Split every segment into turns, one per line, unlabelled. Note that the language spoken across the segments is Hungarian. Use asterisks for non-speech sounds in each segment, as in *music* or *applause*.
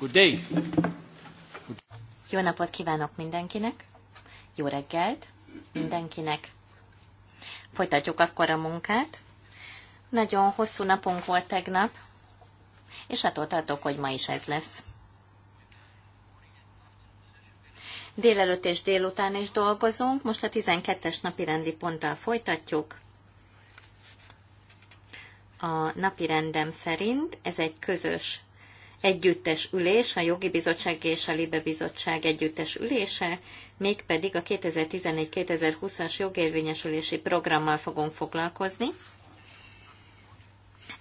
Good day. Good. Jó napot kívánok mindenkinek. Jó reggelt mindenkinek. Folytatjuk akkor a munkát. Nagyon hosszú napunk volt tegnap, és attól tartok, hogy ma is ez lesz. Délelőtt és délután is dolgozunk, most a 12-es napi rendi ponttal folytatjuk a napi rendem szerint ez egy közös együttes ülés, a Jogi Bizottság és a Libe Bizottság együttes ülése, mégpedig a 2014-2020-as jogérvényesülési programmal fogunk foglalkozni.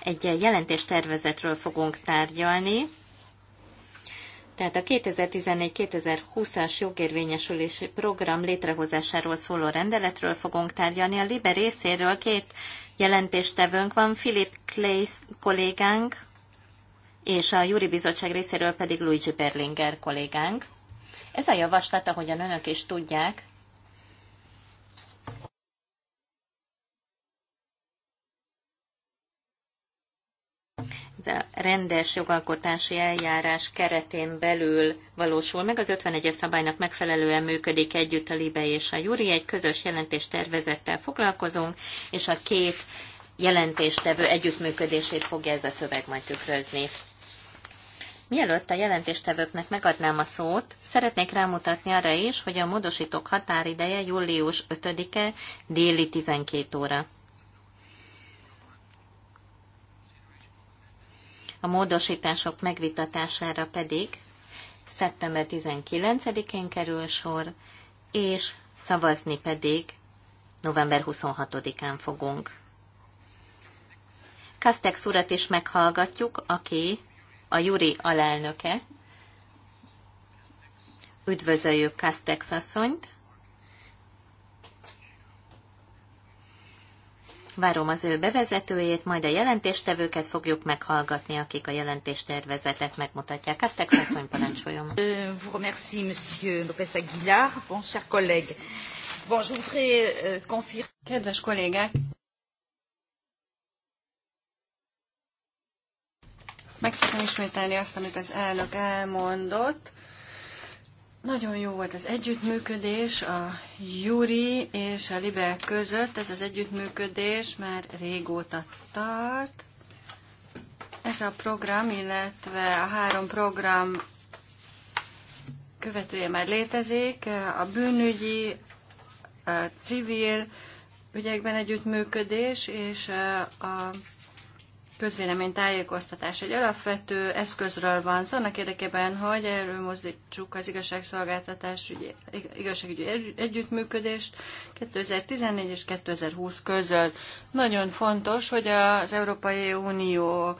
Egy jelentéstervezetről fogunk tárgyalni, tehát a 2014-2020-as jogérvényesülési program létrehozásáról szóló rendeletről fogunk tárgyalni. A Libe részéről két jelentéstevőnk van, Philip Clays kollégánk, és a Júri Bizottság részéről pedig Luigi Berlinger kollégánk. Ez a javaslat, ahogyan önök is tudják, a rendes jogalkotási eljárás keretén belül valósul meg. Az 51-es szabálynak megfelelően működik együtt a Libe és a Júri. Egy közös tervezettel foglalkozunk, és a két jelentéstevő együttműködését fogja ez a szöveg majd tükrözni. Mielőtt a jelentéstevőknek megadnám a szót, szeretnék rámutatni arra is, hogy a módosítók határideje július 5-e déli 12 óra. a módosítások megvitatására pedig szeptember 19-én kerül sor, és szavazni pedig november 26-án fogunk. Kastex urat is meghallgatjuk, aki a Juri alelnöke. Üdvözöljük Kastex asszonyt. Várom az ő bevezetőjét, majd a jelentéstevőket fogjuk meghallgatni, akik a jelentéstervezetet megmutatják. Ezt asszony parancsoljon. Euh,
Kedves kollégák, meg szeretném ismételni azt, amit az elnök elmondott. Nagyon jó volt az együttműködés a Juri és a Libel között. Ez az együttműködés már régóta tart. Ez a program, illetve a három program követője már létezik. A bűnügyi, a civil ügyekben együttműködés és a közvélemény tájékoztatás. Egy alapvető eszközről van szó, annak érdekében, hogy mozdítsuk az igazságszolgáltatás ügy, igazságügyi együttműködést 2014 és 2020 között. Nagyon fontos, hogy az Európai Unió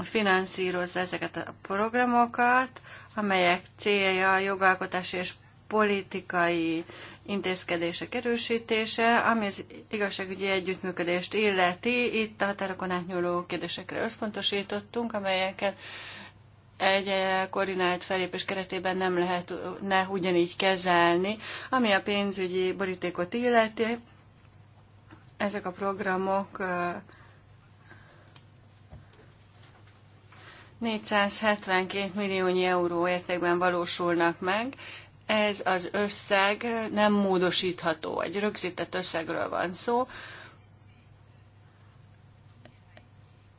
finanszírozza ezeket a programokat, amelyek célja a jogalkotási és politikai intézkedések erősítése, ami az igazságügyi együttműködést illeti. Itt a határokon átnyúló kérdésekre összpontosítottunk, amelyeket egy koordinált felépés keretében nem lehet ne ugyanígy kezelni, ami a pénzügyi borítékot illeti. Ezek a programok 472 milliónyi euró értékben valósulnak meg, ez az összeg nem módosítható. Egy rögzített összegről van szó.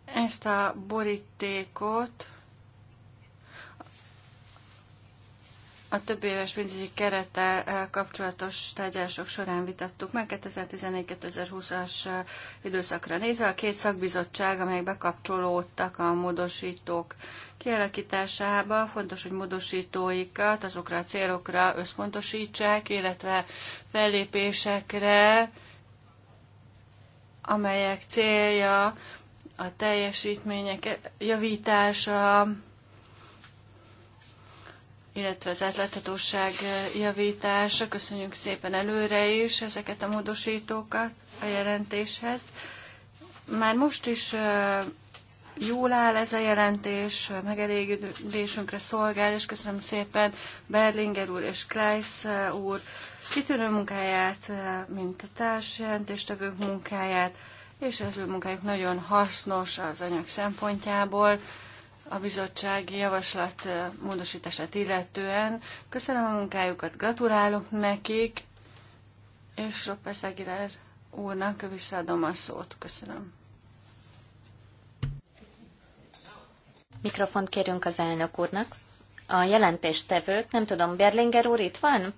Ezt a borítékot a több éves pénzügyi kerettel eh, kapcsolatos tárgyalások során vitattuk meg 2014-2020-as eh, időszakra nézve. A két szakbizottság, amelyek bekapcsolódtak a módosítók kialakításába, fontos, hogy módosítóikat azokra a célokra összpontosítsák, illetve fellépésekre, amelyek célja a teljesítmények javítása, illetve az átláthatóság eh, javítása. Köszönjük szépen előre is ezeket a módosítókat a jelentéshez. Már most is eh, jól áll ez a jelentés, eh, megelégedésünkre szolgál, és köszönöm szépen Berlinger úr és Kleiss úr kitűnő munkáját, mint a társjelentéstevők munkáját, és az ő munkájuk nagyon hasznos az anyag szempontjából a bizottsági javaslat módosítását illetően. Köszönöm a munkájukat, gratulálok nekik, és Roppes Aguilar úrnak visszaadom a szót. Köszönöm.
Mikrofont kérünk az elnök úrnak. A jelentéstevők, nem tudom, Berlinger úr itt van?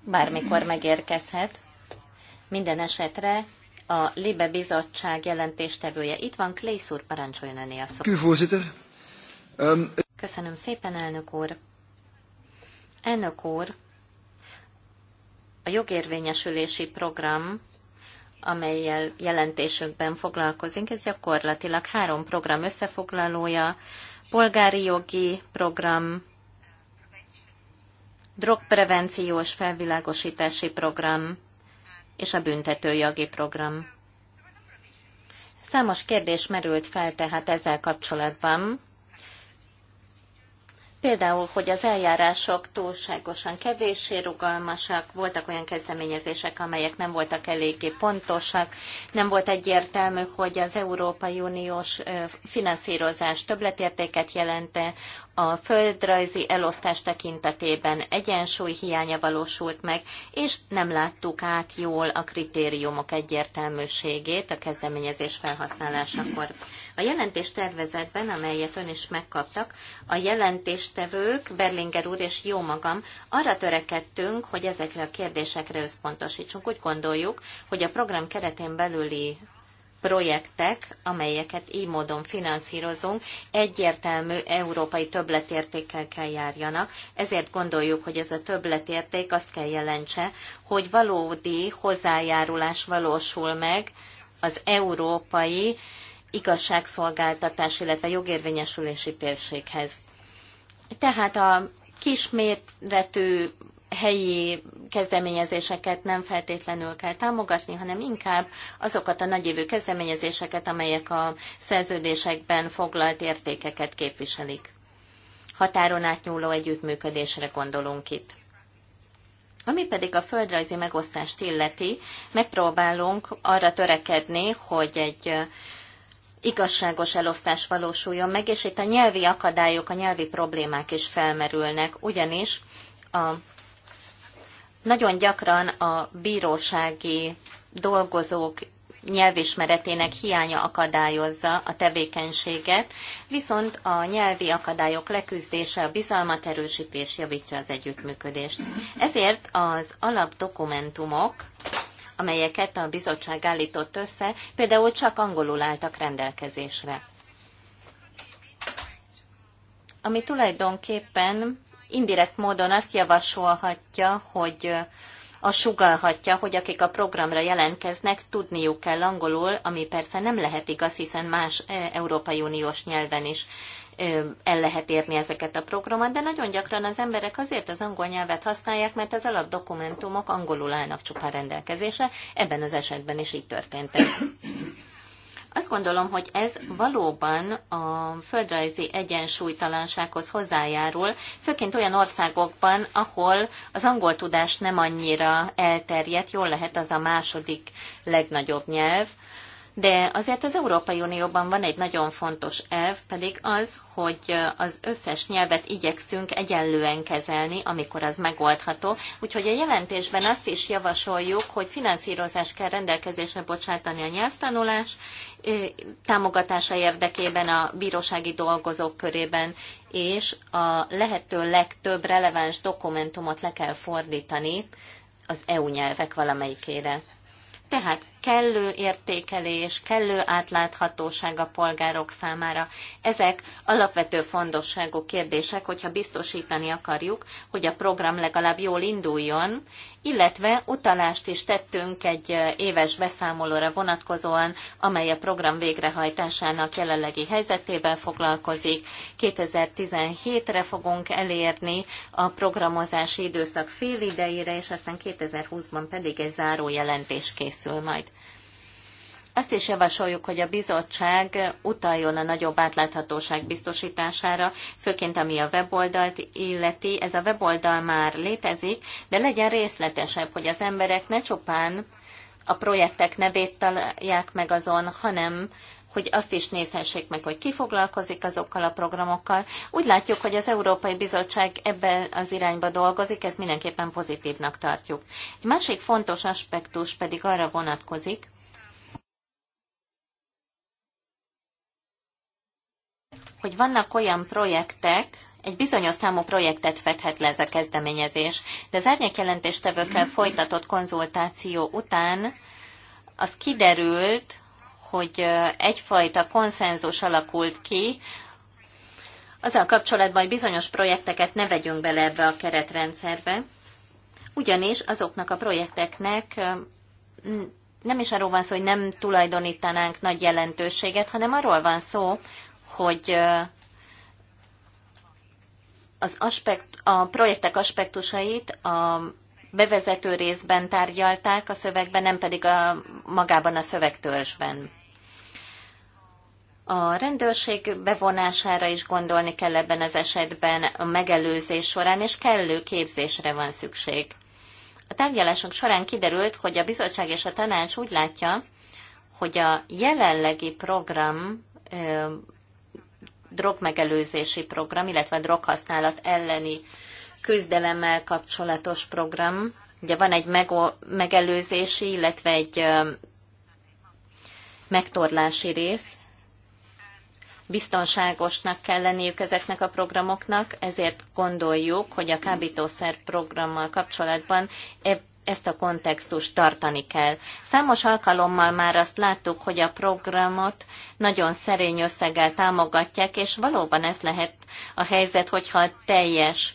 Bármikor megérkezhet. Minden esetre a Libe Bizottság jelentéstevője. Itt van Clay úr, parancsoljon önné a szó. Um, Köszönöm szépen, elnök úr. Elnök úr, a jogérvényesülési program, amelyel jelentésünkben foglalkozunk, ez gyakorlatilag három program összefoglalója, polgári jogi program, drogprevenciós felvilágosítási program, és a büntetőjogi program. Számos kérdés merült fel tehát ezzel kapcsolatban, Például, hogy az eljárások túlságosan kevéssé rugalmasak, voltak olyan kezdeményezések, amelyek nem voltak eléggé pontosak, nem volt egyértelmű, hogy az Európai Uniós finanszírozás többletértéket jelente, a földrajzi elosztás tekintetében egyensúly hiánya valósult meg, és nem láttuk át jól a kritériumok egyértelműségét a kezdeményezés felhasználásakor. A jelentés tervezetben, amelyet ön is megkaptak, a jelentés résztvevők, Berlinger úr és jó magam, arra törekedtünk, hogy ezekre a kérdésekre összpontosítsunk. Úgy gondoljuk, hogy a program keretén belüli projektek, amelyeket így módon finanszírozunk, egyértelmű európai többletértékkel kell járjanak. Ezért gondoljuk, hogy ez a többletérték azt kell jelentse, hogy valódi hozzájárulás valósul meg az európai igazságszolgáltatás, illetve jogérvényesülési térséghez. Tehát a kisméretű helyi kezdeményezéseket nem feltétlenül kell támogatni, hanem inkább azokat a nagyévű kezdeményezéseket, amelyek a szerződésekben foglalt értékeket képviselik. Határon átnyúló együttműködésre gondolunk itt. Ami pedig a földrajzi megosztást illeti, megpróbálunk arra törekedni, hogy egy igazságos elosztás valósuljon meg, és itt a nyelvi akadályok, a nyelvi problémák is felmerülnek, ugyanis a, nagyon gyakran a bírósági dolgozók nyelvismeretének hiánya akadályozza a tevékenységet, viszont a nyelvi akadályok leküzdése, a bizalmat erősítés javítja az együttműködést. Ezért az alapdokumentumok amelyeket a bizottság állított össze, például csak angolul álltak rendelkezésre. Ami tulajdonképpen indirekt módon azt javasolhatja, hogy a sugalhatja, hogy akik a programra jelentkeznek, tudniuk kell angolul, ami persze nem lehet igaz, hiszen más Európai Uniós nyelven is el lehet érni ezeket a programot, de nagyon gyakran az emberek azért az angol nyelvet használják, mert az alapdokumentumok angolul állnak csupán rendelkezése, ebben az esetben is így történt. Ez. Azt gondolom, hogy ez valóban a földrajzi egyensúlytalansághoz hozzájárul, főként olyan országokban, ahol az angol tudás nem annyira elterjedt, jól lehet az a második legnagyobb nyelv, de azért az Európai Unióban van egy nagyon fontos elv, pedig az, hogy az összes nyelvet igyekszünk egyenlően kezelni, amikor az megoldható. Úgyhogy a jelentésben azt is javasoljuk, hogy finanszírozást kell rendelkezésre bocsátani a nyelvtanulás támogatása érdekében a bírósági dolgozók körében, és a lehető legtöbb releváns dokumentumot le kell fordítani az EU nyelvek valamelyikére. Tehát kellő értékelés, kellő átláthatóság a polgárok számára. Ezek alapvető fontosságú kérdések, hogyha biztosítani akarjuk, hogy a program legalább jól induljon, illetve utalást is tettünk egy éves beszámolóra vonatkozóan, amely a program végrehajtásának jelenlegi helyzetével foglalkozik. 2017-re fogunk elérni a programozási időszak fél idejére, és aztán 2020-ban pedig egy záró jelentés készül majd. Azt is javasoljuk, hogy a bizottság utaljon a nagyobb átláthatóság biztosítására, főként ami a weboldalt illeti. Ez a weboldal már létezik, de legyen részletesebb, hogy az emberek ne csupán a projektek nevét találják meg azon, hanem hogy azt is nézhessék meg, hogy ki foglalkozik azokkal a programokkal. Úgy látjuk, hogy az Európai Bizottság ebbe az irányba dolgozik, ezt mindenképpen pozitívnak tartjuk. Egy másik fontos aspektus pedig arra vonatkozik, hogy vannak olyan projektek, egy bizonyos számú projektet fedhet le ez a kezdeményezés, de az árnyékjelentéstevőkkel folytatott konzultáció után az kiderült, hogy egyfajta konszenzus alakult ki, azzal kapcsolatban, hogy bizonyos projekteket ne vegyünk bele ebbe a keretrendszerbe, ugyanis azoknak a projekteknek nem is arról van szó, hogy nem tulajdonítanánk nagy jelentőséget, hanem arról van szó, hogy az aspekt, a projektek aspektusait a bevezető részben tárgyalták a szövegben, nem pedig a, magában a szövegtörzsben. A rendőrség bevonására is gondolni kell ebben az esetben a megelőzés során, és kellő képzésre van szükség. A tárgyalások során kiderült, hogy a bizottság és a tanács úgy látja, hogy a jelenlegi program drogmegelőzési program, illetve a droghasználat elleni küzdelemmel kapcsolatos program. Ugye van egy megelőzési, illetve egy megtorlási rész. Biztonságosnak kell lenniük ezeknek a programoknak, ezért gondoljuk, hogy a kábítószer programmal kapcsolatban ezt a kontextust tartani kell. Számos alkalommal már azt láttuk, hogy a programot nagyon szerény összeggel támogatják, és valóban ez lehet a helyzet, hogyha teljes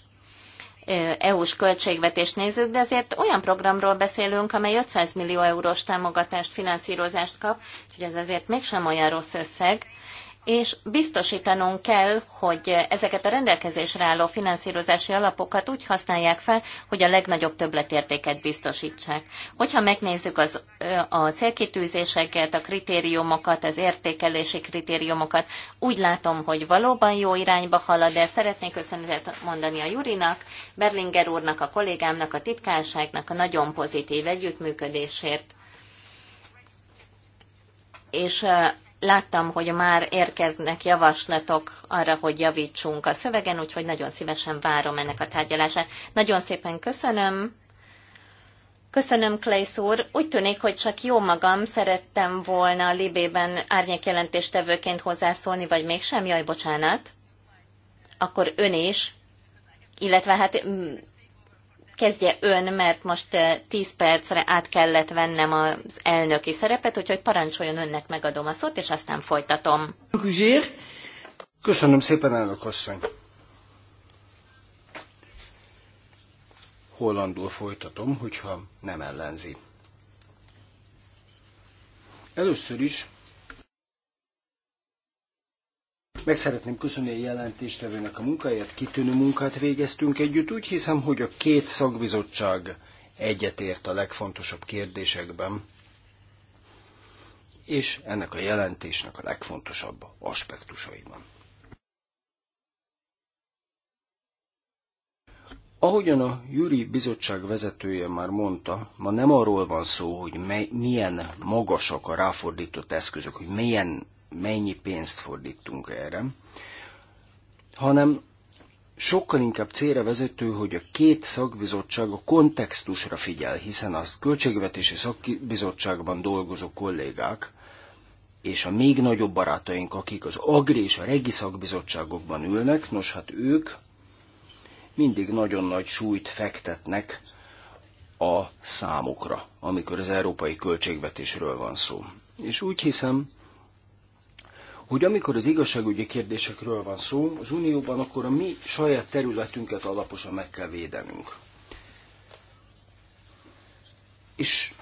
EU-s költségvetést nézzük, de azért olyan programról beszélünk, amely 500 millió eurós támogatást, finanszírozást kap, hogy ez azért mégsem olyan rossz összeg, és biztosítanunk kell, hogy ezeket a rendelkezésre álló finanszírozási alapokat úgy használják fel, hogy a legnagyobb többletértéket biztosítsák. Hogyha megnézzük az, a célkitűzéseket, a kritériumokat, az értékelési kritériumokat, úgy látom, hogy valóban jó irányba halad, de szeretnék köszönetet mondani a Jurinak, Berlinger úrnak, a kollégámnak, a titkárságnak a nagyon pozitív együttműködésért és láttam, hogy már érkeznek javaslatok arra, hogy javítsunk a szövegen, úgyhogy nagyon szívesen várom ennek a tárgyalását. Nagyon szépen köszönöm. Köszönöm, Klejsz úr. Úgy tűnik, hogy csak jó magam szerettem volna a Libében árnyékjelentéstevőként hozzászólni, vagy mégsem, jaj, bocsánat. Akkor ön is, illetve hát mm, kezdje ön, mert most 10 eh, percre át kellett vennem az elnöki szerepet, úgyhogy parancsoljon önnek megadom a szót, és aztán folytatom.
Köszönöm szépen, elnök asszony. Hollandul folytatom, hogyha nem ellenzi. Először is meg szeretném köszönni a jelentéstevőnek a munkáját, kitűnő munkát végeztünk együtt. Úgy hiszem, hogy a két szakbizottság egyetért a legfontosabb kérdésekben, és ennek a jelentésnek a legfontosabb aspektusaiban. Ahogyan a Júri Bizottság vezetője már mondta, ma nem arról van szó, hogy milyen magasak a ráfordított eszközök, hogy milyen mennyi pénzt fordítunk erre, hanem sokkal inkább célra vezető, hogy a két szakbizottság a kontextusra figyel, hiszen a költségvetési szakbizottságban dolgozó kollégák és a még nagyobb barátaink, akik az agri és a regi szakbizottságokban ülnek, nos hát ők mindig nagyon nagy súlyt fektetnek a számokra, amikor az európai költségvetésről van szó. És úgy hiszem, hogy amikor az igazságügyi kérdésekről van szó, az Unióban akkor a mi saját területünket alaposan meg kell védenünk. És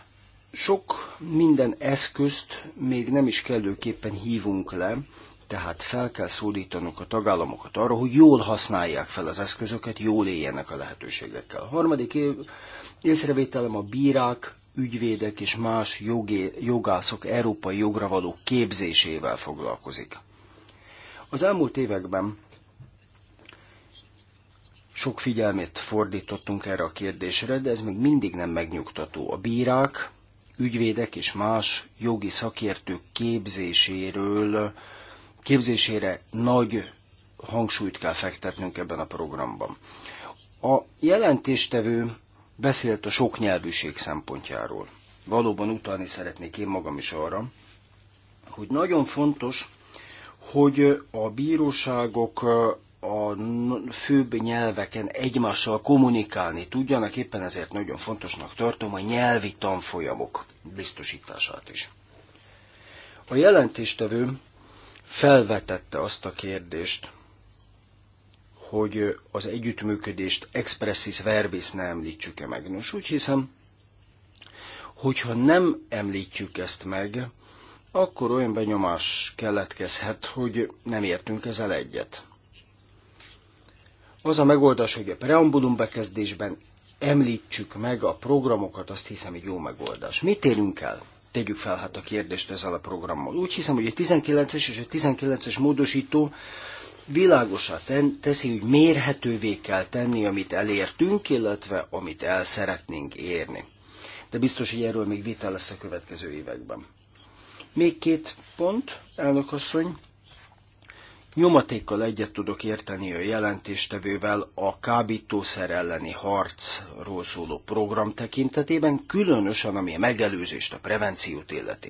sok minden eszközt még nem is kellőképpen hívunk le, tehát fel kell szólítanunk a tagállamokat arra, hogy jól használják fel az eszközöket, jól éljenek a lehetőségekkel. A harmadik év, észrevételem a bírák ügyvédek és más jogé, jogászok európai jogra való képzésével foglalkozik. Az elmúlt években sok figyelmét fordítottunk erre a kérdésre, de ez még mindig nem megnyugtató. A bírák, ügyvédek és más jogi szakértők képzéséről, képzésére nagy hangsúlyt kell fektetnünk ebben a programban. A jelentéstevő beszélt a sok nyelvűség szempontjáról. Valóban utalni szeretnék én magam is arra, hogy nagyon fontos, hogy a bíróságok a főbb nyelveken egymással kommunikálni tudjanak, éppen ezért nagyon fontosnak tartom a nyelvi tanfolyamok biztosítását is. A jelentéstevő felvetette azt a kérdést, hogy az együttműködést expressis verbis ne említsük-e meg. Nos, úgy hiszem, hogyha nem említjük ezt meg, akkor olyan benyomás keletkezhet, hogy nem értünk ezzel egyet. Az a megoldás, hogy a preambulum bekezdésben említsük meg a programokat, azt hiszem egy jó megoldás. Mit érünk el? Tegyük fel hát a kérdést ezzel a programmal. Úgy hiszem, hogy a 19-es és a 19-es módosító világosá teszi, hogy mérhetővé kell tenni, amit elértünk, illetve amit el szeretnénk érni. De biztos, hogy erről még vita lesz a következő években. Még két pont, elnökasszony. Nyomatékkal egyet tudok érteni a jelentéstevővel a kábítószer elleni harcról szóló program tekintetében, különösen ami a megelőzést, a prevenciót illeti.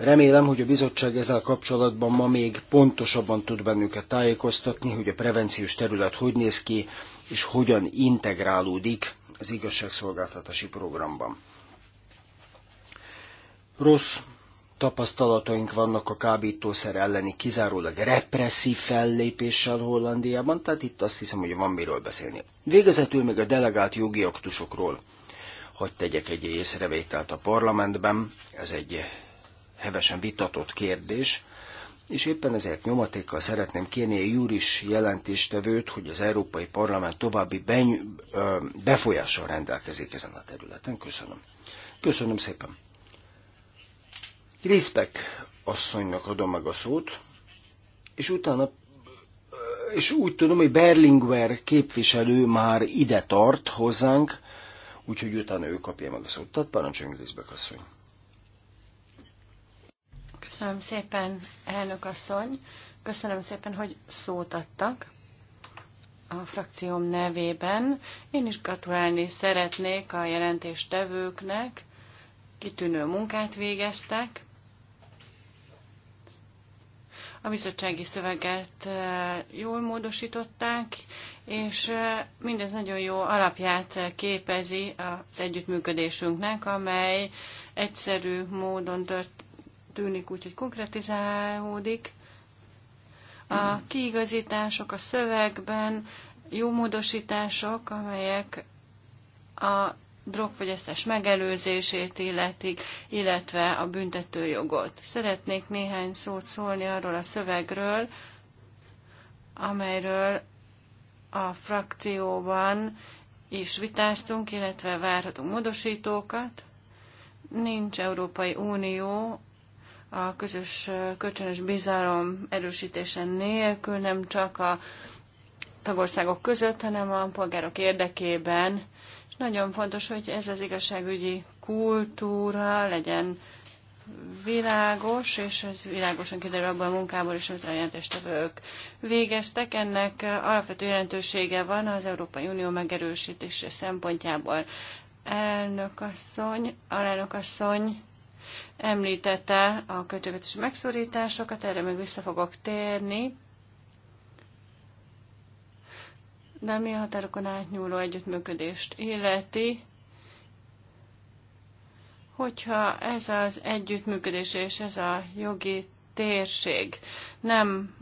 Remélem, hogy a bizottság ezzel kapcsolatban ma még pontosabban tud bennünket tájékoztatni, hogy a prevenciós terület hogy néz ki, és hogyan integrálódik az igazságszolgáltatási programban. Rossz tapasztalataink vannak a kábítószer elleni kizárólag represszív fellépéssel Hollandiában, tehát itt azt hiszem, hogy van miről beszélni. Végezetül még a delegált jogi aktusokról. Hogy tegyek egy észrevételt a parlamentben, ez egy hevesen vitatott kérdés, és éppen ezért nyomatékkal szeretném kérni a Júris jelentéstevőt, hogy az Európai Parlament további beny- befolyással rendelkezik ezen a területen. Köszönöm. Köszönöm szépen. Kriszpek asszonynak adom meg a szót, és utána és úgy tudom, hogy Berlinguer képviselő már ide tart hozzánk, úgyhogy utána ő kapja meg a szót. Tehát parancsoljunk, Kriszpek asszony.
Köszönöm szépen, elnök asszony. Köszönöm szépen, hogy szót adtak a frakcióm nevében. Én is gratulálni szeretnék a jelentéstevőknek. Kitűnő munkát végeztek. A bizottsági szöveget eh, jól módosították, és eh, mindez nagyon jó alapját képezi az együttműködésünknek, amely egyszerű módon tört, tűnik úgy, hogy konkretizálódik. A kiigazítások a szövegben, jó módosítások, amelyek a drogfogyasztás megelőzését illetik, illetve a büntetőjogot. Szeretnék néhány szót szólni arról a szövegről, amelyről a frakcióban is vitáztunk, illetve várhatunk módosítókat. Nincs Európai Unió, a közös kölcsönös bizalom erősítése nélkül nem csak a tagországok között, hanem a polgárok érdekében. És nagyon fontos, hogy ez az igazságügyi kultúra legyen világos, és ez világosan kiderül abban a munkából is, amit a jelentéstevők végeztek. Ennek alapvető jelentősége van az Európai Unió megerősítése szempontjából. Elnök asszony, alelnök asszony, Említette a költségvetés megszorításokat, erre még vissza fogok térni. De mi a határokon átnyúló együttműködést illeti, hogyha ez az együttműködés és ez a jogi térség nem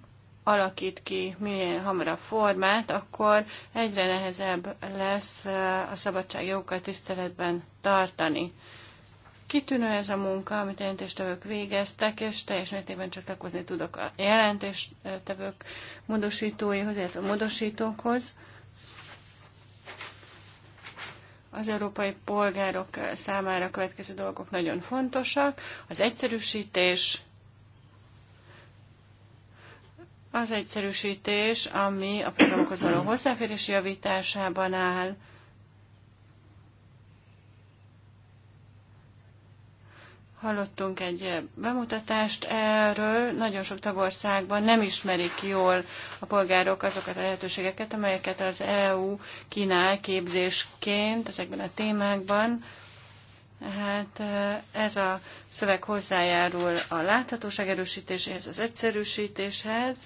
alakít ki minél hamarabb formát, akkor egyre nehezebb lesz eh, a szabadságjogokat tiszteletben tartani. Kitűnő ez a munka, amit a jelentéstevők végeztek, és teljes mértékben csatlakozni tudok a jelentéstevők módosítóihoz, illetve a módosítókhoz. Az európai polgárok számára a következő dolgok nagyon fontosak. Az egyszerűsítés, az egyszerűsítés, ami a programokhoz való hozzáférés javításában áll, Hallottunk egy bemutatást erről, nagyon sok tagországban nem ismerik jól a polgárok azokat a lehetőségeket, amelyeket az EU kínál képzésként ezekben a témákban. Hát eh, ez a szöveg hozzájárul a láthatóság erősítéséhez, az egyszerűsítéshez.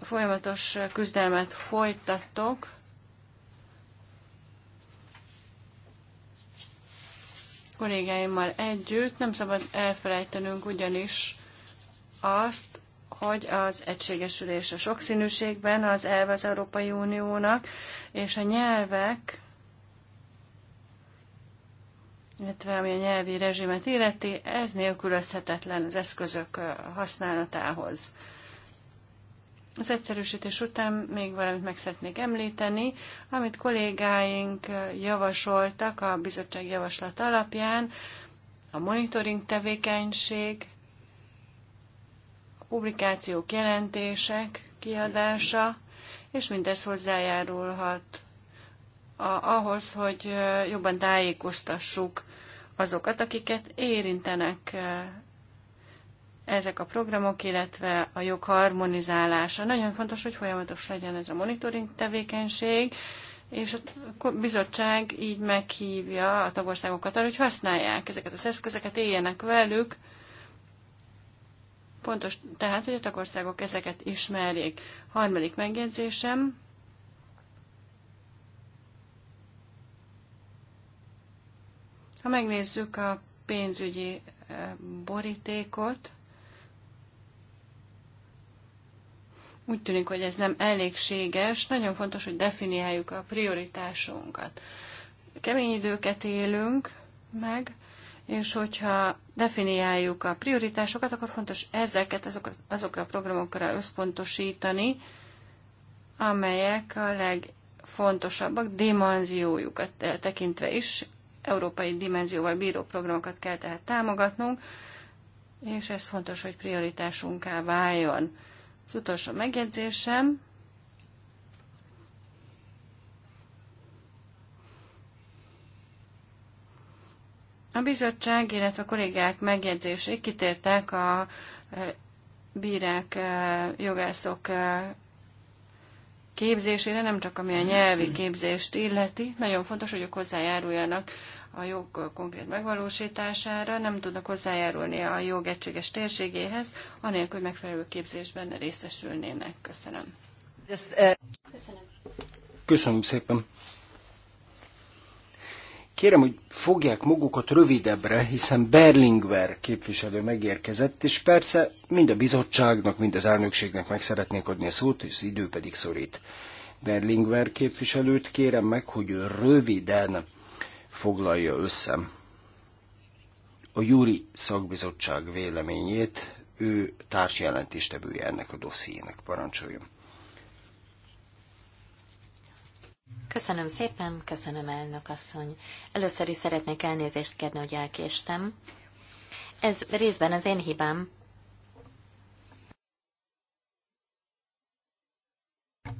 A Folyamatos küzdelmet folytattok kollégáimmal együtt. Nem szabad elfelejtenünk ugyanis azt, hogy az egységesülés a sokszínűségben az elve az Európai Uniónak, és a nyelvek, illetve ami a nyelvi rezsimet illeti, ez nélkülözhetetlen az eszközök használatához. Az egyszerűsítés után még valamit meg szeretnék említeni, amit kollégáink javasoltak a bizottság javaslat alapján, a monitoring tevékenység, a publikációk, jelentések kiadása, és mindez hozzájárulhat ahhoz, hogy jobban tájékoztassuk azokat, akiket érintenek ezek a programok, illetve a jog harmonizálása. Nagyon fontos, hogy folyamatos legyen ez a monitoring tevékenység, és a bizottság így meghívja a tagországokat arra, hogy használják ezeket az eszközeket, éljenek velük. Fontos tehát, hogy a tagországok ezeket ismerjék. Harmadik megjegyzésem, Ha megnézzük a pénzügyi eh, borítékot, Úgy tűnik, hogy ez nem elégséges. Nagyon fontos, hogy definiáljuk a prioritásunkat. Kemény időket élünk meg, és hogyha definiáljuk a prioritásokat, akkor fontos ezeket azokra, azokra a programokra összpontosítani, amelyek a legfontosabbak dimenziójukat tekintve is, európai dimenzióval bíró programokat kell tehát támogatnunk, és ez fontos, hogy prioritásunká váljon. Az utolsó megjegyzésem. A bizottság, illetve a kollégák megjegyzését kitértek a e, bírák, e, jogászok e, képzésére, nem csak ami a nyelvi képzést illeti. Nagyon fontos, hogy ők hozzájáruljanak a jog konkrét megvalósítására, nem tudnak hozzájárulni a jog egységes térségéhez, anélkül, hogy megfelelő képzésben részesülnének. Köszönöm. Köszönöm.
Köszönöm szépen. Kérem, hogy fogják magukat rövidebbre, hiszen Berlingwer képviselő megérkezett, és persze mind a bizottságnak, mind az elnökségnek meg szeretnék adni a szót, és az idő pedig szorít. Berlingwer képviselőt kérem meg, hogy röviden foglalja össze a Júri Szakbizottság véleményét, ő társjelentéstevője ennek a dossziének. Parancsoljon!
Köszönöm szépen, köszönöm elnök asszony. Először is szeretnék elnézést kérni, hogy elkéstem. Ez részben az én hibám,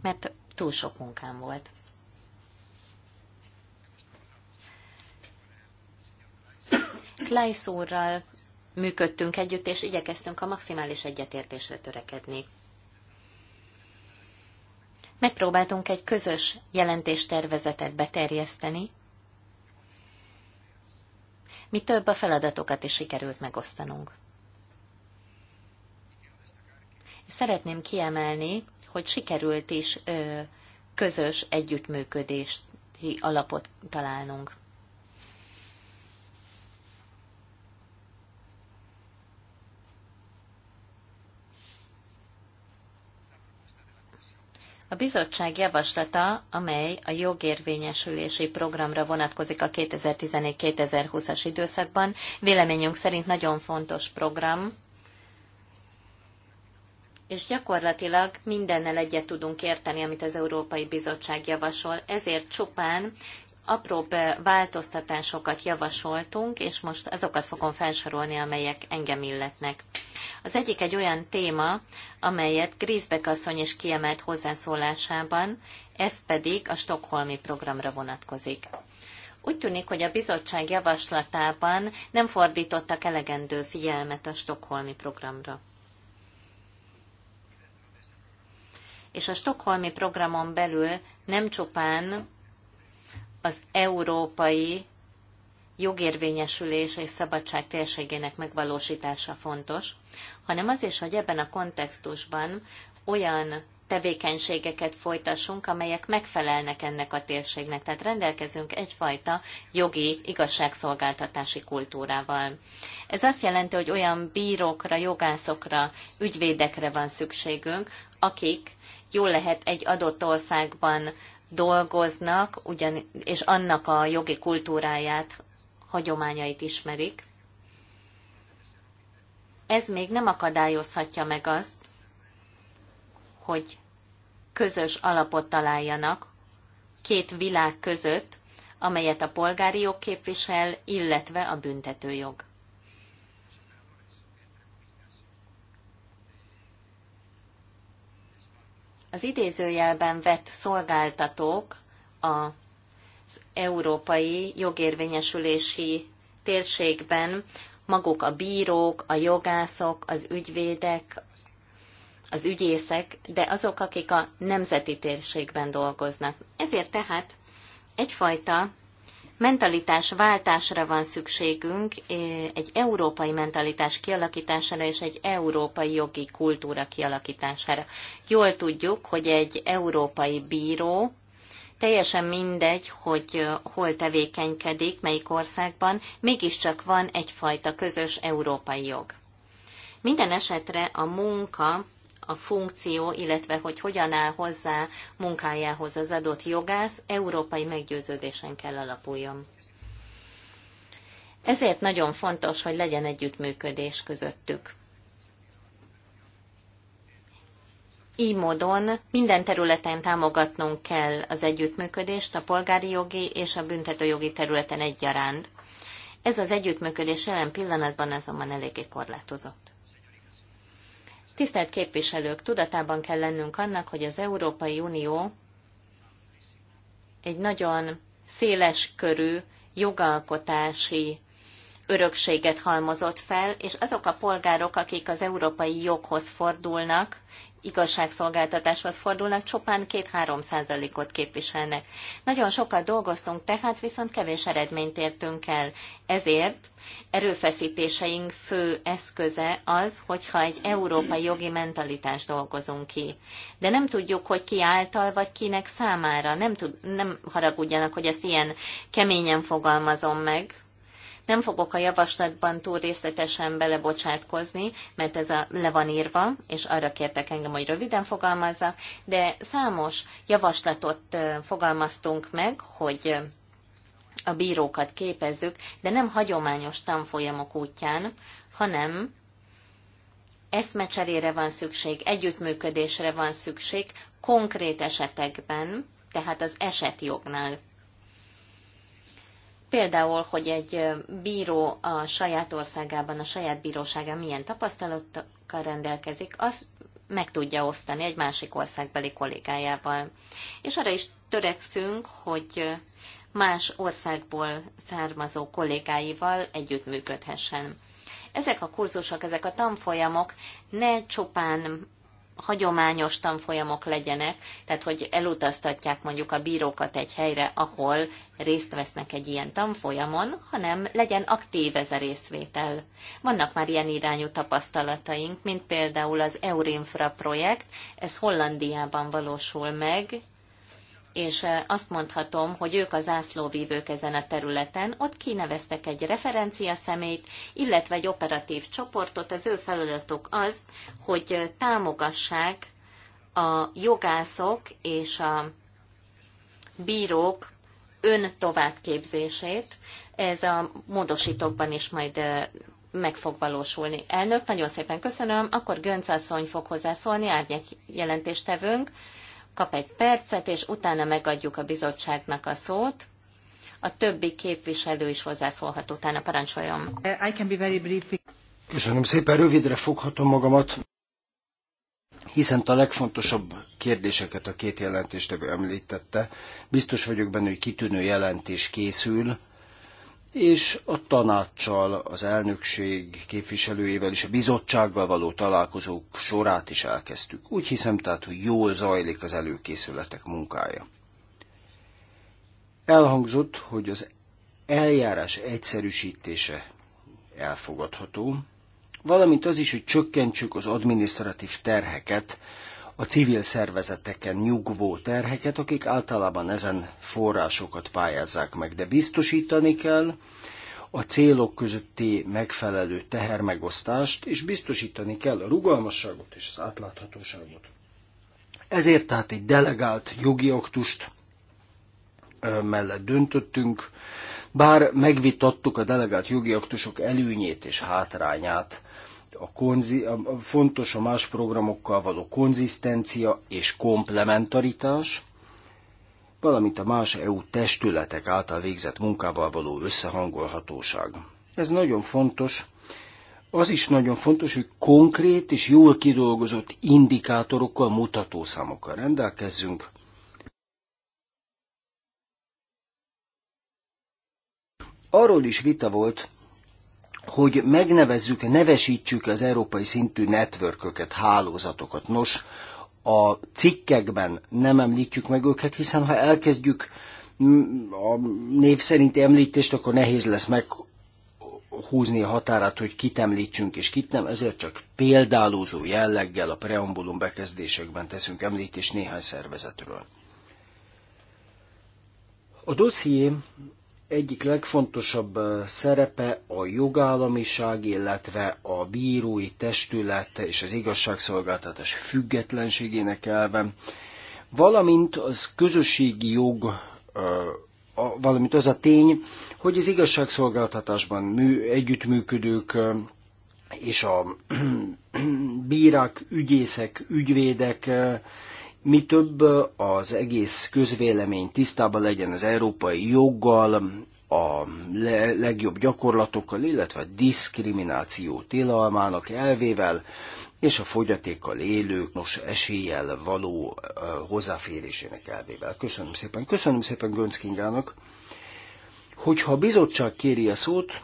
mert túl sok munkám volt. Kleisz úrral működtünk együtt, és igyekeztünk a maximális egyetértésre törekedni. Megpróbáltunk egy közös jelentéstervezetet beterjeszteni, mi több a feladatokat is sikerült megosztanunk. Szeretném kiemelni, hogy sikerült is ö, közös együttműködési alapot találnunk. A bizottság javaslata, amely a jogérvényesülési programra vonatkozik a 2014-2020-as időszakban, véleményünk szerint nagyon fontos program, és gyakorlatilag mindennel egyet tudunk érteni, amit az Európai Bizottság javasol. Ezért csupán apróbb változtatásokat javasoltunk, és most azokat fogom felsorolni, amelyek engem illetnek. Az egyik egy olyan téma, amelyet Grisbeck asszony is kiemelt hozzászólásában, ez pedig a Stockholmi programra vonatkozik. Úgy tűnik, hogy a bizottság javaslatában nem fordítottak elegendő figyelmet a Stockholmi programra. És a Stockholmi programon belül nem csupán az európai jogérvényesülés és szabadság térségének megvalósítása fontos, hanem az is, hogy ebben a kontextusban olyan tevékenységeket folytassunk, amelyek megfelelnek ennek a térségnek. Tehát rendelkezünk egyfajta jogi igazságszolgáltatási kultúrával. Ez azt jelenti, hogy olyan bírókra, jogászokra, ügyvédekre van szükségünk, akik jól lehet egy adott országban dolgoznak, ugyan, és annak a jogi kultúráját, hagyományait ismerik. Ez még nem akadályozhatja meg azt, hogy közös alapot találjanak két világ között, amelyet a polgári jog képvisel, illetve a büntetőjog. Az idézőjelben vett szolgáltatók az európai jogérvényesülési térségben maguk a bírók, a jogászok, az ügyvédek, az ügyészek, de azok, akik a nemzeti térségben dolgoznak. Ezért tehát egyfajta mentalitás váltásra van szükségünk, e, egy európai mentalitás kialakítására és egy európai jogi kultúra kialakítására. Jól tudjuk, hogy egy európai bíró teljesen mindegy, hogy e, hol tevékenykedik, melyik országban, mégiscsak van egyfajta közös európai jog. Minden esetre a munka a funkció, illetve hogy hogyan áll hozzá munkájához az adott jogász, európai meggyőződésen kell alapuljon. Ezért nagyon fontos, hogy legyen együttműködés közöttük. Így módon minden területen támogatnunk kell az együttműködést, a polgári jogi és a büntetőjogi területen egyaránt. Ez az együttműködés jelen pillanatban azonban eléggé korlátozott. Tisztelt képviselők, tudatában kell lennünk annak, hogy az Európai Unió egy nagyon széles körű jogalkotási örökséget halmozott fel, és azok a polgárok, akik az európai joghoz fordulnak, igazságszolgáltatáshoz fordulnak, csupán 2-3 százalékot képviselnek. Nagyon sokat dolgoztunk, tehát viszont kevés eredményt értünk el. Ezért erőfeszítéseink fő eszköze az, hogyha egy európai jogi mentalitást dolgozunk ki. De nem tudjuk, hogy ki által, vagy kinek számára. Nem, tud, nem haragudjanak, hogy ezt ilyen keményen fogalmazom meg, nem fogok a javaslatban túl részletesen belebocsátkozni, mert ez a, le van írva, és arra kértek engem, hogy röviden fogalmazzak, de számos javaslatot fogalmaztunk meg, hogy a bírókat képezzük, de nem hagyományos tanfolyamok útján, hanem eszmecserére van szükség, együttműködésre van szükség konkrét esetekben, tehát az esetjognál. Például, hogy egy bíró a saját országában, a saját bíróságán milyen tapasztalatokkal rendelkezik, azt meg tudja osztani egy másik országbeli kollégájával. És arra is törekszünk, hogy más országból származó kollégáival együttműködhessen. Ezek a kurzusok, ezek a tanfolyamok ne csupán hagyományos tanfolyamok legyenek, tehát hogy elutaztatják mondjuk a bírókat egy helyre, ahol részt vesznek egy ilyen tanfolyamon, hanem legyen aktív ez a részvétel. Vannak már ilyen irányú tapasztalataink, mint például az Eurinfra projekt, ez Hollandiában valósul meg, és eh, azt mondhatom, hogy ők az zászlóvívők ezen a területen, ott kineveztek egy referencia személyt, illetve egy operatív csoportot, az ő feladatuk az, hogy eh, támogassák a jogászok és a bírók ön továbbképzését, ez a módosítókban is majd eh, meg fog valósulni. Elnök, nagyon szépen köszönöm, akkor Gönc asszony fog hozzászólni, árnyék jelentéstevőnk, kap egy percet, és utána megadjuk a bizottságnak a szót. A többi képviselő is hozzászólhat utána, parancsoljon. I can be very brief.
Köszönöm szépen, rövidre foghatom magamat, hiszen a legfontosabb kérdéseket a két jelentéstevő említette. Biztos vagyok benne, hogy kitűnő jelentés készül, és a tanácssal, az elnökség képviselőjével és a bizottsággal való találkozók sorát is elkezdtük. Úgy hiszem tehát, hogy jól zajlik az előkészületek munkája. Elhangzott, hogy az eljárás egyszerűsítése elfogadható, valamint az is, hogy csökkentsük az adminisztratív terheket a civil szervezeteken nyugvó terheket, akik általában ezen forrásokat pályázzák meg, de biztosítani kell a célok közötti megfelelő tehermegosztást, és biztosítani kell a rugalmasságot és az átláthatóságot. Ezért tehát egy delegált jogi aktust mellett döntöttünk, bár megvitattuk a delegált jogi aktusok előnyét és hátrányát, a, konzi, a, fontos a más programokkal való konzisztencia és komplementaritás, valamint a más EU testületek által végzett munkával való összehangolhatóság. Ez nagyon fontos, az is nagyon fontos, hogy konkrét és jól kidolgozott indikátorokkal, mutatószámokkal rendelkezzünk. Arról is vita volt, hogy megnevezzük, nevesítsük az európai szintű networköket, hálózatokat. Nos, a cikkekben nem említjük meg őket, hiszen ha elkezdjük a név szerinti említést, akkor nehéz lesz meghúzni a határát, hogy kit említsünk és kit nem, ezért csak példálózó jelleggel a preambulum bekezdésekben teszünk említést néhány szervezetről. A dosszié egyik legfontosabb szerepe a jogállamiság, illetve a bírói testület és az igazságszolgáltatás függetlenségének elve, valamint az közösségi jog, valamint az a tény, hogy az igazságszolgáltatásban mű, együttműködők és a *clears throat* bírák, ügyészek, ügyvédek mi több az egész közvélemény tisztában legyen az európai joggal, a le- legjobb gyakorlatokkal, illetve a diszkrimináció tilalmának elvével, és a fogyatékkal élők nos eséllyel való uh, hozzáférésének elvével. Köszönöm szépen. Köszönöm szépen Gönc Kingának. Hogyha a bizottság kéri a szót,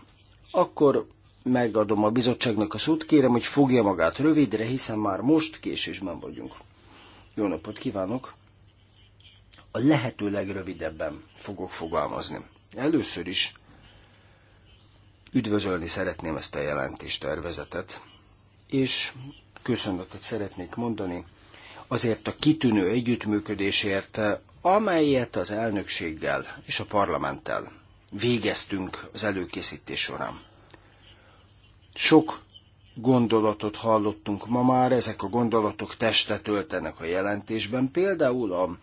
akkor megadom a bizottságnak a szót. Kérem, hogy fogja magát rövidre, hiszen már most késésben vagyunk. Jó napot kívánok! A lehető legrövidebben fogok fogalmazni. Először is üdvözölni szeretném ezt a jelentést, tervezetet, és köszönetet szeretnék mondani azért a kitűnő együttműködésért, amelyet az elnökséggel és a parlamenttel végeztünk az előkészítés során. Sok gondolatot hallottunk ma már, ezek a gondolatok testet öltenek a jelentésben, például a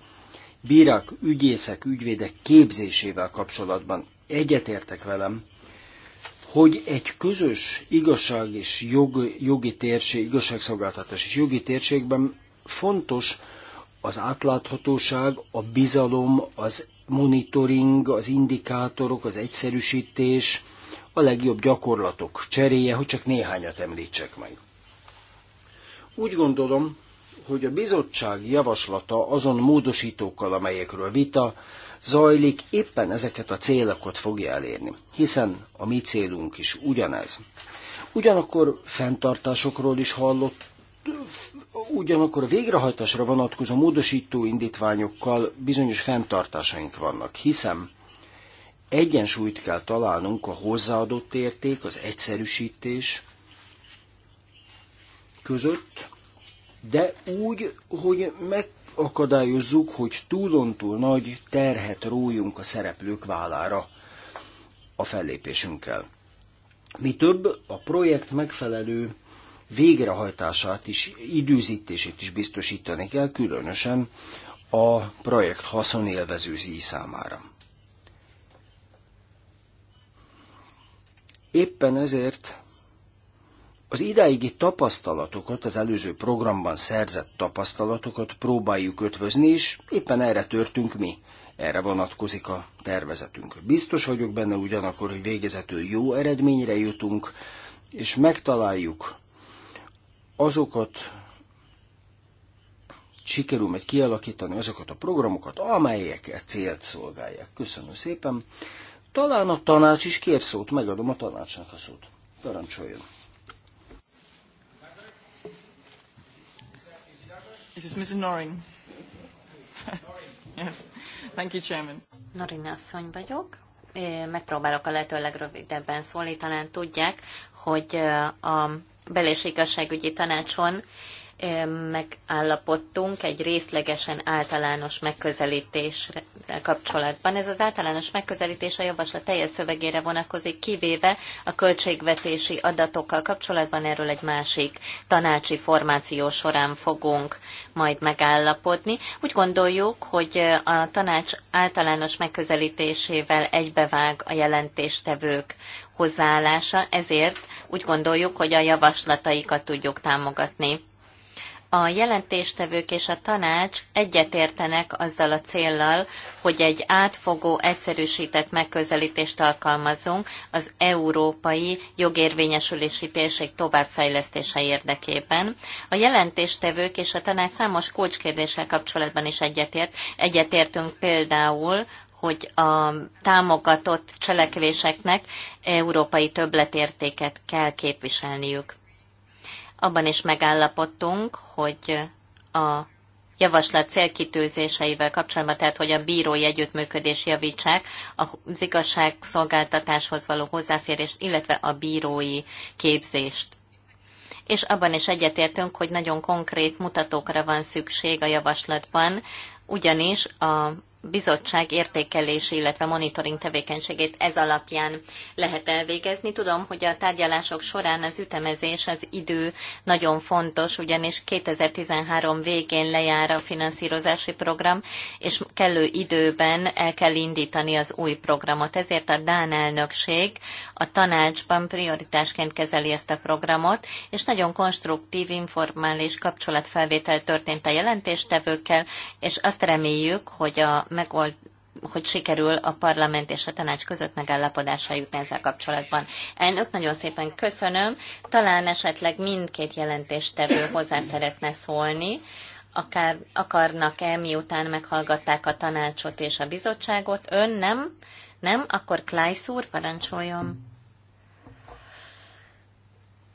bírák, ügyészek, ügyvédek képzésével kapcsolatban. Egyetértek velem, hogy egy közös igazság és jog, jogi térség, igazságszolgáltatás és jogi térségben fontos az átláthatóság, a bizalom, az monitoring, az indikátorok, az egyszerűsítés, a legjobb gyakorlatok cseréje, hogy csak néhányat említsek meg. Úgy gondolom, hogy a bizottság javaslata azon módosítókkal, amelyekről vita zajlik, éppen ezeket a célokat fogja elérni, hiszen a mi célunk is ugyanez. Ugyanakkor fenntartásokról is hallott, ugyanakkor a végrehajtásra vonatkozó módosító indítványokkal bizonyos fenntartásaink vannak, hiszen Egyensúlyt kell találnunk a hozzáadott érték, az egyszerűsítés között, de úgy, hogy megakadályozzuk, hogy túlontúl nagy terhet rójunk a szereplők vállára a fellépésünkkel. Mi több, a projekt megfelelő végrehajtását is, időzítését is biztosítani kell, különösen a projekt haszonélvezői számára. Éppen ezért az idáigi tapasztalatokat, az előző programban szerzett tapasztalatokat próbáljuk ötvözni, és éppen erre törtünk mi. Erre vonatkozik a tervezetünk. Biztos vagyok benne ugyanakkor, hogy végezetül jó eredményre jutunk, és megtaláljuk azokat, sikerül majd kialakítani azokat a programokat, amelyek a e célt szolgálják. Köszönöm szépen. Talán a tanács is kér szót, megadom a tanácsnak a szót. Parancsoljon.
This is Mrs. Norin. *laughs* yes. Thank you, Chairman. Norin asszony vagyok. Megpróbálok a lehető legrövidebben szólni. Talán tudják, hogy a belés igazságügyi tanácson megállapodtunk egy részlegesen általános megközelítésre kapcsolatban. Ez az általános megközelítés a javaslat teljes szövegére vonatkozik, kivéve a költségvetési adatokkal kapcsolatban erről egy másik tanácsi formáció során fogunk majd megállapodni. Úgy gondoljuk, hogy a tanács általános megközelítésével egybevág a jelentéstevők hozzáállása, ezért úgy gondoljuk, hogy a javaslataikat tudjuk támogatni. A jelentéstevők és a tanács egyetértenek azzal a céllal, hogy egy átfogó, egyszerűsített megközelítést alkalmazzunk az európai jogérvényesülési térség továbbfejlesztése érdekében. A jelentéstevők és a tanács számos kulcskérdéssel kapcsolatban is egyetért. Egyetértünk például, hogy a támogatott cselekvéseknek európai többletértéket kell képviselniük. Abban is megállapodtunk, hogy a javaslat célkitűzéseivel kapcsolatban, tehát hogy a bírói együttműködés javítsák az igazságszolgáltatáshoz való hozzáférést, illetve a bírói képzést. És abban is egyetértünk, hogy nagyon konkrét mutatókra van szükség a javaslatban, ugyanis a bizottság értékelési, illetve monitoring tevékenységét ez alapján lehet elvégezni. Tudom, hogy a tárgyalások során az ütemezés, az idő nagyon fontos, ugyanis 2013 végén lejár a finanszírozási program, és kellő időben el kell indítani az új programot. Ezért a Dán elnökség a tanácsban prioritásként kezeli ezt a programot, és nagyon konstruktív, informális kapcsolatfelvétel történt a jelentéstevőkkel, és azt reméljük, hogy a megold, hogy sikerül a parlament és a tanács között megállapodásra jutni ezzel kapcsolatban. Elnök, nagyon szépen köszönöm. Talán esetleg mindkét jelentéstevő hozzá szeretne szólni, akár akarnak-e, miután meghallgatták a tanácsot és a bizottságot. Ön nem? Nem? Akkor Klajsz úr, parancsoljon.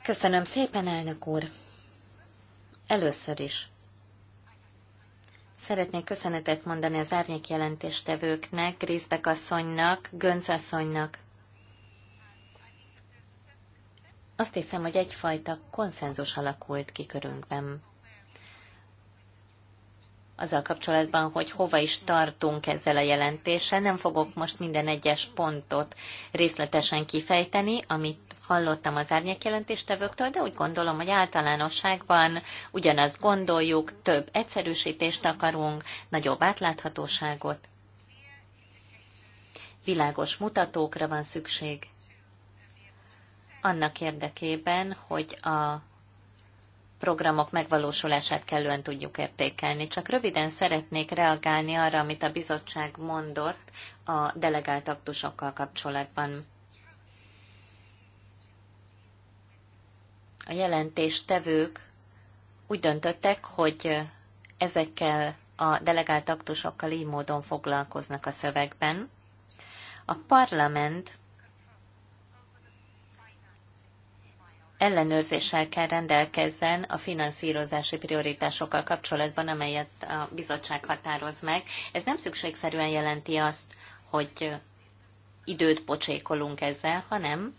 Köszönöm szépen, elnök úr. Először is Szeretnék köszönetet mondani az árnyék jelentéstevőknek, Grészbek asszonynak, Gönc asszonynak. Azt hiszem, hogy egyfajta konszenzus alakult ki körünkben azzal kapcsolatban, hogy hova is tartunk ezzel a jelentéssel. Nem fogok most minden egyes pontot részletesen kifejteni, amit hallottam az árnyékjelentéstevőktől, de úgy gondolom, hogy általánosságban ugyanazt gondoljuk, több egyszerűsítést akarunk, nagyobb átláthatóságot. Világos mutatókra van szükség annak érdekében, hogy a programok megvalósulását kellően tudjuk értékelni. Csak röviden szeretnék reagálni arra, amit a bizottság mondott a delegált aktusokkal kapcsolatban. A jelentéstevők úgy döntöttek, hogy ezekkel a delegált aktusokkal így módon foglalkoznak a szövegben. A parlament ellenőrzéssel kell rendelkezzen a finanszírozási prioritásokkal kapcsolatban, amelyet a bizottság határoz meg. Ez nem szükségszerűen jelenti azt, hogy időt pocsékolunk ezzel, hanem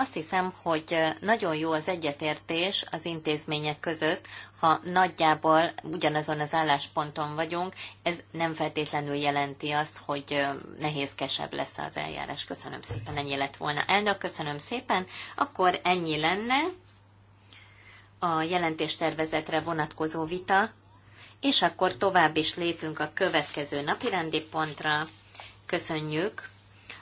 azt hiszem, hogy nagyon jó az egyetértés az intézmények között, ha nagyjából ugyanazon az állásponton vagyunk, ez nem feltétlenül jelenti azt, hogy nehézkesebb lesz az eljárás. Köszönöm szépen, ennyi lett volna. Elnök, köszönöm szépen. Akkor ennyi lenne a jelentéstervezetre vonatkozó vita, és akkor tovább is lépünk a következő napirendi pontra. Köszönjük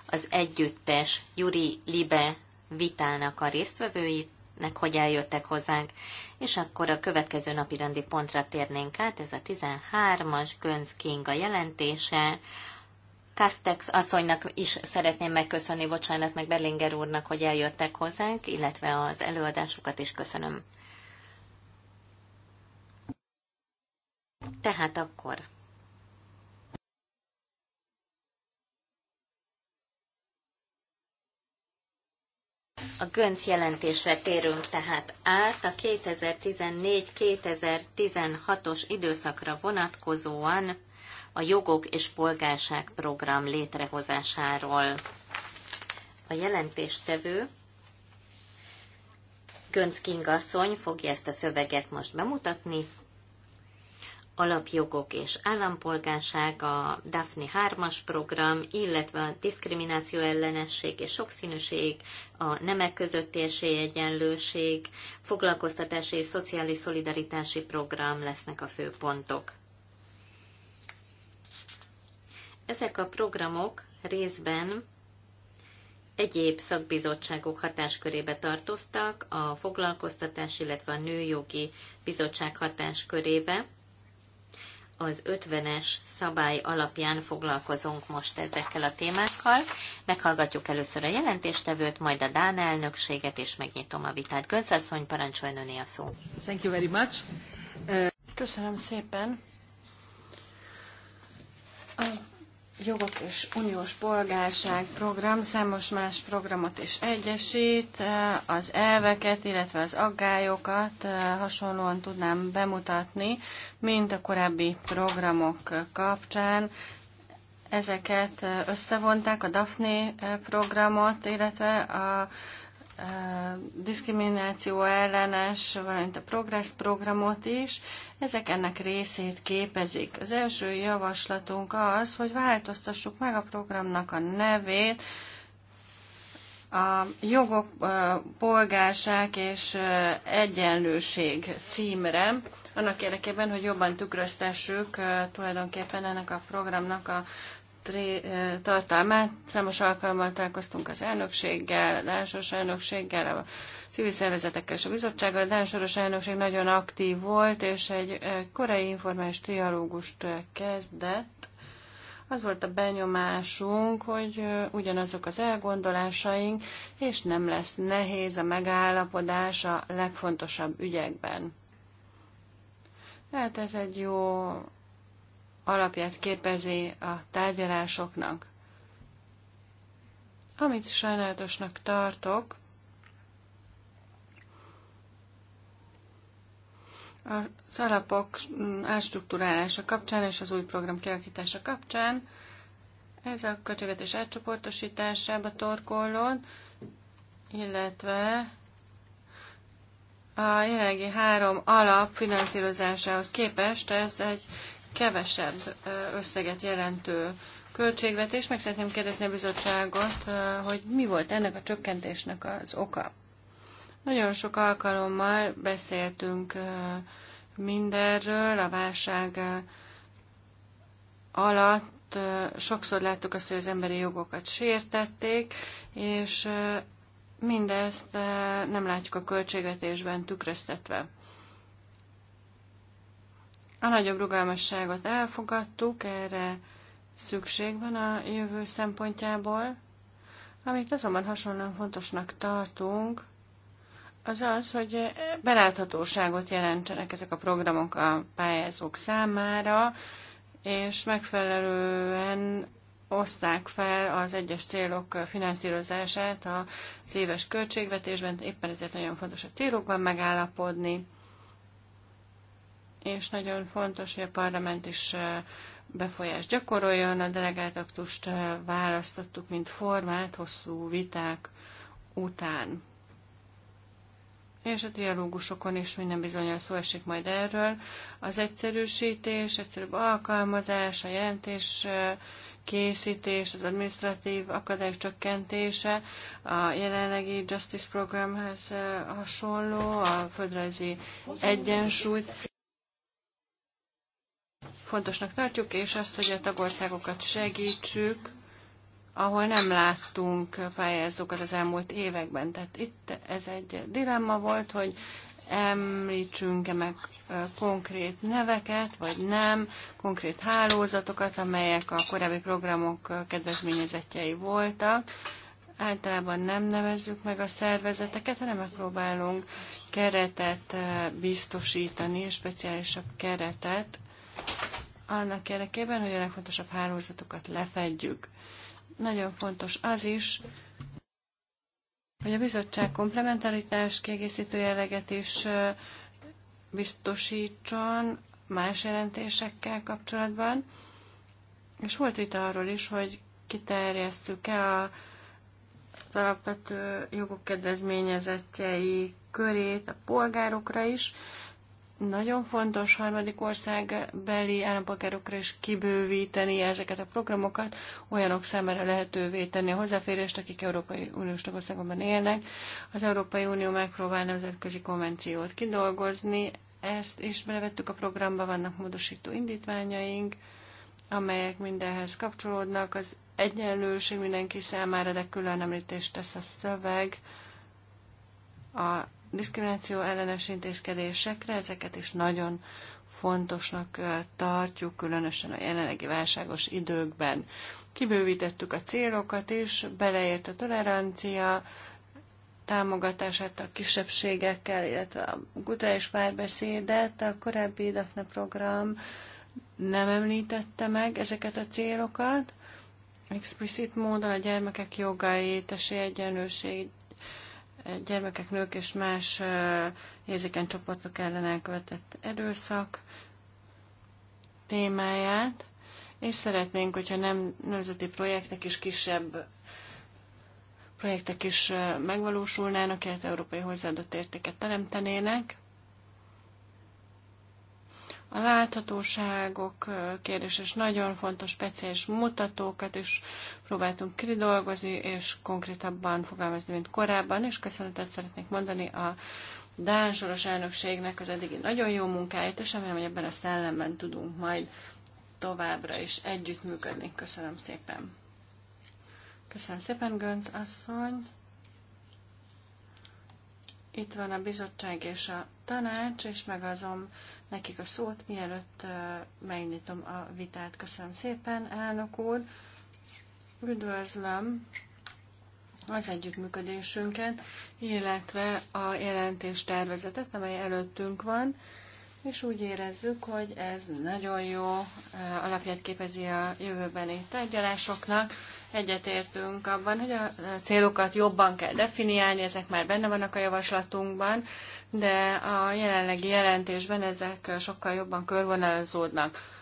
az együttes Juri Libe vitának a résztvevőinek, hogy eljöttek hozzánk, és akkor a következő napi rendi pontra térnénk át, ez a 13-as Gönc Kinga jelentése, Kastex asszonynak is szeretném megköszönni, bocsánat, meg Berlinger úrnak, hogy eljöttek hozzánk, illetve az előadásukat is köszönöm. Tehát akkor A Gönc jelentésre térünk tehát át a 2014-2016-os időszakra vonatkozóan a jogok és polgárság program létrehozásáról. A jelentéstevő Gönc Kingasszony fogja ezt a szöveget most bemutatni alapjogok és állampolgárság, a Daphne 3-as program, illetve a diszkrimináció ellenesség és sokszínűség, a nemek közötti esélyegyenlőség, foglalkoztatási és szociális szolidaritási program lesznek a fő pontok. Ezek a programok részben egyéb szakbizottságok hatáskörébe tartoztak, a foglalkoztatás, illetve a nőjogi bizottság hatáskörébe, az 50-es szabály alapján foglalkozunk most ezekkel a témákkal. Meghallgatjuk először a jelentéstevőt, majd a Dán elnökséget, és megnyitom a vitát. Gönzasszony, parancsoljon öné a szó. Thank you very much. Uh... Köszönöm szépen.
jogok és uniós polgárság program számos más programot is egyesít, eh, az elveket, illetve az aggályokat eh, hasonlóan tudnám bemutatni, mint a korábbi programok kapcsán. Ezeket eh, összevonták, a DAFNE programot, illetve a diszkrimináció ellenes, valamint a Progress programot is, ezek ennek részét képezik. Az első javaslatunk az, hogy változtassuk meg a programnak a nevét, a jogok, polgárság és egyenlőség címre, annak érdekében, hogy jobban tükröztessük tulajdonképpen ennek a programnak a tartalmát. Számos alkalommal találkoztunk az elnökséggel, a Dánsoros elnökséggel, a civil szervezetekkel és a bizottsággal. A Dánsoros elnökség nagyon aktív volt, és egy korai informális trialógust kezdett. Az volt a benyomásunk, hogy ugyanazok az elgondolásaink, és nem lesz nehéz a megállapodás a legfontosabb ügyekben. Tehát ez egy jó alapját képezi a tárgyalásoknak. Amit sajnálatosnak tartok, az alapok átstruktúrálása kapcsán és az új program kialakítása kapcsán ez a költségvetés átcsoportosításába torkollon, illetve a jelenlegi három alap finanszírozásához képest ez egy kevesebb összeget jelentő költségvetés. Meg szeretném kérdezni a bizottságot, hogy mi volt ennek a csökkentésnek az oka. Nagyon sok alkalommal beszéltünk mindenről, a válság alatt sokszor láttuk azt, hogy az emberi jogokat sértették, és mindezt nem látjuk a költségvetésben tükröztetve. A nagyobb rugalmasságot elfogadtuk, erre szükség van a jövő szempontjából. Amit azonban hasonlóan fontosnak tartunk, az az, hogy beláthatóságot jelentsenek ezek a programok a pályázók számára, és megfelelően oszták fel az egyes célok finanszírozását az éves költségvetésben, éppen ezért nagyon fontos a célokban megállapodni és nagyon fontos, hogy a parlament is befolyást gyakoroljon. A delegáltaktust választottuk, mint formát hosszú viták után. És a dialógusokon is minden bizonyal szó esik majd erről. Az egyszerűsítés, egyszerűbb alkalmazás, a jelentés készítés, az administratív akadály csökkentése, a jelenlegi Justice Programhez hasonló, a földrajzi egyensúly fontosnak tartjuk, és azt, hogy a tagországokat segítsük, ahol nem láttunk pályázókat az elmúlt években. Tehát itt ez egy dilemma volt, hogy említsünk-e meg konkrét neveket, vagy nem, konkrét hálózatokat, amelyek a korábbi programok kedvezményezetjei voltak. Általában nem nevezzük meg a szervezeteket, hanem megpróbálunk keretet biztosítani, speciálisabb keretet annak érdekében, hogy a legfontosabb hálózatokat lefedjük. Nagyon fontos az is, hogy a bizottság komplementaritás kiegészítő jelleget is biztosítson más jelentésekkel kapcsolatban. És volt vita arról is, hogy kiterjesztük-e a, az alapvető jogok kedvezményezettjei körét a polgárokra is, nagyon fontos harmadik ország beli állampolgárokra is kibővíteni ezeket a programokat, olyanok számára lehetővé tenni a hozzáférést, akik Európai Uniós tagországokban élnek. Az Európai Unió megpróbál nemzetközi konvenciót kidolgozni, ezt is belevettük a programba, vannak módosító indítványaink, amelyek mindenhez kapcsolódnak. Az egyenlőség mindenki számára, de külön említést tesz a szöveg, a diszkrimináció ellenes intézkedésekre, ezeket is nagyon fontosnak tartjuk, különösen a jelenlegi válságos időkben. Kibővítettük a célokat is, beleért a tolerancia támogatását a kisebbségekkel, illetve a és párbeszédet, a korábbi DAFNA program nem említette meg ezeket a célokat, explicit módon a gyermekek jogait, esélyegyenlőség, gyermekek, nők és más érzékeny csoportok ellen elkövetett erőszak témáját, és szeretnénk, hogyha nem nemzeti projektek is kisebb projektek is megvalósulnának, illetve európai hozzáadott értéket teremtenének. A láthatóságok kérdéses nagyon fontos, speciális mutatókat is próbáltunk kidolgozni, és konkrétabban fogalmazni, mint korábban, és köszönetet szeretnék mondani a Dán Soros elnökségnek az eddigi nagyon jó munkáját, és remélem, hogy ebben a szellemben tudunk majd továbbra is együttműködni. Köszönöm szépen. Köszönöm szépen, Gönc asszony. Itt van a bizottság és a tanács, és megazom nekik a szót, mielőtt megnyitom a vitát. Köszönöm szépen, elnök úr! Üdvözlöm az együttműködésünket, illetve a jelentés tervezetet, amely előttünk van, és úgy érezzük, hogy ez nagyon jó alapját képezi a jövőbeni tárgyalásoknak. Egyetértünk abban, hogy a célokat jobban kell definiálni, ezek már benne vannak a javaslatunkban, de a jelenlegi jelentésben ezek sokkal jobban körvonalazódnak.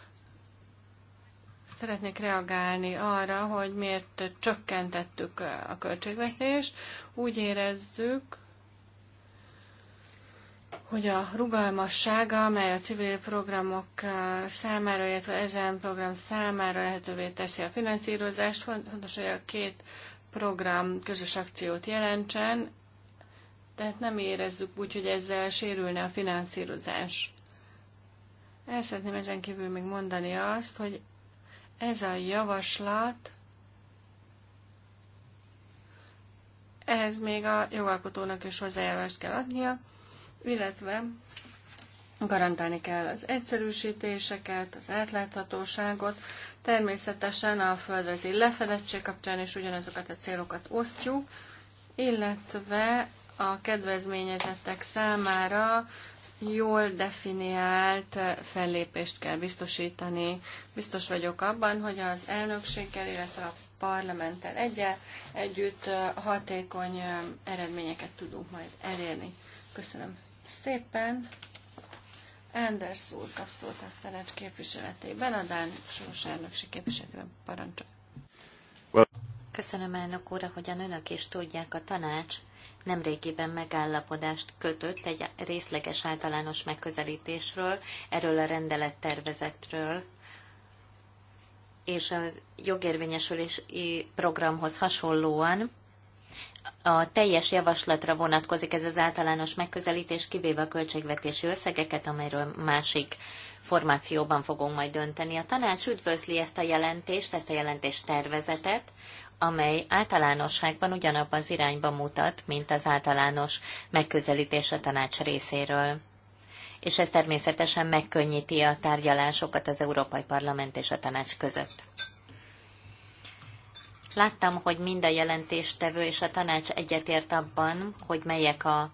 Szeretnék reagálni arra, hogy miért csökkentettük a költségvetést. Úgy érezzük, hogy a rugalmassága, amely a civil programok számára, illetve ezen program számára lehetővé teszi a finanszírozást, fontos, hogy a két program közös akciót jelentsen, tehát nem érezzük úgy, hogy ezzel sérülne a finanszírozás. El szeretném ezen kívül még mondani azt, hogy ez a javaslat, ehhez még a jogalkotónak is hozzájárulást kell adnia, illetve garantálni kell az egyszerűsítéseket, az átláthatóságot, természetesen a földrajzi lefedettség kapcsán is ugyanazokat a célokat osztjuk, illetve a kedvezményezettek számára jól definiált fellépést kell biztosítani. Biztos vagyok abban, hogy az elnökséggel, illetve a parlamenttel egyel együtt hatékony eredményeket tudunk majd elérni. Köszönöm szépen. Anders úr kapszolt a Ferenc képviseletében, a Dán Soros elnökség képviseletében
parancsol. Köszönöm elnök úr, a önök is tudják, a tanács nemrégiben megállapodást kötött egy részleges általános megközelítésről, erről a rendelettervezetről, és az jogérvényesülési programhoz hasonlóan a teljes javaslatra vonatkozik ez az általános megközelítés, kivéve a költségvetési összegeket, amelyről másik formációban fogunk majd dönteni. A tanács üdvözli ezt a jelentést, ezt a jelentést tervezetet amely általánosságban ugyanabban az irányba mutat, mint az általános megközelítés a tanács részéről. És ez természetesen megkönnyíti a tárgyalásokat az Európai Parlament és a tanács között. Láttam, hogy mind a jelentéstevő és a tanács egyetért abban, hogy melyek a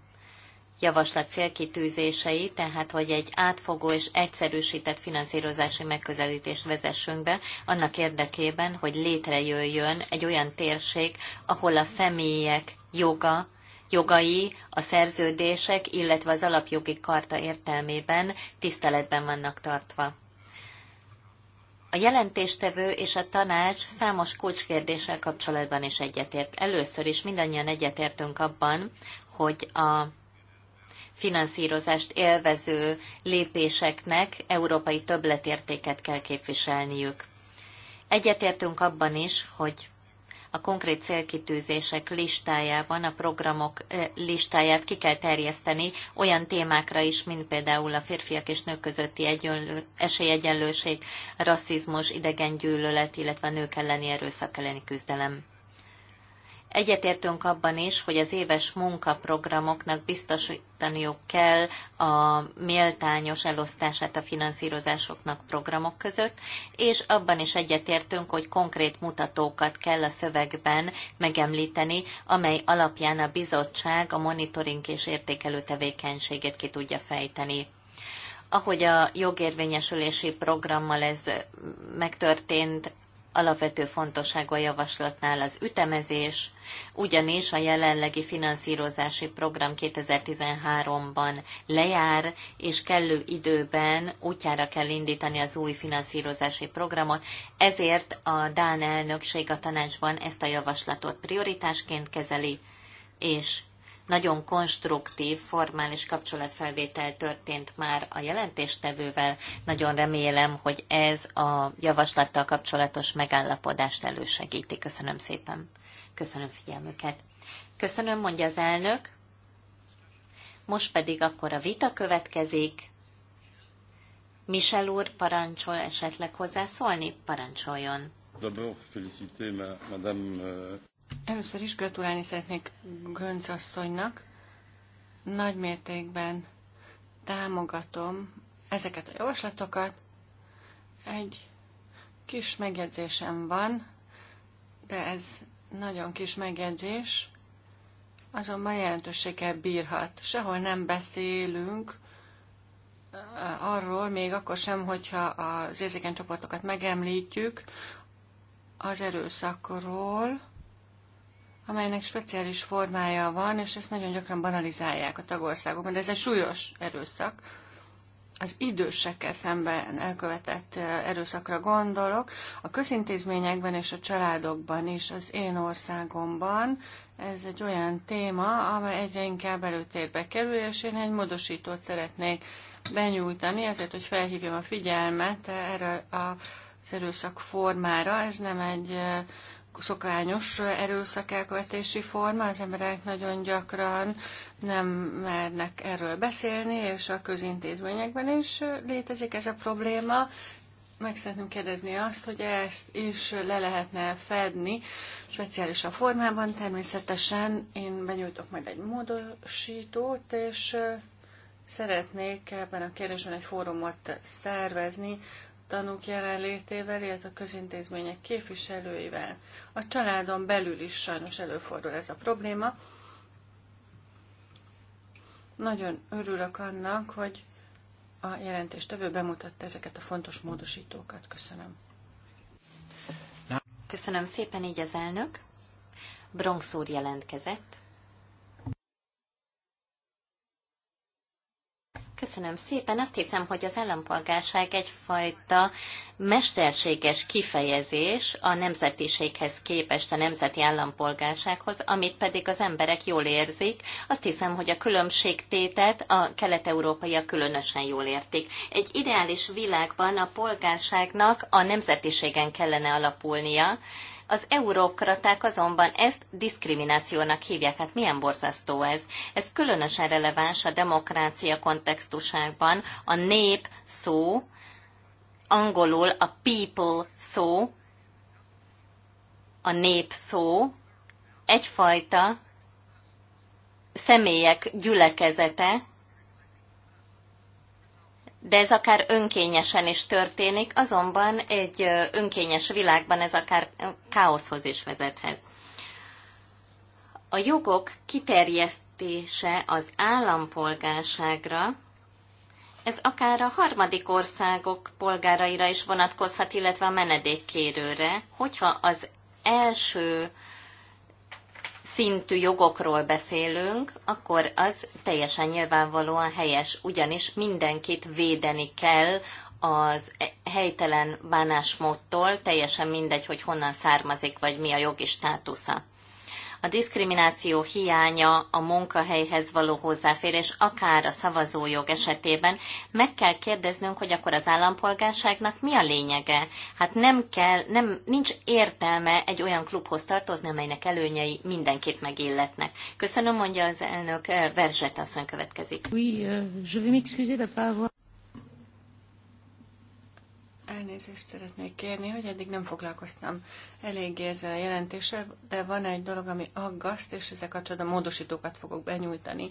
javaslat célkitűzései, tehát hogy egy átfogó és egyszerűsített finanszírozási megközelítést vezessünk be, annak érdekében, hogy létrejöjjön egy olyan térség, ahol a személyek joga, jogai, a szerződések, illetve az alapjogi karta értelmében tiszteletben vannak tartva. A jelentéstevő és a tanács számos kulcskérdéssel kapcsolatban is egyetért. Először is mindannyian egyetértünk abban, hogy a finanszírozást élvező lépéseknek európai többletértéket kell képviselniük. Egyetértünk abban is, hogy a konkrét célkitűzések listájában, a programok listáját ki kell terjeszteni olyan témákra is, mint például a férfiak és nők közötti egyenlő, esélyegyenlőség, rasszizmus, idegengyűlölet, illetve a nők elleni erőszak elleni küzdelem. Egyetértünk abban is, hogy az éves munkaprogramoknak biztosítaniuk kell a méltányos elosztását a finanszírozásoknak programok között, és abban is egyetértünk, hogy konkrét mutatókat kell a szövegben megemlíteni, amely alapján a bizottság a monitoring és értékelő tevékenységét ki tudja fejteni ahogy a jogérvényesülési programmal ez megtörtént, alapvető fontosságú javaslatnál az ütemezés, ugyanis a jelenlegi finanszírozási program 2013-ban lejár, és kellő időben útjára kell indítani az új finanszírozási programot, ezért a Dán elnökség a tanácsban ezt a javaslatot prioritásként kezeli, és nagyon konstruktív, formális kapcsolatfelvétel történt már a jelentéstevővel. Nagyon remélem, hogy ez a javaslattal kapcsolatos megállapodást elősegíti. Köszönöm szépen. Köszönöm figyelmüket. Köszönöm, mondja az elnök. Most pedig akkor a vita következik. Michel úr parancsol esetleg hozzászólni? Parancsoljon.
D'abord féliciter madame euh,
Először is gratulálni szeretnék Gönc
asszonynak. Nagy mértékben támogatom ezeket a javaslatokat. Egy kis megjegyzésem van, de ez nagyon kis megjegyzés, azonban jelentőséggel bírhat. Sehol nem beszélünk eh, arról, még akkor sem, hogyha az érzékeny csoportokat megemlítjük, az erőszakról, amelynek speciális formája van, és ezt nagyon gyakran banalizálják a tagországokban, de ez egy súlyos erőszak. Az idősekkel szemben elkövetett erőszakra gondolok. A közintézményekben és a családokban is, az én országomban ez egy olyan téma, amely egyre inkább előtérbe kerül, és én egy módosítót szeretnék benyújtani, azért, hogy felhívjam a figyelmet erre a az erőszak formára. Ez nem egy szokványos erőszak elkövetési forma, az emberek nagyon gyakran nem mernek erről beszélni, és a közintézményekben is létezik ez a probléma. Meg szeretném kérdezni azt, hogy ezt is le lehetne fedni speciális a formában. Természetesen én benyújtok majd egy módosítót, és szeretnék ebben a kérdésben egy fórumot szervezni tanúk jelenlétével, illetve a közintézmények képviselőivel. A családon belül is sajnos előfordul ez a probléma. Nagyon örülök annak, hogy a jelentéstevő bemutatta ezeket a fontos módosítókat. Köszönöm.
Köszönöm szépen, így az elnök. Bronx úr jelentkezett. Köszönöm szépen. Azt hiszem, hogy az állampolgárság egyfajta mesterséges kifejezés a nemzetiséghez képest a nemzeti állampolgársághoz, amit pedig az emberek jól érzik. Azt hiszem, hogy a különbségtétet a kelet-európaiak különösen jól értik. Egy ideális világban a polgárságnak a nemzetiségen kellene alapulnia, az eurokraták azonban ezt diszkriminációnak hívják. Hát milyen borzasztó ez? Ez különösen releváns a demokrácia kontextusában. A nép szó, angolul a people szó, a nép szó egyfajta személyek gyülekezete, de ez akár önkényesen is történik, azonban egy önkényes világban ez akár káoszhoz is vezethet. A jogok kiterjesztése az állampolgárságra, ez akár a harmadik országok polgáraira is vonatkozhat, illetve a menedékkérőre, hogyha az első szintű jogokról beszélünk, akkor az teljesen nyilvánvalóan helyes, ugyanis mindenkit védeni kell az helytelen bánásmódtól, teljesen mindegy, hogy honnan származik, vagy mi a jogi státusza. A diszkrimináció hiánya a munkahelyhez való hozzáférés, akár a szavazójog esetében, meg kell kérdeznünk, hogy akkor az állampolgárságnak mi a lényege. Hát nem kell, nem, nincs értelme egy olyan klubhoz tartozni, amelynek előnyei mindenkit megilletnek. Köszönöm, mondja az elnök, Verzset asszony következik.
Oui, euh, je vais m'excuser
Elnézést szeretnék kérni, hogy eddig nem foglalkoztam
eléggé ezzel a jelentéssel, de van egy dolog, ami aggaszt, és ezek a csoda módosítókat fogok benyújtani.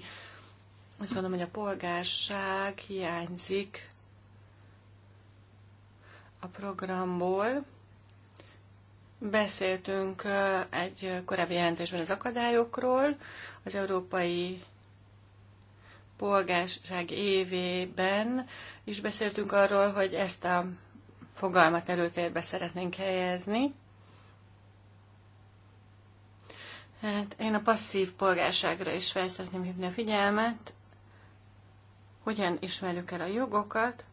Azt gondolom, hogy a polgárság hiányzik a programból. Beszéltünk egy korábbi jelentésben az akadályokról, az európai polgárság évében is beszéltünk arról, hogy ezt a fogalmat előtérbe szeretnénk helyezni. Hát én a passzív polgárságra is fel szeretném hívni a figyelmet. Hogyan ismerjük el a jogokat?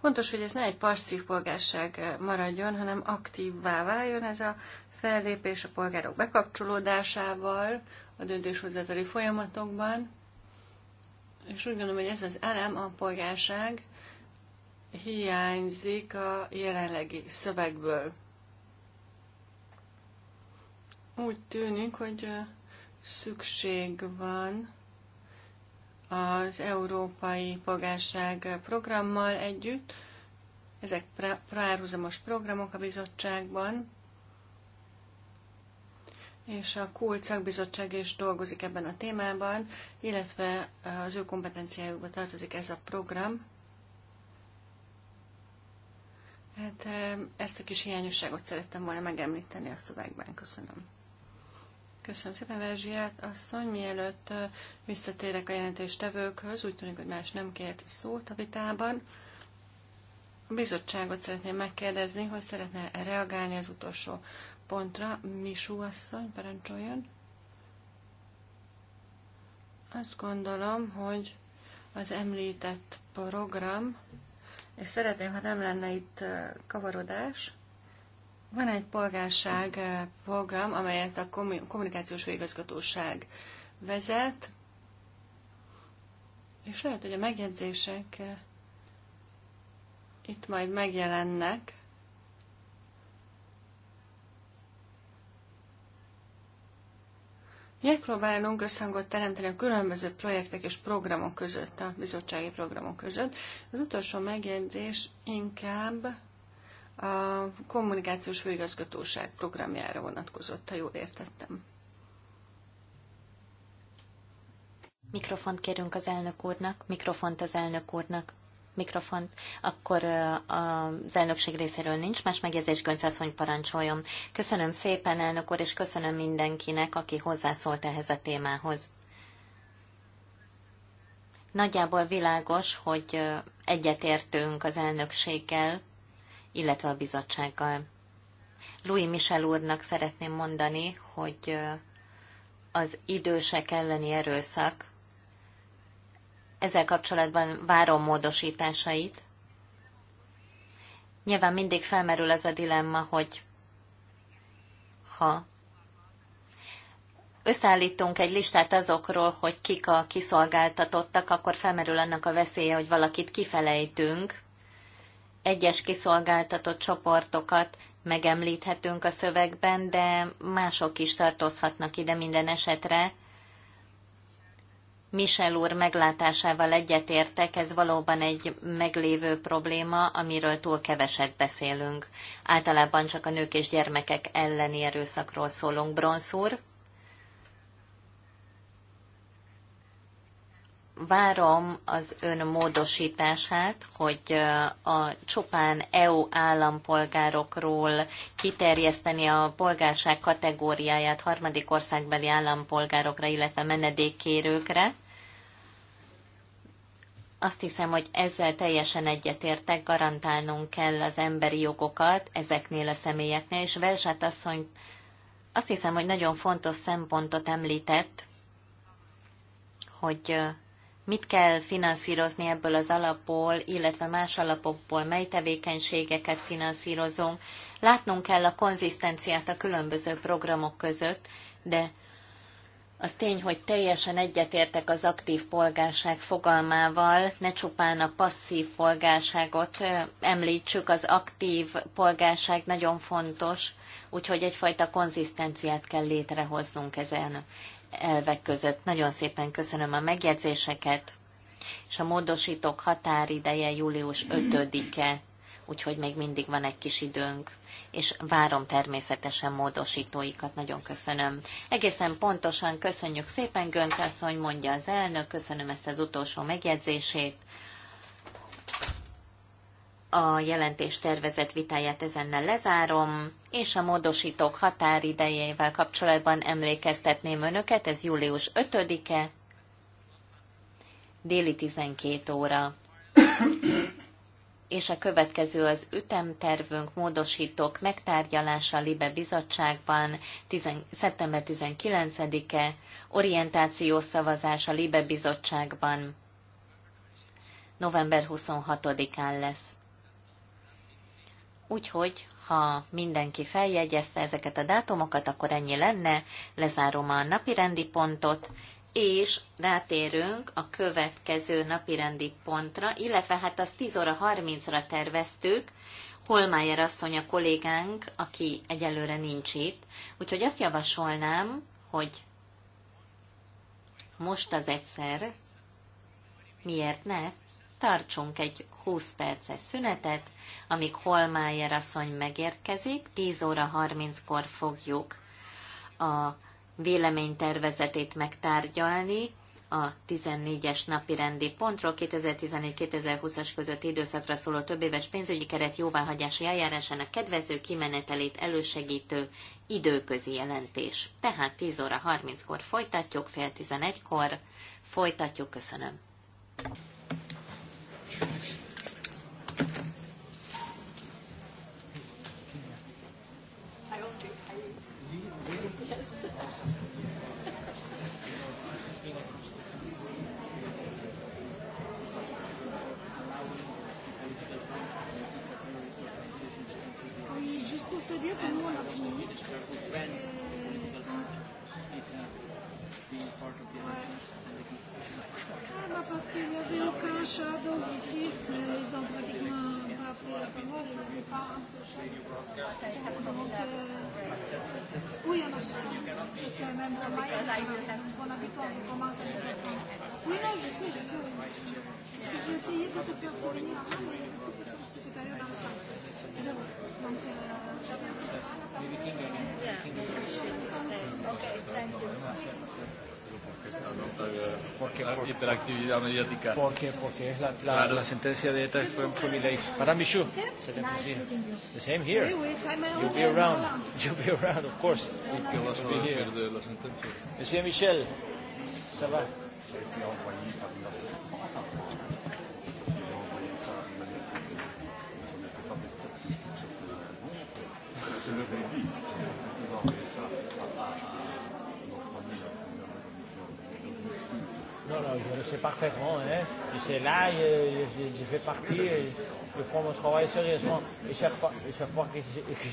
Fontos, hogy ez ne egy passzív polgárság maradjon, hanem aktívvá váljon ez a fellépés a polgárok bekapcsolódásával a döntéshozatali folyamatokban. És úgy gondolom, hogy ez az elem, a polgárság hiányzik a jelenlegi szövegből. Úgy tűnik, hogy szükség van az Európai Polgárság programmal együtt. Ezek párhuzamos programok a bizottságban, és a KULT szakbizottság is dolgozik ebben a témában, illetve az ő kompetenciájukba tartozik ez a program. Hát ezt a kis hiányosságot szerettem volna megemlíteni a szövegben. Köszönöm. Köszönöm szépen, Verzsiát. Asszony, mielőtt visszatérek a jelentéstevőkhöz, úgy tűnik, hogy más nem kért szót a vitában. A bizottságot szeretném megkérdezni, hogy szeretne reagálni az utolsó pontra Misú asszony parancsoljon. Azt gondolom, hogy az említett program, és szeretném, ha nem lenne itt kavarodás, van egy polgárság program, amelyet a kommunikációs főigazgatóság vezet, és lehet, hogy a megjegyzések itt majd megjelennek, Megpróbálunk összhangot teremteni a különböző projektek és programok között, a bizottsági programok között. Az utolsó megjegyzés inkább a kommunikációs főigazgatóság programjára vonatkozott, ha jól
értettem. Mikrofont kérünk az elnök úrnak, mikrofont az elnök úrnak mikrofont, akkor az elnökség részéről nincs más megjegyzés, Göncasszony parancsoljon. Köszönöm szépen, elnök úr, és köszönöm mindenkinek, aki hozzászólt ehhez a témához. Nagyjából világos, hogy egyetértünk az elnökséggel, illetve a bizottsággal. Louis Michel úrnak szeretném mondani, hogy az idősek elleni erőszak ezzel kapcsolatban várom módosításait. Nyilván mindig felmerül az a dilemma, hogy ha összeállítunk egy listát azokról, hogy kik a kiszolgáltatottak, akkor felmerül annak a veszélye, hogy valakit kifelejtünk. Egyes kiszolgáltatott csoportokat megemlíthetünk a szövegben, de mások is tartozhatnak ide minden esetre. Michel úr meglátásával egyetértek, ez valóban egy meglévő probléma, amiről túl keveset beszélünk. Általában csak a nők és gyermekek elleni erőszakról szólunk, Bronsz úr. várom az ön módosítását, hogy a csupán EU állampolgárokról kiterjeszteni a polgárság kategóriáját harmadik országbeli állampolgárokra, illetve menedékkérőkre. Azt hiszem, hogy ezzel teljesen egyetértek, garantálnunk kell az emberi jogokat ezeknél a személyeknél, és Velsát asszony azt hiszem, hogy nagyon fontos szempontot említett, hogy mit kell finanszírozni ebből az alapból, illetve más alapokból, mely tevékenységeket finanszírozunk. Látnunk kell a konzisztenciát a különböző programok között, de az tény, hogy teljesen egyetértek az aktív polgárság fogalmával, ne csupán a passzív polgárságot említsük, az aktív polgárság nagyon fontos, úgyhogy egyfajta konzisztenciát kell létrehoznunk ezen elvek között. Nagyon szépen köszönöm a megjegyzéseket, és a módosítók határideje július 5-e, úgyhogy még mindig van egy kis időnk és várom természetesen módosítóikat. Nagyon köszönöm. Egészen pontosan köszönjük szépen, Gönc asszony, mondja az elnök, köszönöm ezt az utolsó megjegyzését. A jelentés tervezett vitáját ezennel lezárom, és a módosítók határidejével kapcsolatban emlékeztetném önöket, ez július 5-e, déli 12 óra és a következő az ütemtervünk módosítók megtárgyalása a Libe Bizottságban 10, szeptember 19-e, orientációs szavazás a Libe Bizottságban november 26-án lesz. Úgyhogy, ha mindenki feljegyezte ezeket a dátumokat, akkor ennyi lenne, lezárom a napi rendi pontot, és rátérünk a következő napirendi pontra, illetve hát azt 10 óra 30-ra terveztük, Holmájer asszony a kollégánk, aki egyelőre nincs itt, úgyhogy azt javasolnám, hogy most az egyszer, miért ne, tartsunk egy 20 perces szünetet, amíg Holmájer asszony megérkezik, 10 óra 30-kor fogjuk a véleménytervezetét megtárgyalni a 14-es napi rendi pontról 2014-2020-as közötti időszakra szóló többéves pénzügyi keret jóváhagyási eljárásának kedvező kimenetelét elősegítő időközi jelentés. Tehát 10 óra 30-kor folytatjuk, fél 11-kor folytatjuk. Köszönöm. remember my Because I will have to commence avec la Oui, non, je sais, je sais.
Parce que j'ai essayé de te faire revenir avant, mais il y avait plus personne qui s'est allé dans le champ. Donc, euh, j'avais un peu de mal à parler.
Okay, thank you
manifestando porque, las hiperactividad
mediática. ¿Por qué? porque es la, la, claro. la sentencia de ETA fue un privilegio. Madame Michou, the same here.
You'll be around.
You'll be around, of course. ¿Y ¿Qué vas a decir de la sentencia?
Monsieur Michel, ça va.
C'est le débit. je le sais parfaitement. Hein. Je sais là, je, je, je je fais partie, je, je prends mon travail sérieusement. Et chaque fois, et chaque fois *laughs* que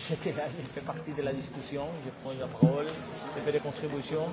j'étais là, je fais partie de la discussion, je prends la parole,
je fais des contributions.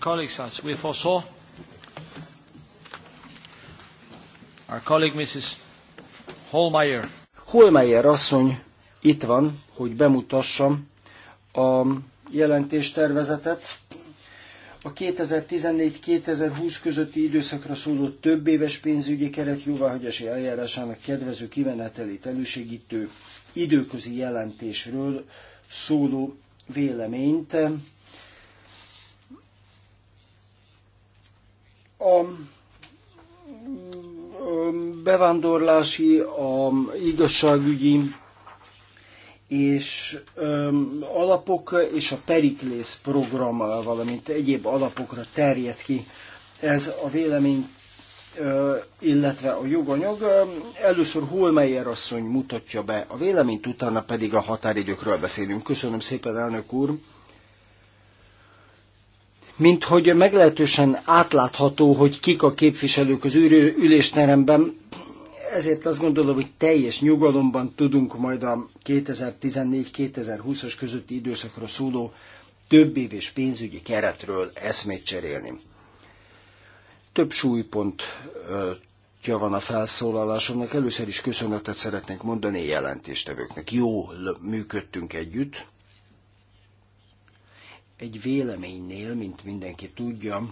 colleagues, as we foresaw, our colleague Mrs. Holmeyer. Holmeyer asszony itt van, hogy bemutassam a jelentéstervezetet. A 2014-2020 közötti időszakra szóló több éves pénzügyi keret jóváhagyási eljárásának kedvező kimenetelét elősegítő időközi jelentésről szóló véleményt a mm, mm, bevándorlási, a igazságügyi és mm, alapok és a Periklész program, valamint egyéb alapokra terjed ki ez a vélemény, illetve a joganyag. Először Holmeyer asszony mutatja be a véleményt, utána pedig a határidőkről beszélünk. Köszönöm szépen, elnök úr! mint hogy meglehetősen átlátható, hogy kik a képviselők az ülésteremben, ezért azt gondolom, hogy teljes nyugalomban tudunk majd a 2014-2020-as közötti időszakra szóló több éves pénzügyi keretről eszmét cserélni. Több súlypontja van a felszólalásomnak. Először is köszönetet szeretnék mondani jelentéstevőknek. Jól működtünk együtt, egy véleménynél, mint mindenki tudja,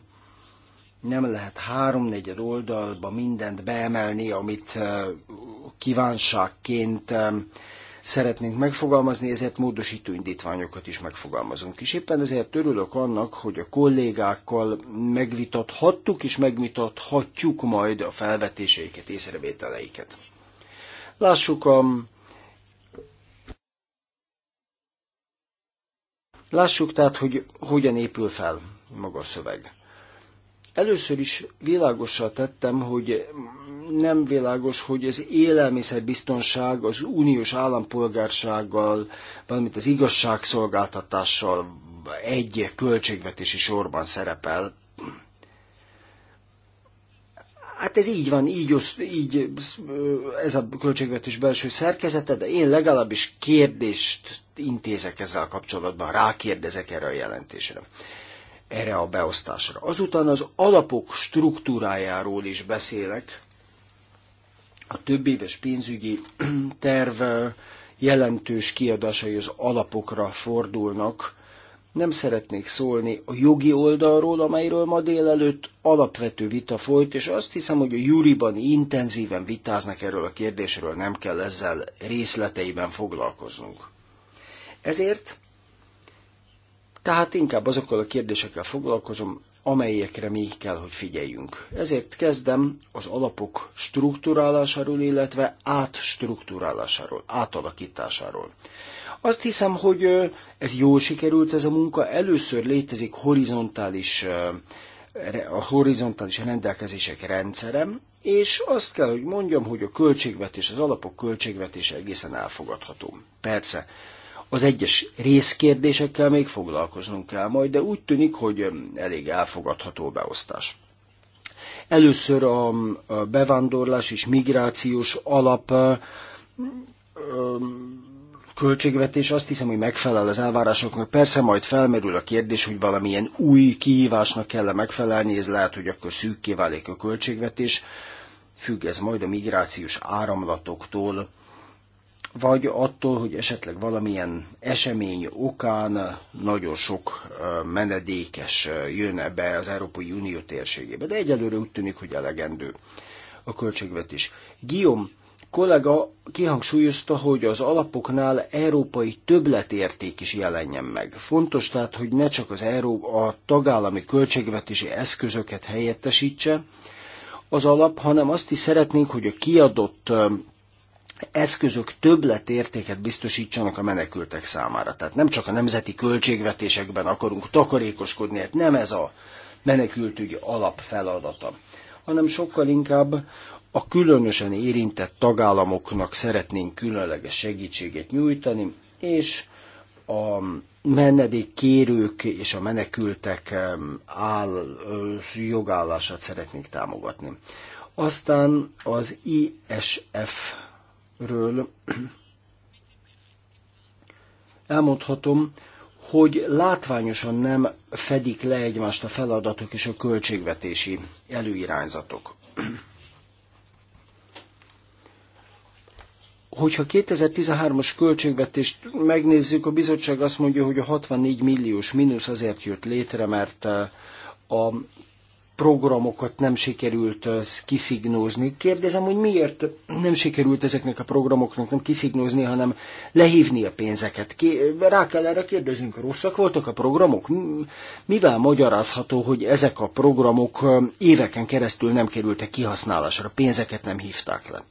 nem lehet háromnegyed oldalba mindent beemelni, amit kívánságként szeretnénk megfogalmazni, ezért módosító indítványokat is megfogalmazunk. És éppen ezért örülök annak, hogy a kollégákkal megvitathattuk és megvitathatjuk majd a felvetéseiket, észrevételeiket. Lássuk a Lássuk tehát, hogy hogyan épül fel maga a szöveg. Először is világosra tettem, hogy nem világos, hogy az élelmiszerbiztonság az uniós állampolgársággal, valamint az igazságszolgáltatással egy költségvetési sorban szerepel, Hát ez így van, így, így ez a költségvetés belső szerkezete, de én legalábbis kérdést intézek ezzel kapcsolatban, rákérdezek erre a jelentésre, erre a beosztásra. Azután az alapok struktúrájáról is beszélek, a több éves pénzügyi terv jelentős kiadásai az alapokra fordulnak, nem szeretnék szólni a jogi oldalról, amelyről ma délelőtt alapvető vita folyt, és azt hiszem, hogy a júriban intenzíven vitáznak erről a kérdésről, nem kell ezzel részleteiben foglalkoznunk. Ezért tehát inkább azokkal a kérdésekkel foglalkozom, amelyekre mi kell, hogy figyeljünk. Ezért kezdem az alapok struktúrálásáról, illetve átstruktúrálásáról, átalakításáról. Azt hiszem, hogy ez jól sikerült ez a munka. Először létezik horizontális, a horizontális rendelkezések rendszerem, és azt kell, hogy mondjam, hogy a költségvetés, az alapok költségvetése egészen elfogadható. Persze, az egyes részkérdésekkel még foglalkoznunk kell majd, de úgy tűnik, hogy elég elfogadható beosztás. Először a bevándorlás és migrációs alap költségvetés azt hiszem, hogy megfelel az elvárásoknak. Persze majd felmerül a kérdés, hogy valamilyen új kihívásnak kell -e megfelelni, ez lehet, hogy akkor szűkké válik a költségvetés. Függ ez majd a migrációs áramlatoktól, vagy attól, hogy esetleg valamilyen esemény okán nagyon sok menedékes jön be az Európai Unió térségébe. De egyelőre úgy tűnik, hogy elegendő a költségvetés. Guillaume kollega kihangsúlyozta, hogy az alapoknál európai többletérték is jelenjen meg. Fontos tehát, hogy ne csak az Euró a tagállami költségvetési eszközöket helyettesítse az alap, hanem azt is szeretnénk, hogy a kiadott eszközök többletértéket biztosítsanak a menekültek számára. Tehát nem csak a nemzeti költségvetésekben akarunk takarékoskodni, hát nem ez a menekültügyi alap feladata, hanem sokkal inkább a különösen érintett tagállamoknak szeretnénk különleges segítséget nyújtani, és a menedékkérők és a menekültek áll, jogállását szeretnénk támogatni. Aztán az ISF-ről *clears throat* elmondhatom, hogy látványosan nem fedik le egymást a feladatok és a költségvetési előirányzatok. *clears throat* Hogyha 2013-as költségvetést megnézzük, a bizottság azt mondja, hogy a 64 milliós mínusz azért jött létre, mert eh, a programokat nem sikerült eh, kiszignózni. Kérdezem, hogy miért nem sikerült ezeknek a programoknak nem kiszignózni, hanem lehívni a pénzeket. Rá kell erre kérdeznünk, rosszak voltak a programok? Mivel magyarázható, hogy ezek a programok eh, éveken keresztül nem kerültek kihasználásra, pénzeket nem hívták le?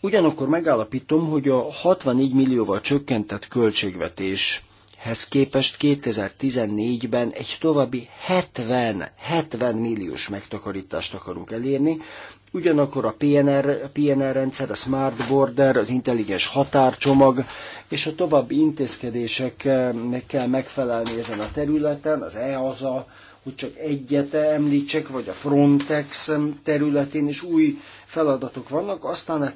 Ugyanakkor megállapítom, hogy a 64 millióval csökkentett költségvetéshez képest 2014-ben egy további 70, 70 milliós megtakarítást akarunk elérni, ugyanakkor a PNR, a PNR rendszer, a Smart Border, az intelligens határcsomag és a további intézkedéseknek kell megfelelni ezen a területen, az EASA, hogy csak egyet említsek, vagy a Frontex területén is új feladatok vannak, aztán a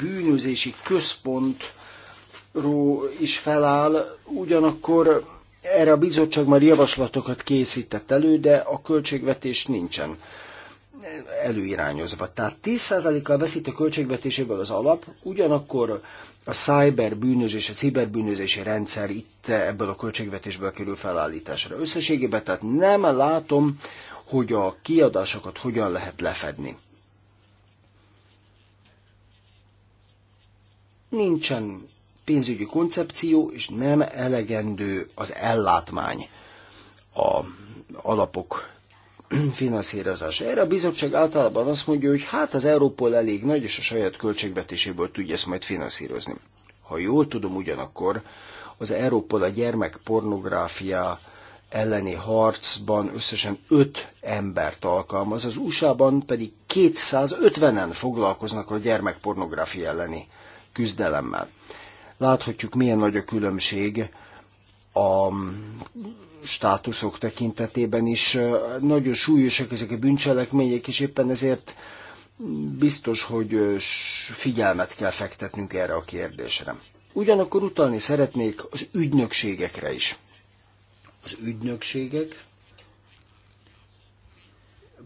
bűnözési központról is feláll, ugyanakkor erre a bizottság már javaslatokat készített elő, de a költségvetés nincsen előirányozva. Tehát 10%-kal veszít a költségvetéséből az alap, ugyanakkor a bűnözés, a ciberbűnözési rendszer itt ebből a költségvetésből kerül felállításra. Összességében tehát nem látom, hogy a kiadásokat hogyan lehet lefedni. nincsen pénzügyi koncepció, és nem elegendő az ellátmány a alapok finanszírozása. Erre a bizottság általában azt mondja, hogy hát az Európol elég nagy, és a saját költségvetéséből tudja ezt majd finanszírozni. Ha jól tudom ugyanakkor, az Európol a gyermek pornográfia elleni harcban összesen 5 embert alkalmaz, az USA-ban pedig 250-en foglalkoznak a gyermekpornográfia elleni küzdelemmel. Láthatjuk, milyen nagy a különbség a státuszok tekintetében is. Nagyon súlyosak ezek a bűncselekmények, és éppen ezért biztos, hogy figyelmet kell fektetnünk erre a kérdésre. Ugyanakkor utalni szeretnék az ügynökségekre is. Az ügynökségek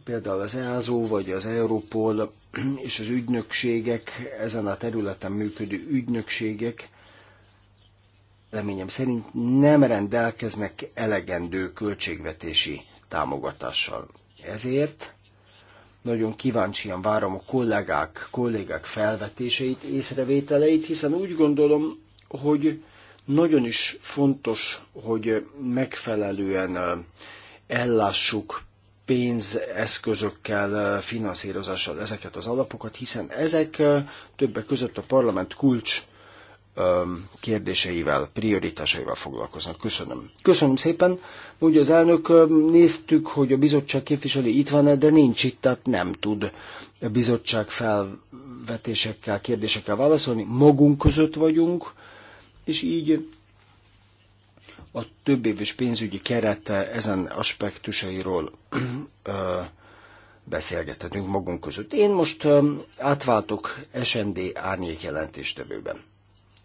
például az EASO vagy az Europol *clears throat* és az ügynökségek, ezen a területen működő ügynökségek, leményem szerint nem rendelkeznek elegendő költségvetési támogatással. Ezért nagyon kíváncsian várom a kollégák, kollégák felvetéseit, észrevételeit, hiszen úgy gondolom, hogy nagyon is fontos, hogy megfelelően ellássuk pénzeszközökkel, finanszírozással ezeket az alapokat, hiszen ezek többek között a parlament kulcs kérdéseivel, prioritásaival foglalkoznak. Köszönöm. Köszönöm szépen. Úgy az elnök, néztük, hogy a bizottság képviselő itt van -e, de nincs itt, tehát nem tud a bizottság felvetésekkel, kérdésekkel válaszolni. Magunk között vagyunk, és így a több éves pénzügyi kerete ezen aspektusairól beszélgethetünk magunk között. Én most átváltok SND árnyék jelentéstevőben,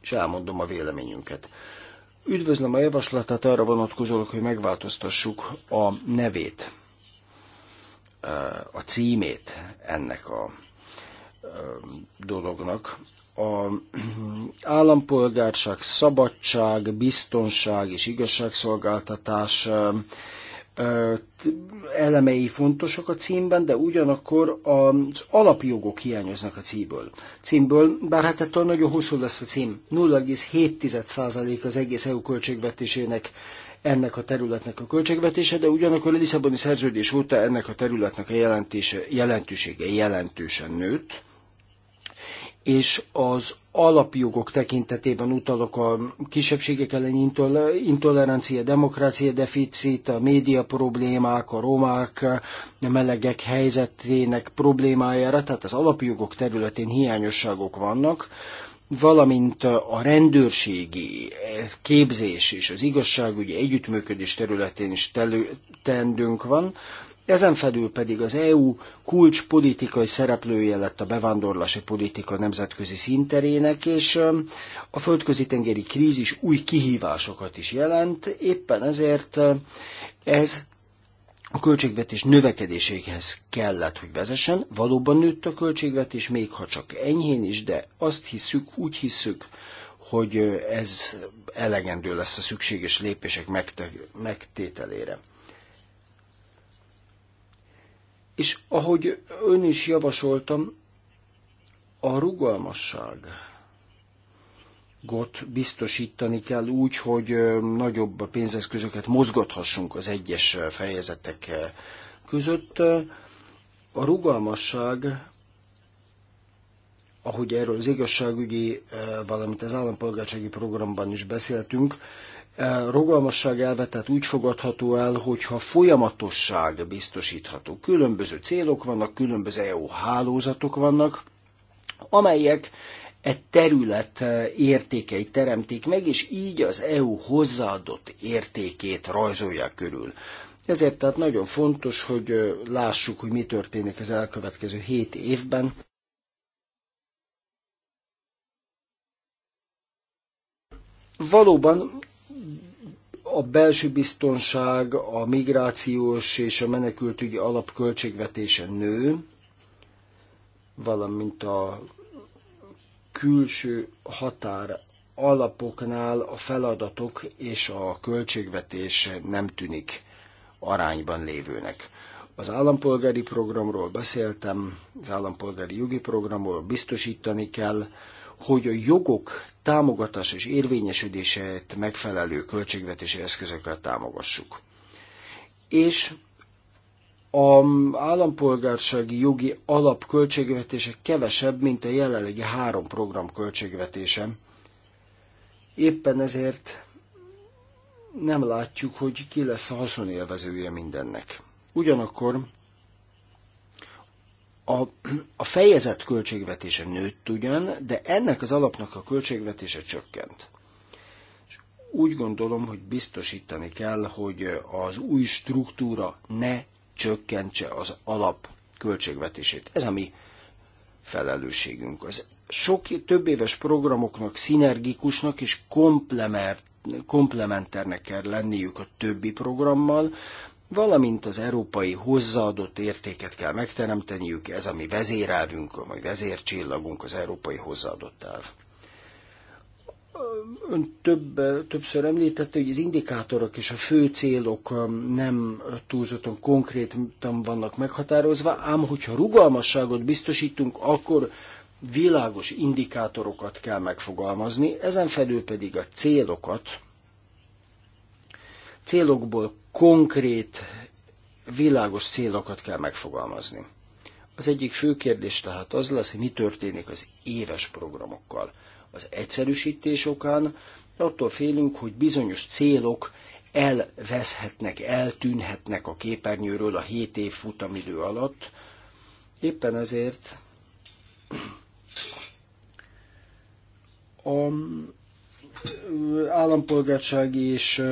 és elmondom a véleményünket. Üdvözlöm a javaslatát arra vonatkozólag, hogy megváltoztassuk a nevét, a címét ennek a dolognak a *clears throat* állampolgárság, szabadság, biztonság és igazságszolgáltatás elemei fontosak a címben, de ugyanakkor az alapjogok hiányoznak a címből. címből bár hát ettől nagyon hosszú lesz a cím. 0,7% az egész EU költségvetésének ennek a területnek a költségvetése, de ugyanakkor a Lisszaboni szerződés óta ennek a területnek a jelentése, jelentősége jelentősen nőtt, és az alapjogok tekintetében utalok a kisebbségek elleni intolerancia, demokrácia deficit, a média problémák, a romák, a melegek helyzetének problémájára, tehát az alapjogok területén hiányosságok vannak, valamint a rendőrségi képzés és az igazságügyi együttműködés területén is telő, tendünk van, ezen felül pedig az EU kulcs politikai szereplője lett a bevándorlási politika nemzetközi szinterének, és a földközi tengeri krízis új kihívásokat is jelent, éppen ezért ez a költségvetés növekedéséhez kellett, hogy vezessen. Valóban nőtt a költségvetés, még ha csak enyhén is, de azt hiszük, úgy hiszük, hogy ez elegendő lesz a szükséges lépések megtételére. És ahogy ön is javasoltam, a rugalmasság got biztosítani kell úgy, hogy nagyobb pénzeszközöket mozgathassunk az egyes fejezetek között. A rugalmasság, ahogy erről az igazságügyi, valamint az állampolgársági programban is beszéltünk, E, rugalmasság elve, tehát úgy fogadható el, hogyha folyamatosság biztosítható. Különböző célok vannak, különböző EU hálózatok vannak, amelyek e terület e, értékeit teremtik meg, és így az EU hozzáadott értékét rajzolják körül. Ezért tehát nagyon fontos, hogy e, lássuk, hogy mi történik az elkövetkező hét évben. Valóban a belső biztonság, a migrációs és a menekültügyi alapköltségvetése nő, valamint a külső határ alapoknál a feladatok és a költségvetés nem tűnik arányban lévőnek. Az állampolgári programról beszéltem, az állampolgári jogi programról biztosítani kell, hogy a jogok támogatás és érvényesülését megfelelő költségvetési eszközökkel támogassuk. És a állampolgársági jogi alap költségvetése kevesebb, mint a jelenlegi három program költségvetése. Éppen ezért nem látjuk, hogy ki lesz a haszonélvezője mindennek. Ugyanakkor a, a fejezet költségvetése nőtt ugyan, de ennek az alapnak a költségvetése csökkent. És úgy gondolom, hogy biztosítani kell, hogy az új struktúra ne csökkentse az alap költségvetését. Ez a mi felelősségünk. Az sok több éves programoknak szinergikusnak és komplementernek kell lenniük a többi programmal, valamint az európai hozzáadott értéket kell megteremteniük, ez a mi vezérelvünk, a mi vezércsillagunk, az európai hozzáadott elv. Ön több, többször említette, hogy az indikátorok és a fő célok um, nem túlzottan konkrétan vannak meghatározva, ám hogyha rugalmasságot biztosítunk, akkor világos indikátorokat kell megfogalmazni, ezen felül pedig a célokat, célokból konkrét, világos célokat kell megfogalmazni. Az egyik fő kérdés tehát az lesz, hogy mi történik az éves programokkal. Az egyszerűsítés okán attól félünk, hogy bizonyos célok elveszhetnek, eltűnhetnek a képernyőről a 7 év futamidő alatt. Éppen ezért a állampolgársági és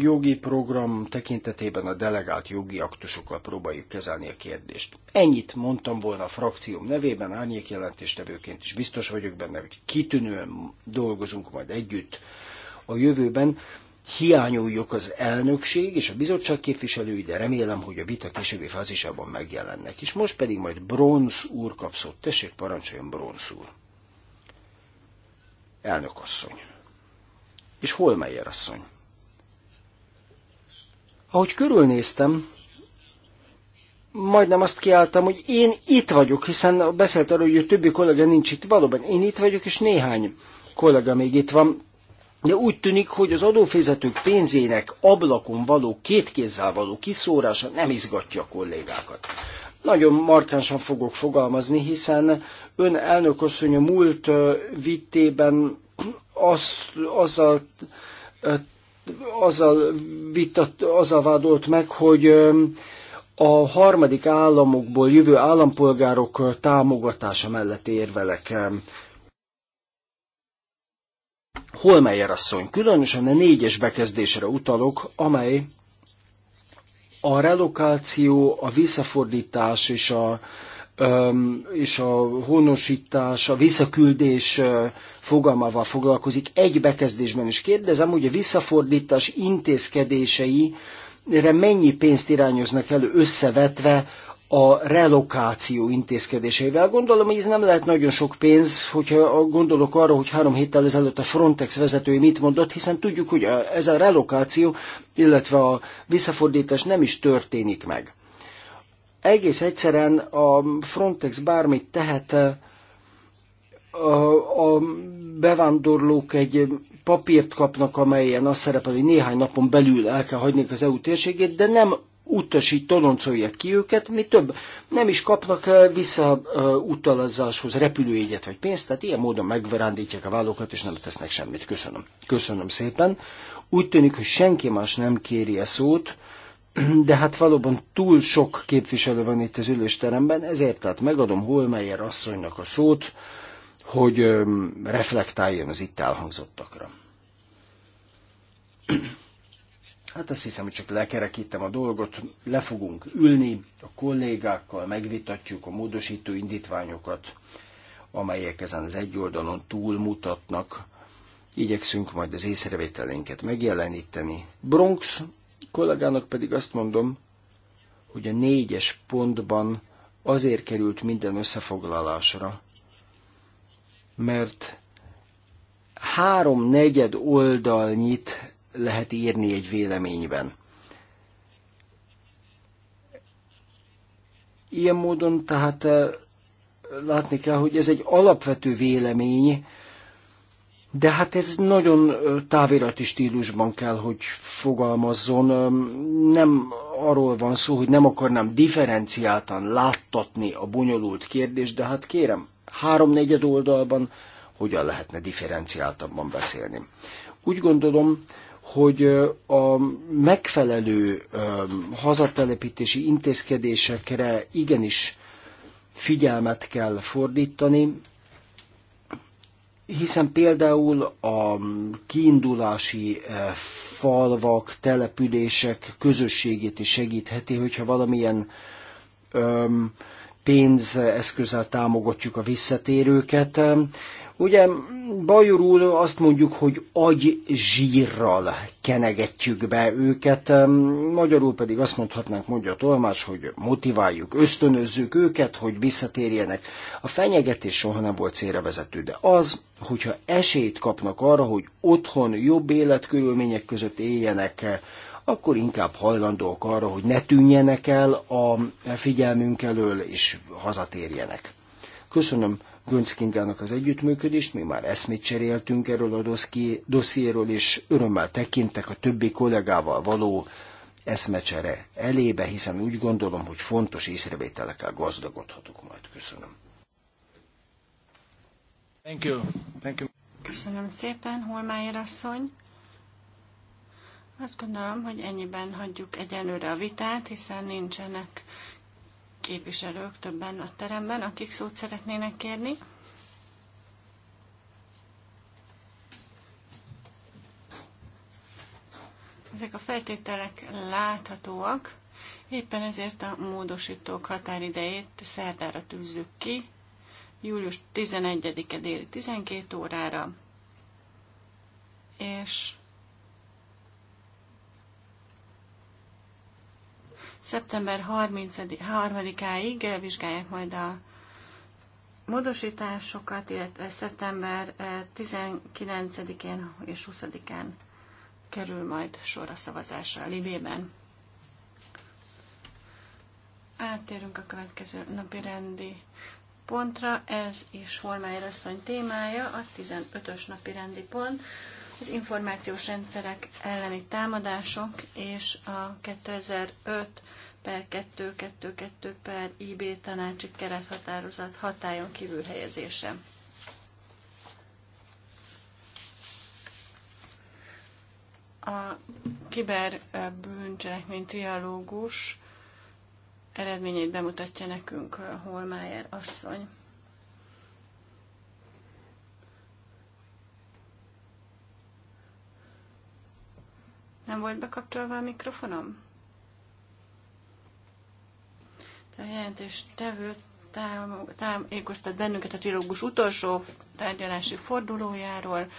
jogi program tekintetében a delegált jogi aktusokkal próbáljuk kezelni a kérdést. Ennyit mondtam volna a frakcióm nevében, árnyék jelentéstevőként is biztos vagyok benne, hogy kitűnően dolgozunk majd együtt a jövőben. Hiányoljuk az elnökség és a bizottság képviselői, de remélem, hogy a vita későbbi fázisában megjelennek. És most pedig majd Bronz úr kapszott. Tessék, parancsoljon Bronz úr. Elnök asszony és hol Holmeyer asszony. Ahogy körülnéztem, majdnem azt kiálltam, hogy én itt vagyok, hiszen beszélt arról, hogy a többi kollega nincs itt. Valóban én itt vagyok, és néhány kollega még itt van. De úgy tűnik, hogy az adófizetők pénzének ablakon való, két kézzel való kiszórása nem izgatja a kollégákat. Nagyon markánsan fogok fogalmazni, hiszen ön elnökasszony a múlt vitében az, azzal, azzal, vitat, a vádolt meg, hogy a harmadik államokból jövő állampolgárok támogatása mellett érvelek. Holmeyer asszony, különösen a négyes bekezdésre utalok, amely a relokáció, a visszafordítás és a és a honosítás, a visszaküldés fogalmával foglalkozik egy bekezdésben is. Kérdezem, hogy a visszafordítás intézkedéseire mennyi pénzt irányoznak elő összevetve a relokáció intézkedéseivel. Gondolom, hogy ez nem lehet nagyon sok pénz, hogyha gondolok arra, hogy három héttel ezelőtt a Frontex vezetői mit mondott, hiszen tudjuk, hogy ez a relokáció, illetve a visszafordítás nem is történik meg egész egyszerűen a Frontex bármit tehet, a, a bevándorlók egy papírt kapnak, amelyen azt szerepel, hogy néhány napon belül el kell hagyni az EU térségét, de nem utasít, toloncolja ki őket, mi több, nem is kapnak utalazáshoz repülőjegyet vagy pénzt, tehát ilyen módon megverándítják a vállókat, és nem tesznek semmit. Köszönöm. Köszönöm szépen. Úgy tűnik, hogy senki más nem kéri a e szót, de hát valóban túl sok képviselő van itt az ülésteremben, ezért tehát megadom Holmeyer asszonynak a szót, hogy reflektáljon az itt elhangzottakra. Hát azt hiszem, hogy csak lekerekítem a dolgot, le fogunk ülni a kollégákkal, megvitatjuk a módosító indítványokat, amelyek ezen az egy oldalon túlmutatnak. Igyekszünk majd az észrevételénket megjeleníteni. Bronx kollégának pedig azt mondom, hogy a négyes pontban azért került minden összefoglalásra, mert három negyed oldalnyit lehet írni egy véleményben. Ilyen módon tehát eh, látni kell, hogy ez egy alapvető vélemény, de hát ez nagyon távirati stílusban kell, hogy fogalmazzon. Nem arról van szó, hogy nem akarnám differenciáltan láttatni a bonyolult kérdést, de hát kérem, háromnegyed oldalban hogyan lehetne differenciáltabban beszélni. Úgy gondolom, hogy a megfelelő hazatelepítési intézkedésekre igenis figyelmet kell fordítani, hiszen például a kiindulási eh, falvak, települések közösségét is segítheti, hogyha valamilyen pénzeszközzel támogatjuk a visszatérőket, Ugye bajorul azt mondjuk, hogy agy zsírral kenegetjük be őket, magyarul pedig azt mondhatnánk, mondja a tolmács, hogy motiváljuk, ösztönözzük őket, hogy visszatérjenek. A fenyegetés soha nem volt célra vezető, de az, hogyha esélyt kapnak arra, hogy otthon jobb életkörülmények között éljenek, akkor inkább hajlandók arra, hogy ne tűnjenek el a figyelmünk elől, és hazatérjenek. Köszönöm Gönckingának az együttműködést, mi már eszmét cseréltünk erről a dossziéről, és örömmel tekintek a többi kollégával való eszmecsere elébe, hiszen úgy gondolom, hogy fontos észrevételekkel gazdagodhatok majd. Köszönöm.
Thank you. Thank you. Köszönöm szépen, Holmájér asszony. Azt gondolom, hogy ennyiben hagyjuk egyelőre a vitát, hiszen nincsenek képviselők többen a teremben, akik szót szeretnének kérni. Ezek a feltételek láthatóak, éppen ezért a módosítók határidejét szerdára tűzzük ki, július 11-e déli 12 órára, és Szeptember 33-áig vizsgálják majd a módosításokat, illetve szeptember 19-én eh, és 20-án kerül majd sor a szavazásra a Libében. Áttérünk a következő napi rendi pontra, ez is Holmájer asszony témája, a 15-ös napi rendi pont, az információs rendszerek elleni támadások és a 2005 per 222 per IB tanácsi kerethatározat hatályon kívül helyezése. A kiberbűncselekmény trialógus eredményét bemutatja nekünk Holmájer asszony. Nem volt bekapcsolva a mikrofonom? A jelentéstevő tájékoztat bennünket a trilógus utolsó tárgyalási fordulójáról,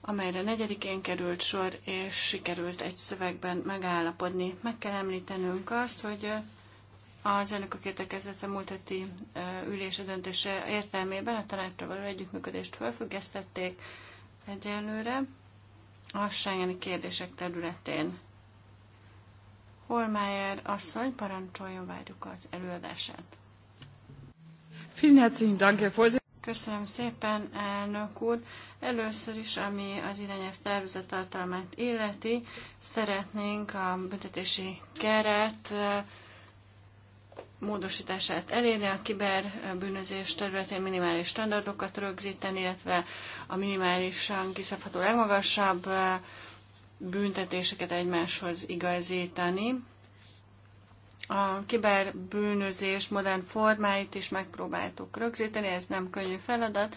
amelyre negyedikén került sor, és sikerült egy szövegben megállapodni. Meg kell említenünk azt, hogy az elnökök értekezete múlt heti ülése döntése értelmében a tanácsra való együttműködést felfüggesztették egyelőre a Schengeni kérdések területén. Holmeier asszony, parancsoljon, várjuk az előadását. Köszönöm szépen, elnök úr. Először is, ami az irányelv tervezet tartalmát illeti, szeretnénk a büntetési keret eh, módosítását elérni, a kiberbűnözés eh, területén minimális standardokat rögzíteni, illetve a minimálisan kiszabható legmagasabb eh, büntetéseket egymáshoz igazítani. A kiberbűnözés modern formáit is megpróbáltuk rögzíteni, ez nem könnyű feladat,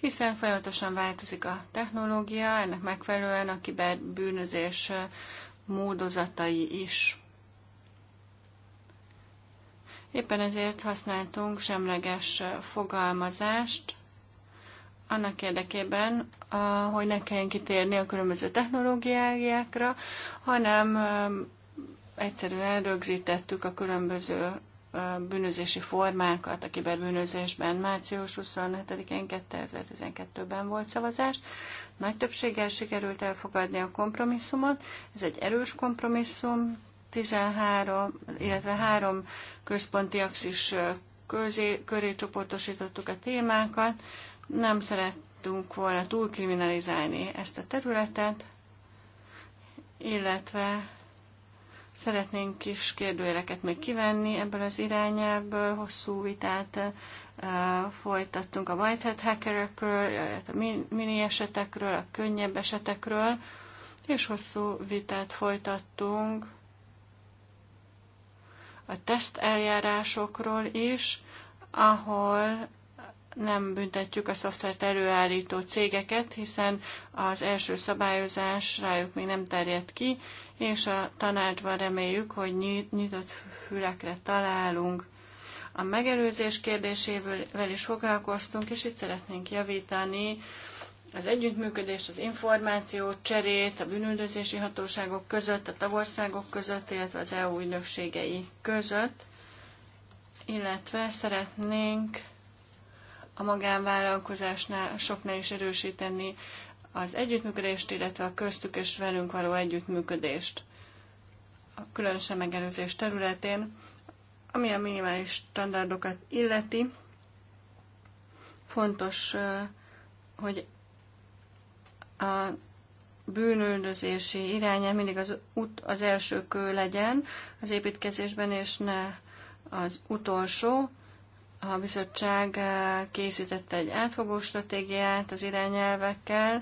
hiszen folyamatosan változik a technológia, ennek megfelelően a kiberbűnözés módozatai is. Éppen ezért használtunk semleges fogalmazást, annak érdekében, hogy ne kelljen kitérni a különböző technológiákra, hanem egyszerűen rögzítettük a különböző bűnözési formákat a kiberbűnözésben. Március 27-én 2012-ben volt szavazás. Nagy többséggel sikerült elfogadni a kompromisszumot. Ez egy erős kompromisszum, 13, illetve három központi axis közé, köré csoportosítottuk a témákat, nem szerettünk volna túlkriminalizálni ezt a területet, illetve szeretnénk kis kérdőjeleket még kivenni ebből az irányából, hosszú vitát folytattunk a whitehead hackerekről, a mini esetekről, a könnyebb esetekről, és hosszú vitát folytattunk a teszteljárásokról is, ahol nem büntetjük a szoftvert előállító cégeket, hiszen az első szabályozás rájuk még nem terjed ki, és a tanácsban reméljük, hogy nyitott fülekre találunk. A megelőzés kérdésével is foglalkoztunk, és itt szeretnénk javítani az együttműködést, az információ cserét a bűnüldözési hatóságok között, a tagországok között, illetve az EU ügynökségei között, illetve szeretnénk a magánvállalkozásnál soknál is erősíteni az együttműködést, illetve a köztük és velünk való együttműködést, a különösen megelőzés területén, ami a minimális standardokat illeti. Fontos, hogy a bűnöldözési irányá mindig az, út, az első kő legyen az építkezésben, és ne az utolsó, a bizottság eh, készítette egy átfogó stratégiát az irányelvekkel,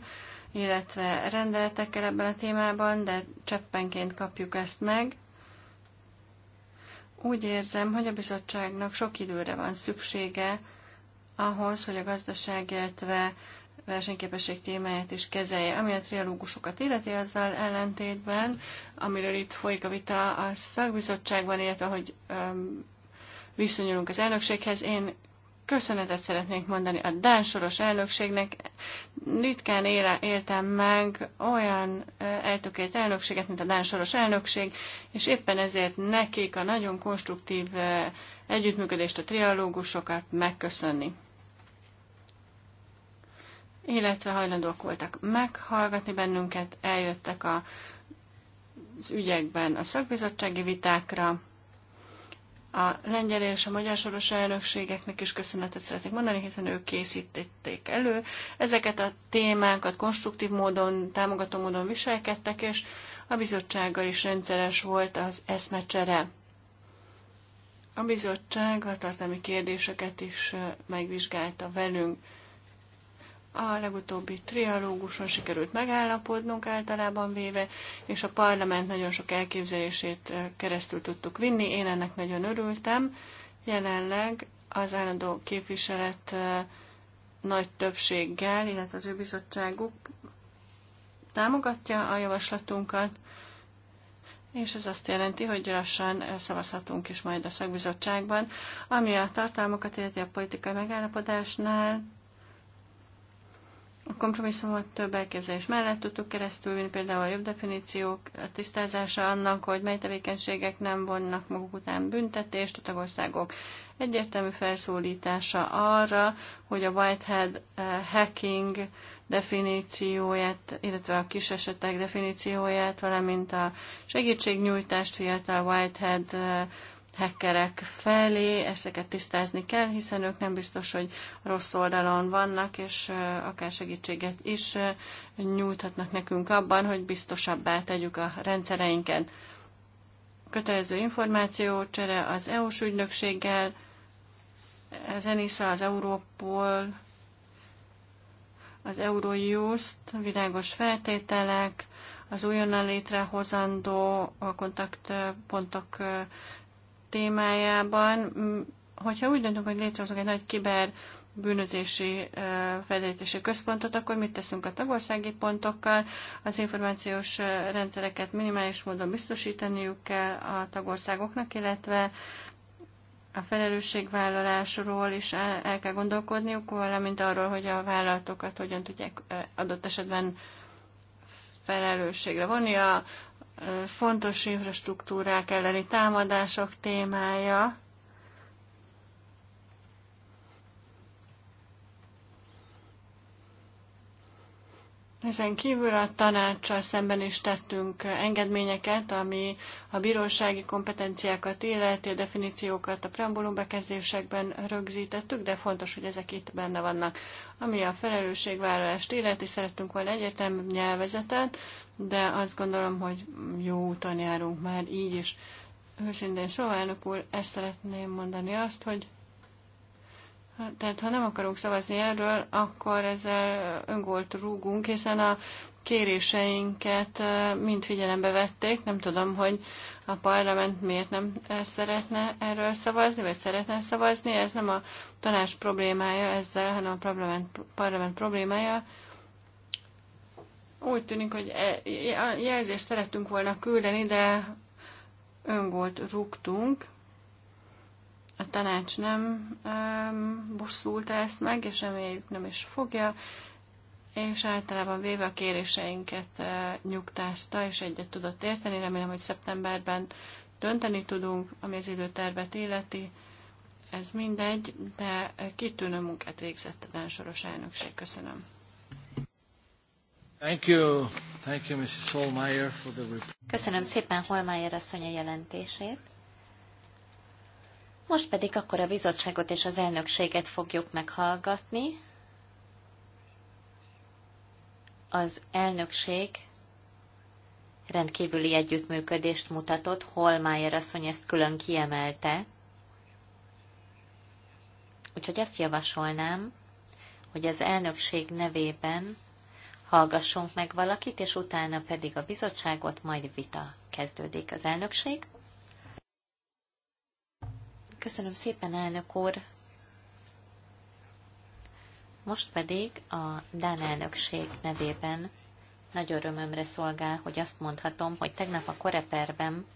illetve rendeletekkel ebben a témában, de cseppenként kapjuk ezt meg. Úgy érzem, hogy a bizottságnak sok időre van szüksége ahhoz, hogy a gazdaság, illetve versenyképesség témáját is kezelje. Ami a trialógusokat illeti, azzal ellentétben, amiről itt folyik a vita a szakbizottságban, illetve hogy viszonyulunk az elnökséghez. Én köszönetet szeretnék mondani a Dán soros elnökségnek. Ritkán éle, éltem meg olyan eltökélt elnökséget, mint a Dán soros elnökség, és éppen ezért nekik a nagyon konstruktív együttműködést, a trialógusokat megköszönni. Illetve hajlandók voltak meghallgatni bennünket, eljöttek a, az ügyekben a szakbizottsági vitákra, a lengyel és a magyar soros elnökségeknek is köszönetet szeretnék mondani, hiszen ők készítették elő. Ezeket a témákat konstruktív módon, támogató módon viselkedtek, és a bizottsággal is rendszeres volt az eszmecsere. A bizottság a tartalmi kérdéseket is megvizsgálta velünk. A legutóbbi trialóguson sikerült megállapodnunk általában véve, és a parlament nagyon sok elképzelését keresztül tudtuk vinni. Én ennek nagyon örültem. Jelenleg az állandó képviselet nagy többséggel, illetve az ő bizottságuk támogatja a javaslatunkat, és ez azt jelenti, hogy lassan szavazhatunk is majd a szakbizottságban, ami a tartalmakat illeti a politikai megállapodásnál. A kompromisszumot több elképzelés mellett tudtuk keresztül, mint például a jobb definíciók a tisztázása annak, hogy mely tevékenységek nem vonnak maguk után büntetést, a tagországok egyértelmű felszólítása arra, hogy a Whitehead eh, hacking definícióját, illetve a kis esetek definícióját, valamint a segítségnyújtást fiatal Whitehead eh, hackerek felé, ezeket tisztázni kell, hiszen ők nem biztos, hogy rossz oldalon vannak, és akár segítséget is nyújthatnak nekünk abban, hogy biztosabbá tegyük a rendszereinket. Kötelező információcsere az EU-s ügynökséggel, az ENISA, az Európol, az Eurojust, világos feltételek, az újonnan létrehozandó a kontaktpontok témájában, mm, hogyha úgy döntünk, hogy létrehozunk egy nagy kiber bűnözési felderítési központot, akkor mit teszünk a tagországi pontokkal? Az információs rendszereket minimális módon biztosítaniuk kell a tagországoknak, illetve a felelősségvállalásról is el kell gondolkodniuk, valamint arról, hogy a vállalatokat hogyan tudják adott esetben felelősségre vonni. A fontos infrastruktúrák elleni támadások témája, Ezen kívül a tanácssal szemben is tettünk engedményeket, ami a bírósági kompetenciákat illeti, a definíciókat a preambulum bekezdésekben rögzítettük, de fontos, hogy ezek itt benne vannak. Ami a felelősségvállalást illeti, szerettünk volna egyetem nyelvezetet, de azt gondolom, hogy jó úton járunk már így is. Őszintén szóval, elnök úr, ezt szeretném mondani azt, hogy tehát ha nem akarunk szavazni erről, akkor ezzel öngolt rúgunk, hiszen a kéréseinket eh, mind figyelembe vették. Nem tudom, hogy a parlament miért nem eh, szeretne erről szavazni, vagy szeretne szavazni. Ez nem a tanács problémája ezzel, hanem a parlament, parlament problémája. Úgy tűnik, hogy eh, jelzést szerettünk volna küldeni, de öngolt rúgtunk. A tanács nem um, bosszulta ezt meg, és reméljük nem is fogja, és általában véve a kéréseinket uh, nyugtázta, és egyet tudott érteni. Remélem, hogy szeptemberben dönteni tudunk, ami az időtervet illeti. Ez mindegy, de eh, kitűnő munkát végzett a Dán
elnökség. Köszönöm.
Thank you. Thank you, Mrs. for the Köszönöm szépen
Holmeyer asszony a jelentését. Most pedig akkor a bizottságot és az elnökséget fogjuk meghallgatni. Az elnökség rendkívüli együttműködést mutatott, Holmájer asszony ezt külön kiemelte. Úgyhogy azt javasolnám, hogy az elnökség nevében hallgassunk meg valakit, és utána pedig a bizottságot, majd vita kezdődik az elnökség. Köszönöm szépen, elnök úr! Most pedig a Dán elnökség nevében nagy örömömre szolgál, hogy azt mondhatom, hogy tegnap a Koreperben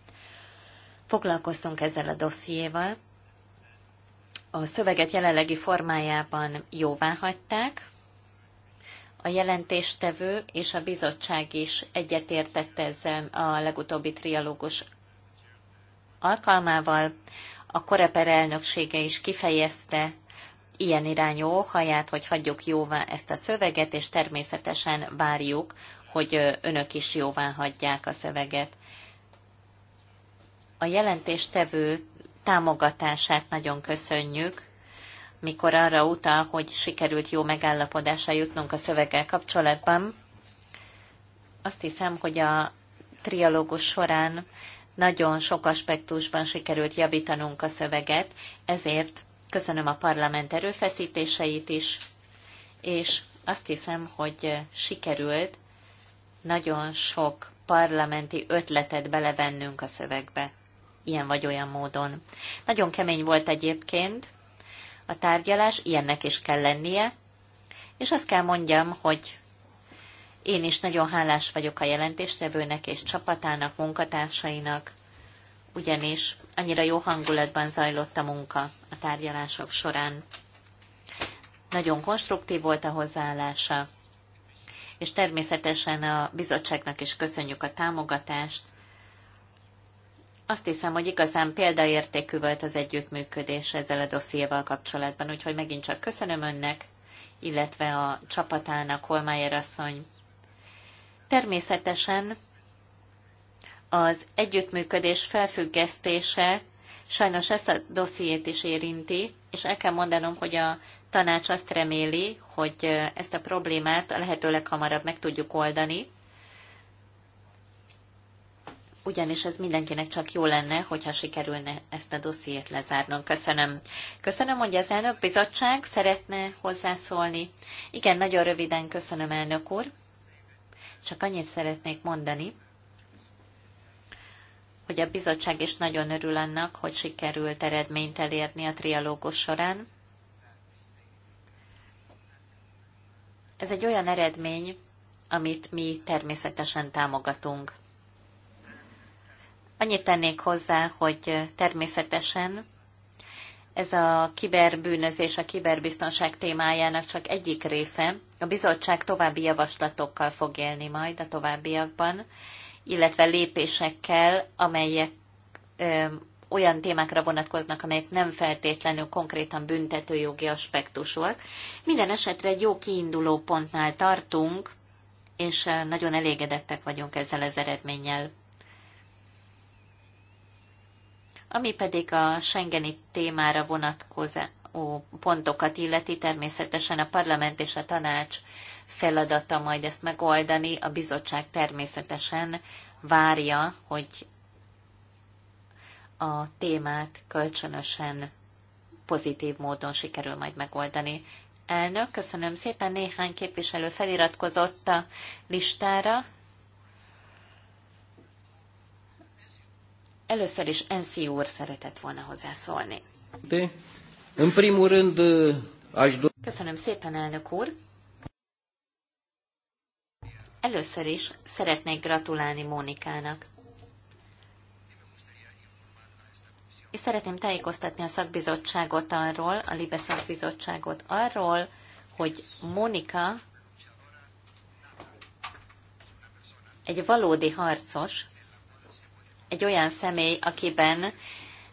foglalkoztunk ezzel a dossziéval. A szöveget jelenlegi formájában jóvá hagyták, a jelentéstevő és a bizottság is egyetértett ezzel a legutóbbi trialógus alkalmával a Koreper elnöksége is kifejezte ilyen irányú óhaját, hogy hagyjuk jóvá ezt a szöveget, és természetesen várjuk, hogy önök is jóvá hagyják a szöveget. A jelentéstevő támogatását nagyon köszönjük, mikor arra utal, hogy sikerült jó megállapodásra jutnunk a szöveggel kapcsolatban. Azt hiszem, hogy a trialógus során nagyon sok aspektusban sikerült javítanunk a szöveget, ezért köszönöm a parlament erőfeszítéseit is, és azt hiszem, hogy sikerült nagyon sok parlamenti ötletet belevennünk a szövegbe, ilyen vagy olyan módon. Nagyon kemény volt egyébként a tárgyalás, ilyennek is kell lennie, és azt kell mondjam, hogy én is nagyon hálás vagyok a jelentéstevőnek és csapatának, munkatársainak, ugyanis annyira jó hangulatban zajlott a munka a tárgyalások során. Nagyon konstruktív volt a hozzáállása, és természetesen a bizottságnak is köszönjük a támogatást. Azt hiszem, hogy igazán példaértékű volt az együttműködés ezzel a dossziéval kapcsolatban, úgyhogy megint csak köszönöm önnek, illetve a csapatának, Holmájer asszony, Természetesen az együttműködés felfüggesztése sajnos ezt a dossziét is érinti, és el kell mondanom, hogy a tanács azt reméli, hogy ezt a problémát a lehető leghamarabb meg tudjuk oldani, ugyanis ez mindenkinek csak jó lenne, hogyha sikerülne ezt a dossziét lezárnom. Köszönöm. Köszönöm, hogy az elnök bizottság szeretne hozzászólni. Igen, nagyon röviden köszönöm, elnök úr. Csak annyit szeretnék mondani, hogy a bizottság is nagyon örül annak, hogy sikerült eredményt elérni a trialógus során. Ez egy olyan eredmény, amit mi természetesen támogatunk. Annyit tennék hozzá, hogy természetesen ez a kiberbűnözés, a kiberbiztonság témájának csak egyik része. A bizottság további javaslatokkal fog élni majd a továbbiakban, illetve lépésekkel, amelyek ö, olyan témákra vonatkoznak, amelyek nem feltétlenül konkrétan büntetőjogi aspektusúak. Minden esetre egy jó kiinduló pontnál tartunk, és nagyon elégedettek vagyunk ezzel az eredménnyel. Ami pedig a Schengeni témára vonatkozó pontokat illeti, természetesen a parlament és a tanács feladata majd ezt megoldani, a bizottság természetesen várja, hogy a témát kölcsönösen pozitív módon sikerül majd megoldani. Elnök, köszönöm szépen, néhány képviselő feliratkozott a listára. Először is Enszi úr szeretett volna hozzászólni.
De, în primul rând, uh, aș do-
Köszönöm szépen, elnök úr. Először is szeretnék gratulálni Mónikának. És szeretném tájékoztatni a szakbizottságot arról, a Libe szakbizottságot arról, hogy Mónika egy valódi harcos, egy olyan személy, akiben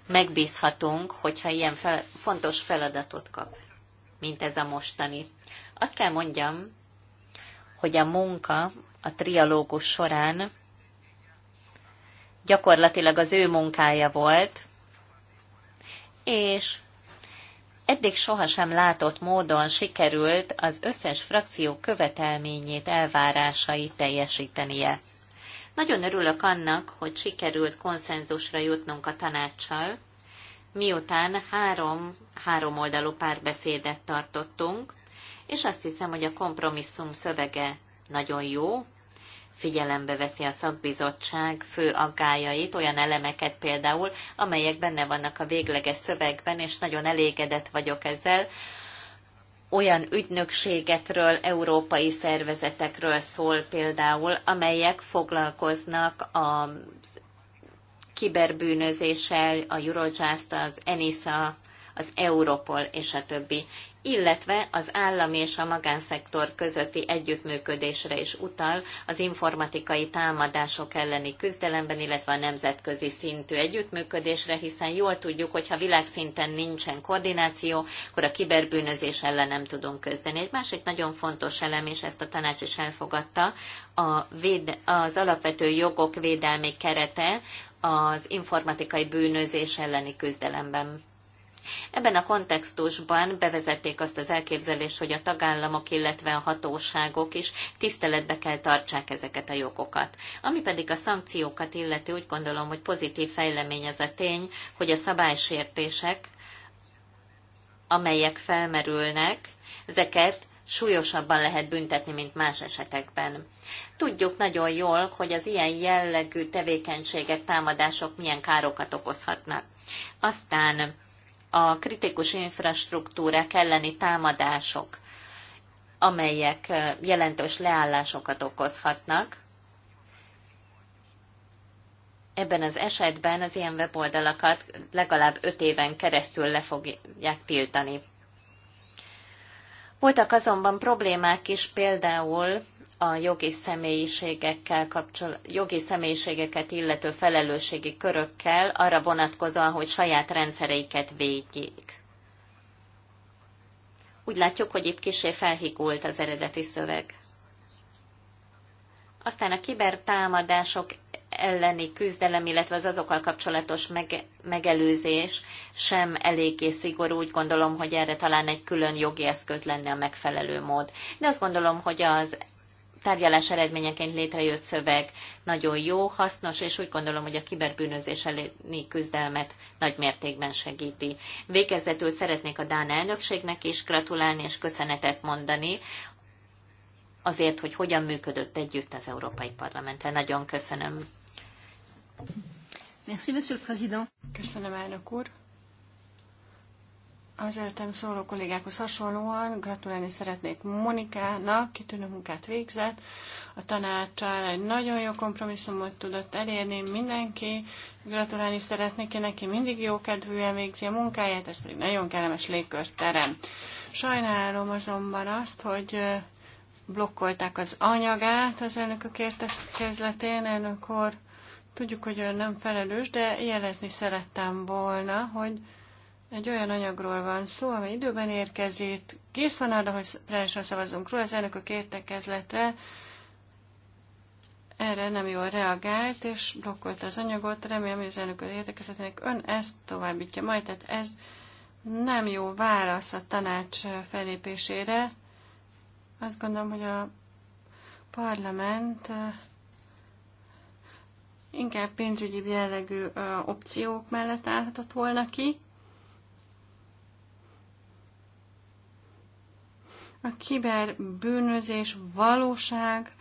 megbízhatunk, hogyha ilyen fel, fontos feladatot kap, mint ez a mostani. Azt kell mondjam, hogy a munka a trialógus során gyakorlatilag az ő munkája volt, és eddig sohasem látott módon sikerült az összes frakció követelményét, elvárásait teljesítenie. Nagyon örülök annak, hogy sikerült konszenzusra jutnunk a tanácssal, miután három, három oldalú párbeszédet tartottunk, és azt hiszem, hogy a kompromisszum szövege nagyon jó, figyelembe veszi a szakbizottság fő aggájait, olyan elemeket például, amelyek benne vannak a végleges szövegben, és nagyon elégedett vagyok ezzel, olyan ügynökségekről, európai szervezetekről szól például, amelyek foglalkoznak a kiberbűnözéssel, a Eurojust, az ENISA, az Europol és a többi illetve az állami és a magánszektor közötti együttműködésre is utal az informatikai támadások elleni küzdelemben, illetve a nemzetközi szintű együttműködésre, hiszen jól tudjuk, hogy ha világszinten nincsen koordináció, akkor a kiberbűnözés ellen nem tudunk közdeni. Egy másik nagyon fontos elem, és ezt a tanács is elfogadta, a véd, az alapvető jogok védelmi kerete az informatikai bűnözés elleni küzdelemben. Ebben a kontextusban bevezették azt az elképzelést, hogy a tagállamok, illetve a hatóságok is tiszteletbe kell tartsák ezeket a jogokat. Ami pedig a szankciókat illeti, úgy gondolom, hogy pozitív fejlemény ez a tény, hogy a szabálysértések, amelyek felmerülnek, ezeket súlyosabban lehet büntetni, mint más esetekben. Tudjuk nagyon jól, hogy az ilyen jellegű tevékenységek, támadások milyen károkat okozhatnak. Aztán a kritikus infrastruktúrák elleni támadások, amelyek jelentős leállásokat okozhatnak. Ebben az esetben az ilyen weboldalakat legalább öt éven keresztül le fogják tiltani. Voltak azonban problémák is, például a jogi személyiségekkel kapcsol, jogi személyiségeket illető felelősségi körökkel arra vonatkozóan, hogy saját rendszereiket védjék. Úgy látjuk, hogy itt kisé felhigult az eredeti szöveg. Aztán a kibertámadások elleni küzdelem, illetve az azokkal kapcsolatos meg, megelőzés sem eléggé szigorú. Úgy gondolom, hogy erre talán egy külön jogi eszköz lenne a megfelelő mód. De azt gondolom, hogy az tárgyalás eredményeként létrejött szöveg nagyon jó, hasznos, és úgy gondolom, hogy a kiberbűnözés elleni küzdelmet nagy mértékben segíti. Végezetül szeretnék a Dán elnökségnek is gratulálni és köszönetet mondani azért, hogy hogyan működött együtt az Európai Parlamenttel. Nagyon köszönöm.
Merci, Monsieur le Président. Köszönöm, elnök úr. Az előttem szóló kollégákhoz hasonlóan gratulálni szeretnék Monikának, kitűnő munkát végzett. A tanácsal egy nagyon jó kompromisszumot tudott elérni mindenki. Gratulálni szeretnék, neki mindig jó kedvűen végzi a munkáját, ez pedig nagyon kellemes légkört terem. Sajnálom azonban azt, hogy blokkolták az anyagát az elnökök értekezletén, elnök úr, tudjuk, hogy ő nem felelős, de jelezni szerettem volna, hogy egy olyan anyagról van szó, amely időben érkezik. Kész van arra, hogy plenárisan szavazunk róla. Az elnökök értekezletre erre nem jól reagált, és blokkolta az anyagot. Remélem, hogy az elnökök értekezletének ön ezt továbbítja majd. Tehát ez nem jó válasz a tanács felépésére. Azt gondolom, hogy a parlament inkább pénzügyi jellegű opciók mellett állhatott volna ki. A kiberbűnözés valóság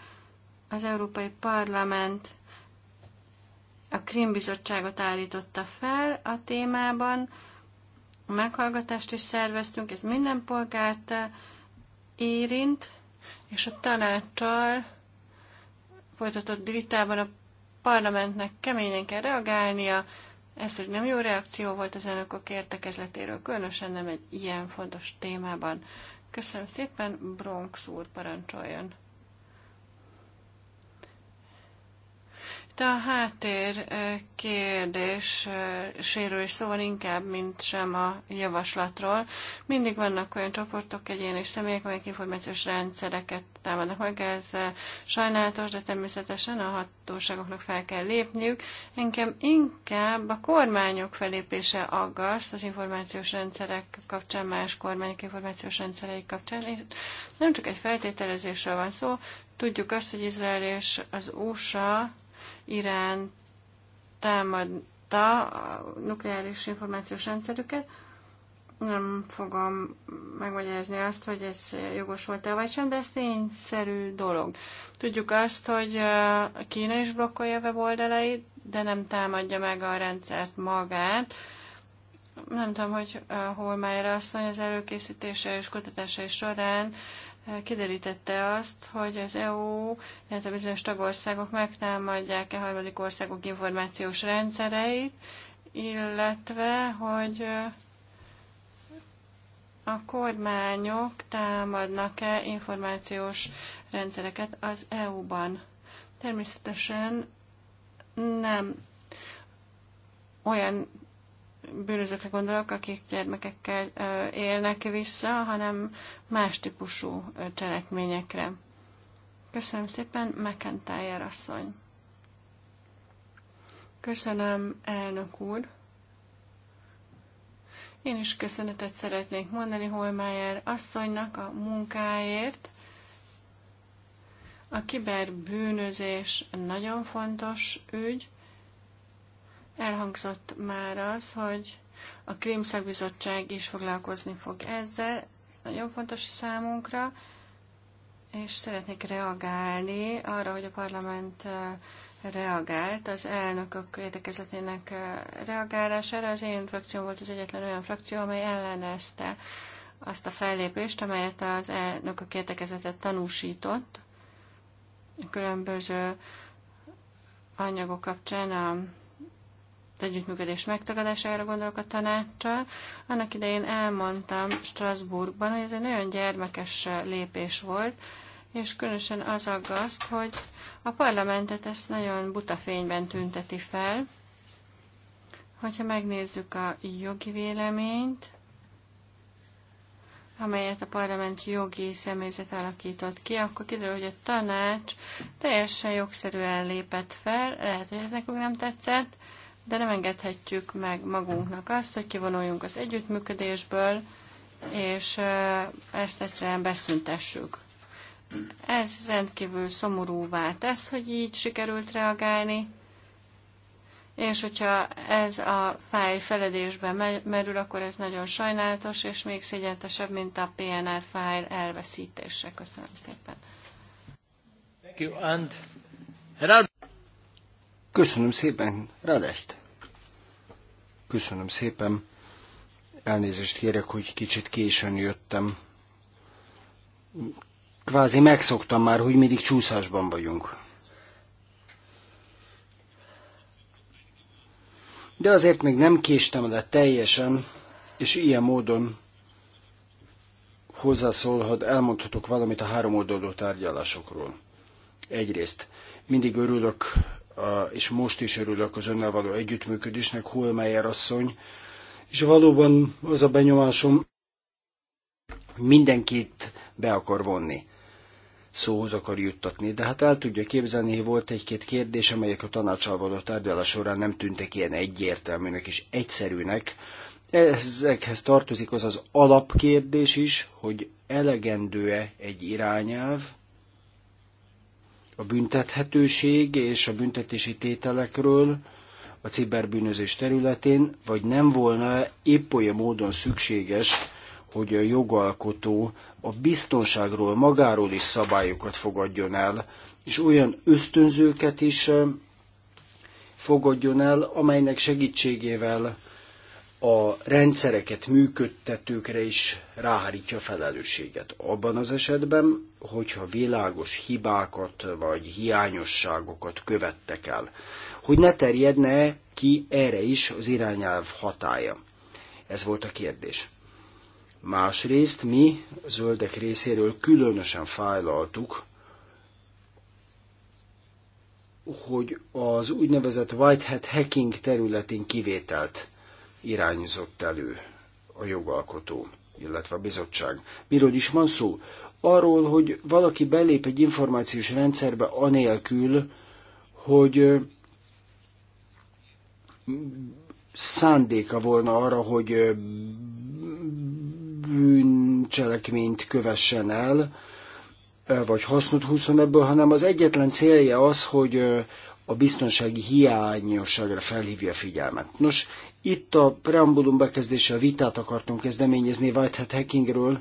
az Európai Parlament a Krimbizottságot állította fel a témában, a meghallgatást is szerveztünk, ez minden polgárt eh, érint, és a tanácssal folytatott vitában a parlamentnek keményen kell reagálnia, ez egy nem jó reakció volt az elnökök értekezletéről, különösen nem egy ilyen fontos témában. Köszönöm szépen, Bronx úr parancsoljon. Te a háttér kérdés sérül is szóval inkább, mint sem a javaslatról. Mindig vannak olyan csoportok, egyén és személyek, amelyek információs rendszereket támadnak meg. Ez sajnálatos, de természetesen a hatóságoknak fel kell lépniük. Engem inkább a kormányok felépése aggaszt az információs rendszerek kapcsán, más kormányok információs rendszerei kapcsán. És nem csak egy feltételezésről van szó, tudjuk azt, hogy Izrael és az USA Irán támadta a nukleáris információs rendszerüket. Nem fogom megmagyarázni azt, hogy ez jogos volt-e vagy sem, de ez tényszerű dolog. Tudjuk azt, hogy a Kína is blokkolja weboldalait, de nem támadja meg a rendszert magát. Nem tudom, hogy hol Holmájer asszony az előkészítése és kutatásai során kiderítette azt, hogy az EU, illetve bizonyos tagországok megtámadják a harmadik országok információs rendszereit, illetve hogy a kormányok támadnak-e információs rendszereket az EU-ban. Természetesen nem olyan bűnözőkre gondolok, akik gyermekekkel élnek vissza, hanem más típusú cselekményekre. Köszönöm szépen, McIntyre asszony. Köszönöm, elnök úr. Én is köszönetet szeretnék mondani Holmájer asszonynak a munkáért. A kiberbűnözés nagyon fontos ügy, Elhangzott már az, hogy a Krímszakbizottság is foglalkozni fog ezzel, ez nagyon fontos számunkra, és szeretnék reagálni arra, hogy a parlament eh, reagált, az elnökök értekezletének eh, reagálására. Az én frakcióm volt az egyetlen olyan frakció, amely ellenezte azt a fellépést, amelyet az elnökök értekezletet tanúsított. Különböző anyagok kapcsán a együttműködés megtagadására gondolok a tanácssal. Annak idején elmondtam Strasbourgban, hogy ez egy nagyon gyermekes lépés volt, és különösen az aggaszt, hogy a parlamentet ezt nagyon buta fényben tünteti fel. Hogyha megnézzük a jogi véleményt, amelyet a parlament jogi személyzet alakított ki, akkor kiderül, hogy a tanács teljesen jogszerűen lépett fel, lehet, hogy ez nekünk nem tetszett, de nem engedhetjük meg magunknak azt, hogy kivonuljunk az együttműködésből, és ezt egyszerűen beszüntessük. Ez rendkívül szomorúvá tesz, hogy így sikerült reagálni, és hogyha ez a fáj feledésbe merül, akkor ez nagyon sajnálatos, és még szégyentesebb, mint a PNR fájl elveszítése. Köszönöm szépen. Thank you. And...
Köszönöm szépen, Radest. Köszönöm szépen. Elnézést kérek, hogy kicsit későn jöttem. Kvázi megszoktam már, hogy mindig csúszásban vagyunk. De azért még nem késtem le teljesen, és ilyen módon hozzászólhat, elmondhatok valamit a három oldalú tárgyalásokról. Egyrészt mindig örülök és most is örülök az önnel való együttműködésnek, Holmeyer asszony, és valóban az a benyomásom, mindenkit be akar vonni, szóhoz akar juttatni, de hát el tudja képzelni, hogy volt egy-két kérdés, amelyek a tanácsal való tárgyalás során nem tűntek ilyen egyértelműnek és egyszerűnek. Ezekhez tartozik az az alapkérdés is, hogy elegendő-e egy irányelv, a büntethetőség és a büntetési tételekről a ciberbűnözés területén, vagy nem volna épp olyan módon szükséges, hogy a jogalkotó a biztonságról magáról is szabályokat fogadjon el, és olyan ösztönzőket is fogadjon el, amelynek segítségével a rendszereket működtetőkre is ráhárítja a felelősséget. Abban az esetben, hogyha világos hibákat vagy hiányosságokat követtek el, hogy ne terjedne ki erre is az irányelv hatája. Ez volt a kérdés. Másrészt mi, zöldek részéről különösen fájlaltuk, hogy az úgynevezett Whitehead hacking területén kivételt irányzott elő a jogalkotó, illetve a bizottság. Miről is van szó? Arról, hogy valaki belép egy információs rendszerbe anélkül, hogy szándéka volna arra, hogy bűncselekményt kövessen el, vagy hasznot húzzon ebből, hanem az egyetlen célja az, hogy a biztonsági hiányosságra felhívja a figyelmet. Nos, itt a preambulum bekezdése a vitát akartunk kezdeményezni Whitehead hackingről,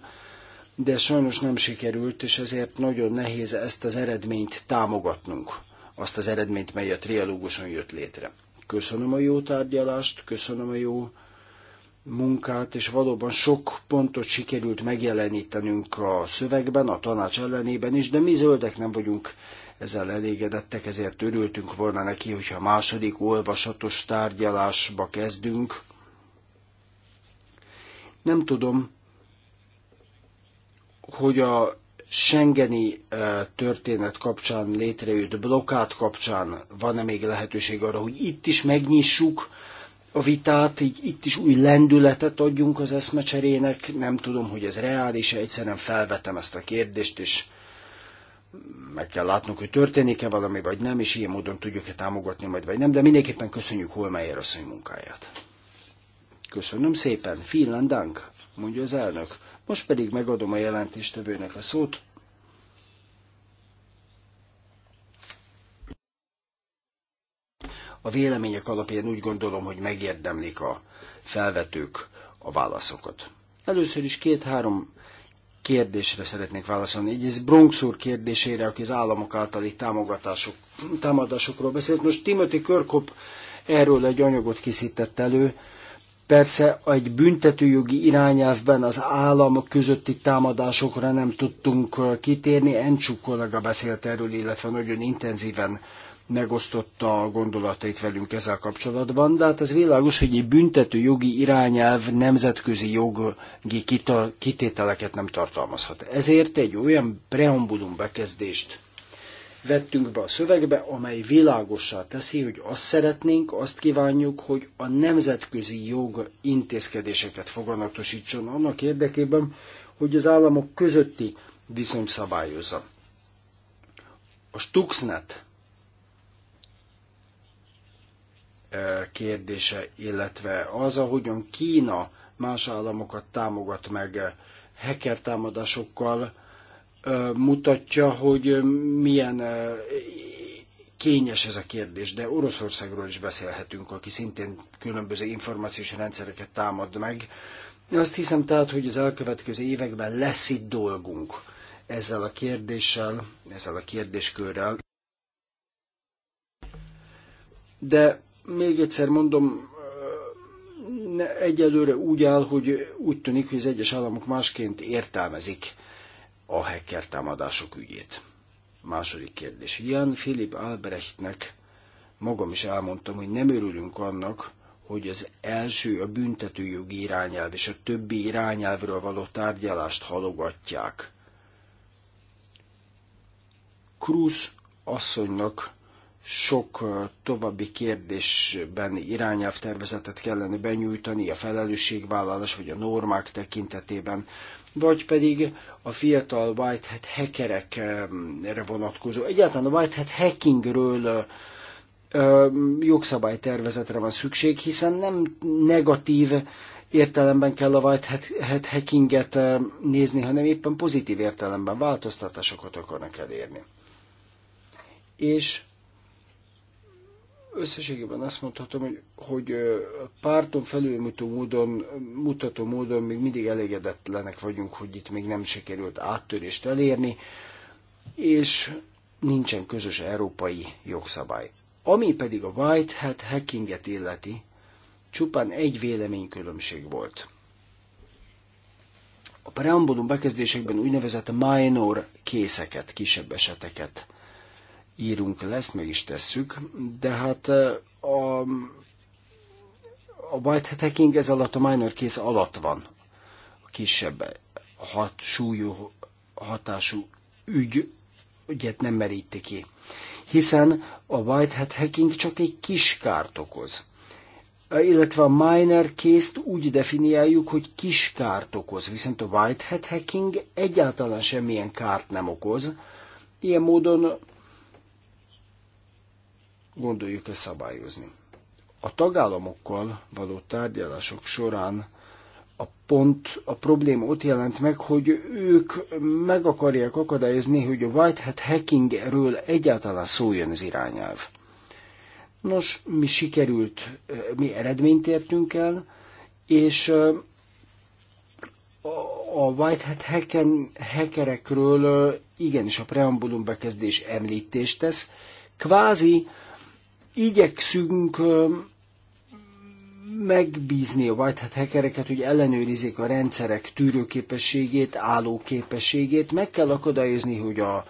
de sajnos nem sikerült, és ezért nagyon nehéz ezt az eredményt támogatnunk, azt az eredményt, mely a trialóguson jött létre. Köszönöm a jó tárgyalást, köszönöm a jó munkát, és valóban sok pontot sikerült megjelenítenünk a szövegben, a tanács ellenében is, de mi zöldek nem vagyunk ezzel elégedettek, ezért örültünk volna neki, hogyha a második olvasatos tárgyalásba kezdünk. Nem tudom, hogy a Schengeni eh, történet kapcsán létrejött blokkád kapcsán van-e még lehetőség arra, hogy itt is megnyissuk a vitát, így itt is új lendületet adjunk az eszmecserének. Nem tudom, hogy ez reális, egyszerűen felvetem ezt a kérdést, és meg kell látnunk, hogy történik-e valami, vagy nem, és ilyen módon tudjuk-e támogatni majd, vagy nem, de mindenképpen köszönjük Holmeyer asszony munkáját. Köszönöm szépen, Finland Dank, mondja az elnök. Most pedig megadom a jelentéstevőnek a szót. A vélemények alapján úgy gondolom, hogy megérdemlik a felvetők a válaszokat. Először is két-három kérdésre szeretnék válaszolni. Így ez Bronx úr kérdésére, aki az államok általi támogatások, támadásokról beszélt. Most Timothy Körkop erről egy anyagot készített elő. Persze egy büntetőjogi irányelvben az államok közötti támadásokra nem tudtunk kitérni. Encsú kollega beszélt erről, illetve nagyon intenzíven megosztotta a gondolatait velünk ezzel kapcsolatban, de hát ez világos, hogy egy büntető jogi irányelv nemzetközi jogi kitételeket nem tartalmazhat. Ezért egy olyan preambulum bekezdést vettünk be a szövegbe, amely világossá teszi, hogy azt szeretnénk, azt kívánjuk, hogy a nemzetközi jog intézkedéseket foganatosítson annak érdekében, hogy az államok közötti viszony szabályozza. A Stuxnet kérdése, illetve az, ahogyan Kína más államokat támogat meg hacker támadásokkal, mutatja, hogy milyen kényes ez a kérdés, de Oroszországról is beszélhetünk, aki szintén különböző információs rendszereket támad meg. Azt hiszem tehát, hogy az elkövetkező években lesz itt dolgunk ezzel a kérdéssel, ezzel a kérdéskörrel. De még egyszer mondom, ne, egyelőre úgy áll, hogy úgy tűnik, hogy az egyes államok másként értelmezik a hacker támadások ügyét. Második kérdés. Jan Philip Albrechtnek magam is elmondtam, hogy nem örülünk annak, hogy az első a büntetőjogi irányelv és a többi irányelvről való tárgyalást halogatják. Cruz asszonynak sok további kérdésben irányelvtervezetet kellene benyújtani a felelősségvállalás vagy a normák tekintetében, vagy pedig a fiatal Whitehead hackerekre vonatkozó. Egyáltalán a Whitehead hackingről jogszabálytervezetre van szükség, hiszen nem negatív értelemben kell a Whitehead hackinget nézni, hanem éppen pozitív értelemben változtatásokat akarnak elérni. És összességében azt mondhatom, hogy, hogy párton felülmutató módon, mutató módon még mindig elégedetlenek vagyunk, hogy itt még nem sikerült áttörést elérni, és nincsen közös európai jogszabály. Ami pedig a White Hat hackinget illeti, csupán egy véleménykülönbség volt. A preambulum bekezdésekben úgynevezett minor készeket, kisebb eseteket írunk le, ezt meg is tesszük, de hát a, a white hacking ez alatt a minor kész alatt van. A kisebb hat, súlyú hatású ügy, ügyet nem meríti ki. Hiszen a white hat hacking csak egy kis kárt okoz. Illetve a minor case-t úgy definiáljuk, hogy kis kárt okoz, viszont a white hat hacking egyáltalán semmilyen kárt nem okoz. Ilyen módon gondoljuk-e szabályozni. A tagállamokkal való tárgyalások során a pont, a probléma ott jelent meg, hogy ők meg akarják akadályozni, hogy a Whitehead hackingről egyáltalán szóljon az irányelv. Nos, mi sikerült, mi eredményt értünk el, és a Whitehead hacken, hackerekről igenis a preambulum bekezdés említést tesz, kvázi Igyekszünk megbízni a hat hackereket, hogy ellenőrizzék a rendszerek tűrőképességét, állóképességét. Meg kell akadályozni, hogy a,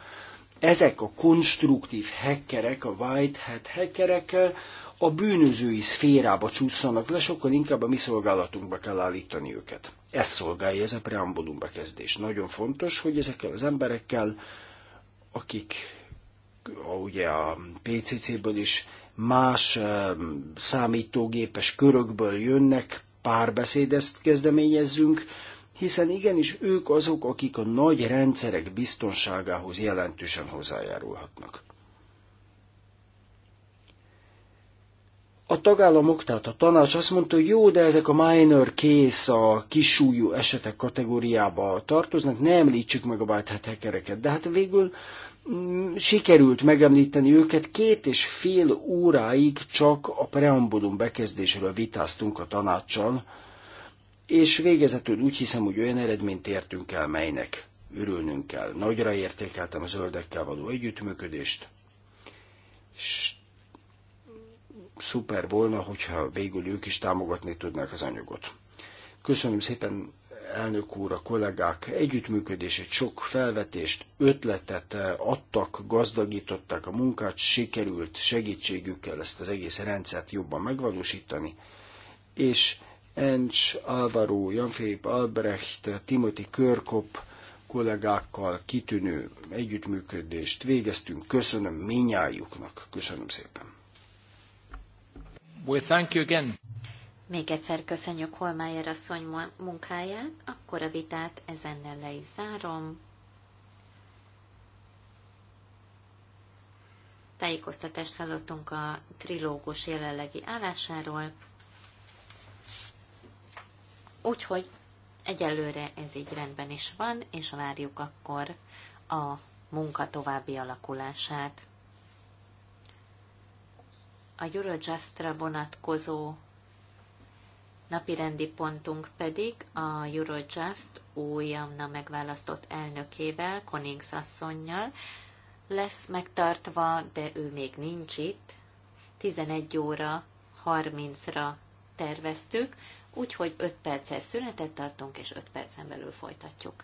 ezek a konstruktív hackerek, a hat hackerek a bűnözői szférába csúszanak le, sokkal inkább a mi szolgálatunkba kell állítani őket. Ez szolgálja ez a preambulum bekezdés. Nagyon fontos, hogy ezekkel az emberekkel, akik ugye a PCC-ből is más számítógépes körökből jönnek, párbeszédet kezdeményezzünk, hiszen igenis ők azok, akik a nagy rendszerek biztonságához jelentősen hozzájárulhatnak. A tagállamok, tehát a tanács azt mondta, hogy jó, de ezek a minor kész a kisújú esetek kategóriába tartoznak, ne említsük meg a white hat hackereket. De hát végül Mm, sikerült megemlíteni őket, két és fél óráig csak a preambulum bekezdésről vitáztunk a tanácson, és végezetül úgy hiszem, hogy olyan eredményt értünk el, melynek örülnünk kell. Nagyra értékeltem a zöldekkel való együttműködést, és szuper volna, hogyha végül ők is támogatni tudnák az anyagot. Köszönöm szépen elnök úr, a kollégák együttműködését, sok felvetést, ötletet adtak, gazdagították a munkát, sikerült segítségükkel ezt az egész rendszert jobban megvalósítani, és Encs, Álvaro, Janfilip Albrecht, Timothy Körkop kollégákkal kitűnő együttműködést végeztünk. Köszönöm minnyájuknak. Köszönöm szépen. We thank you again.
Még egyszer köszönjük Holmájer asszony munkáját, akkor a vitát ezennel le is zárom. Tájékoztatást hallottunk a trilógus jelenlegi állásáról, úgyhogy egyelőre ez így rendben is van, és várjuk akkor a munka további alakulását. A Eurojustra vonatkozó Napi rendi pontunk pedig a Eurojust újamna megválasztott elnökével, Konings asszonynal lesz megtartva, de ő még nincs itt. 11 óra 30-ra terveztük, úgyhogy 5 perccel szünetet tartunk, és 5 percen belül folytatjuk.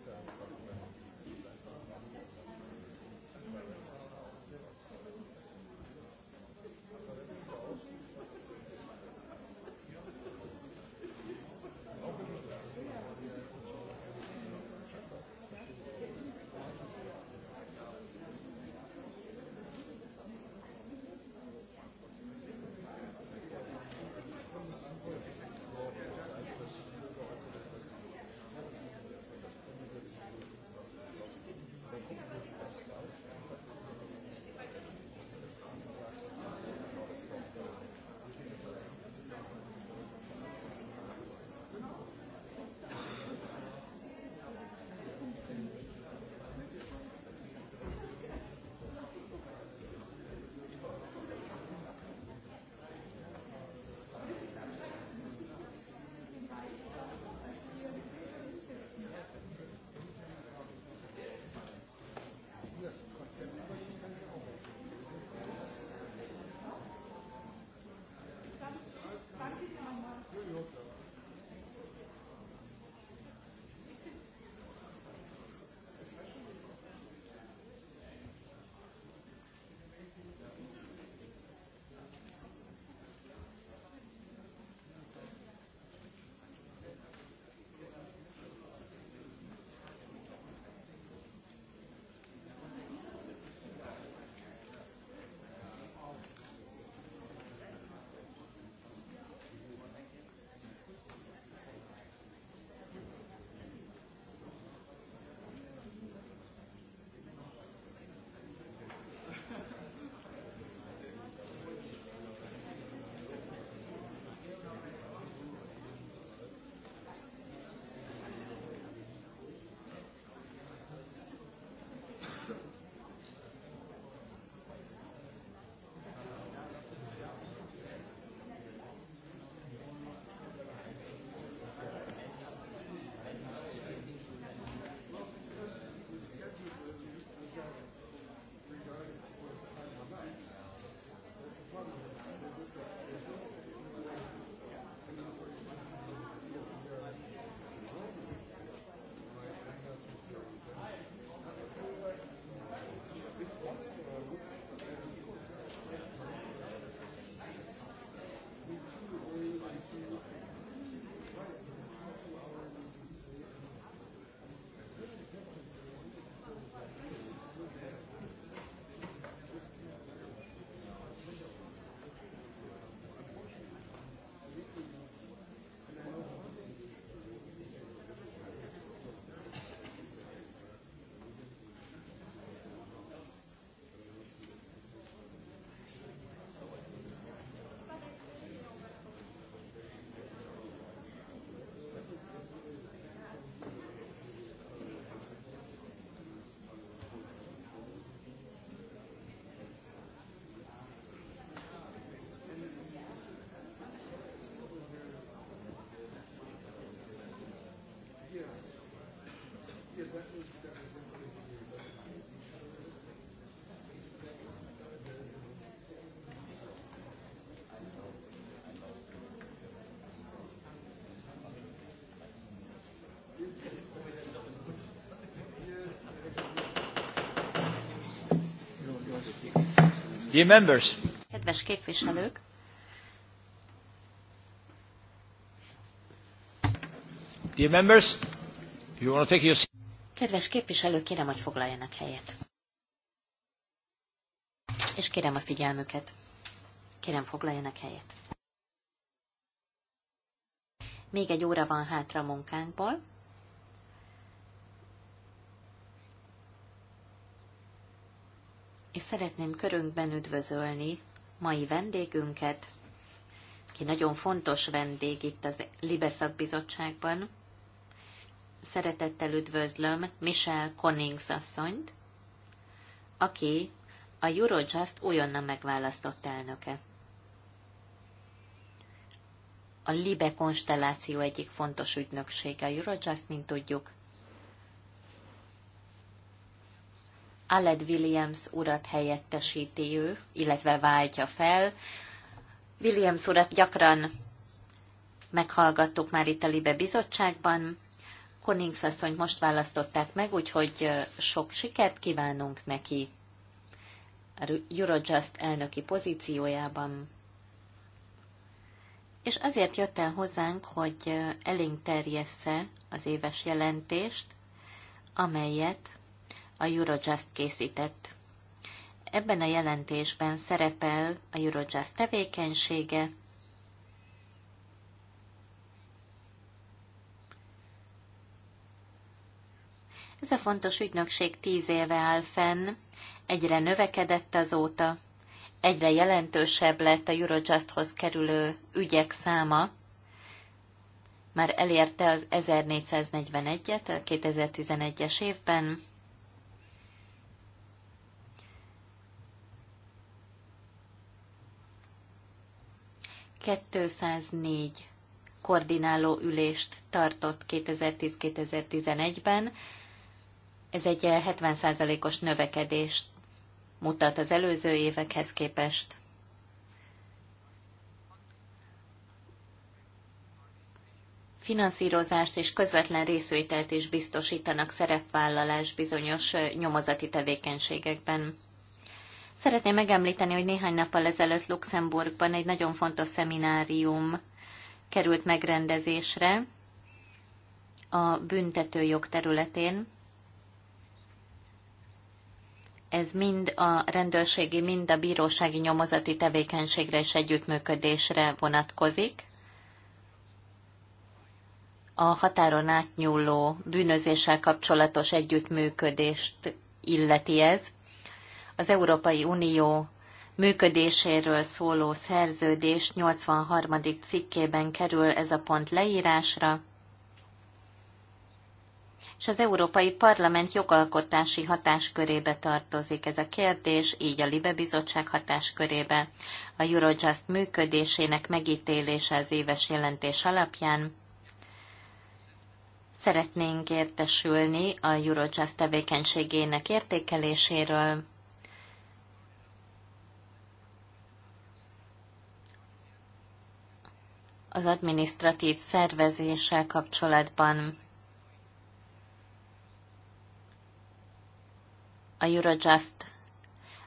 Dear members. Kedves képviselők.
Dear members, you want to take your...
Kedves képviselők, kérem, hogy foglaljanak helyet. És kérem a figyelmüket. Kérem, foglaljanak helyet. Még egy óra van hátra a munkánkból, Szeretném körünkben üdvözölni mai vendégünket, ki nagyon fontos vendég itt az Libeszak Bizottságban. Szeretettel üdvözlöm Michelle Connings asszonyt, aki a Eurojust újonnan megválasztott elnöke. A Libe konstelláció egyik fontos ügynöksége a Eurojust, mint tudjuk, Aled Williams urat helyettesíti ő, illetve váltja fel. Williams urat gyakran meghallgattuk már itt a Libe bizottságban. Konings asszony most választották meg, úgyhogy sok sikert kívánunk neki a Eurojust elnöki pozíciójában. És azért jött el hozzánk, hogy elénk terjessze az éves jelentést, amelyet a Eurojust készített. Ebben a jelentésben szerepel a Eurojust tevékenysége, Ez a fontos ügynökség tíz éve áll fenn, egyre növekedett azóta, egyre jelentősebb lett a Eurojusthoz kerülő ügyek száma, már elérte az 1441-et 2011-es évben, 204 koordináló ülést tartott 2010-2011-ben. Ez egy 70%-os eh, növekedést mutat az előző évekhez képest. Finanszírozást és közvetlen részvételt is biztosítanak szerepvállalás bizonyos eh, nyomozati tevékenységekben. Szeretném megemlíteni, hogy néhány nappal ezelőtt Luxemburgban egy nagyon fontos szeminárium került megrendezésre a büntetőjog területén. Ez mind a rendőrségi, mind a bírósági nyomozati tevékenységre és együttműködésre vonatkozik. A határon átnyúló bűnözéssel kapcsolatos együttműködést illeti ez, az Európai Unió működéséről szóló szerződés 83. cikkében kerül ez a pont leírásra, és az Európai Parlament jogalkotási hatáskörébe tartozik ez a kérdés, így a Libe Bizottság hatáskörébe, a Eurojust működésének megítélése az éves jelentés alapján. Szeretnénk értesülni a Eurojust tevékenységének értékeléséről, az adminisztratív szervezéssel kapcsolatban a Eurojust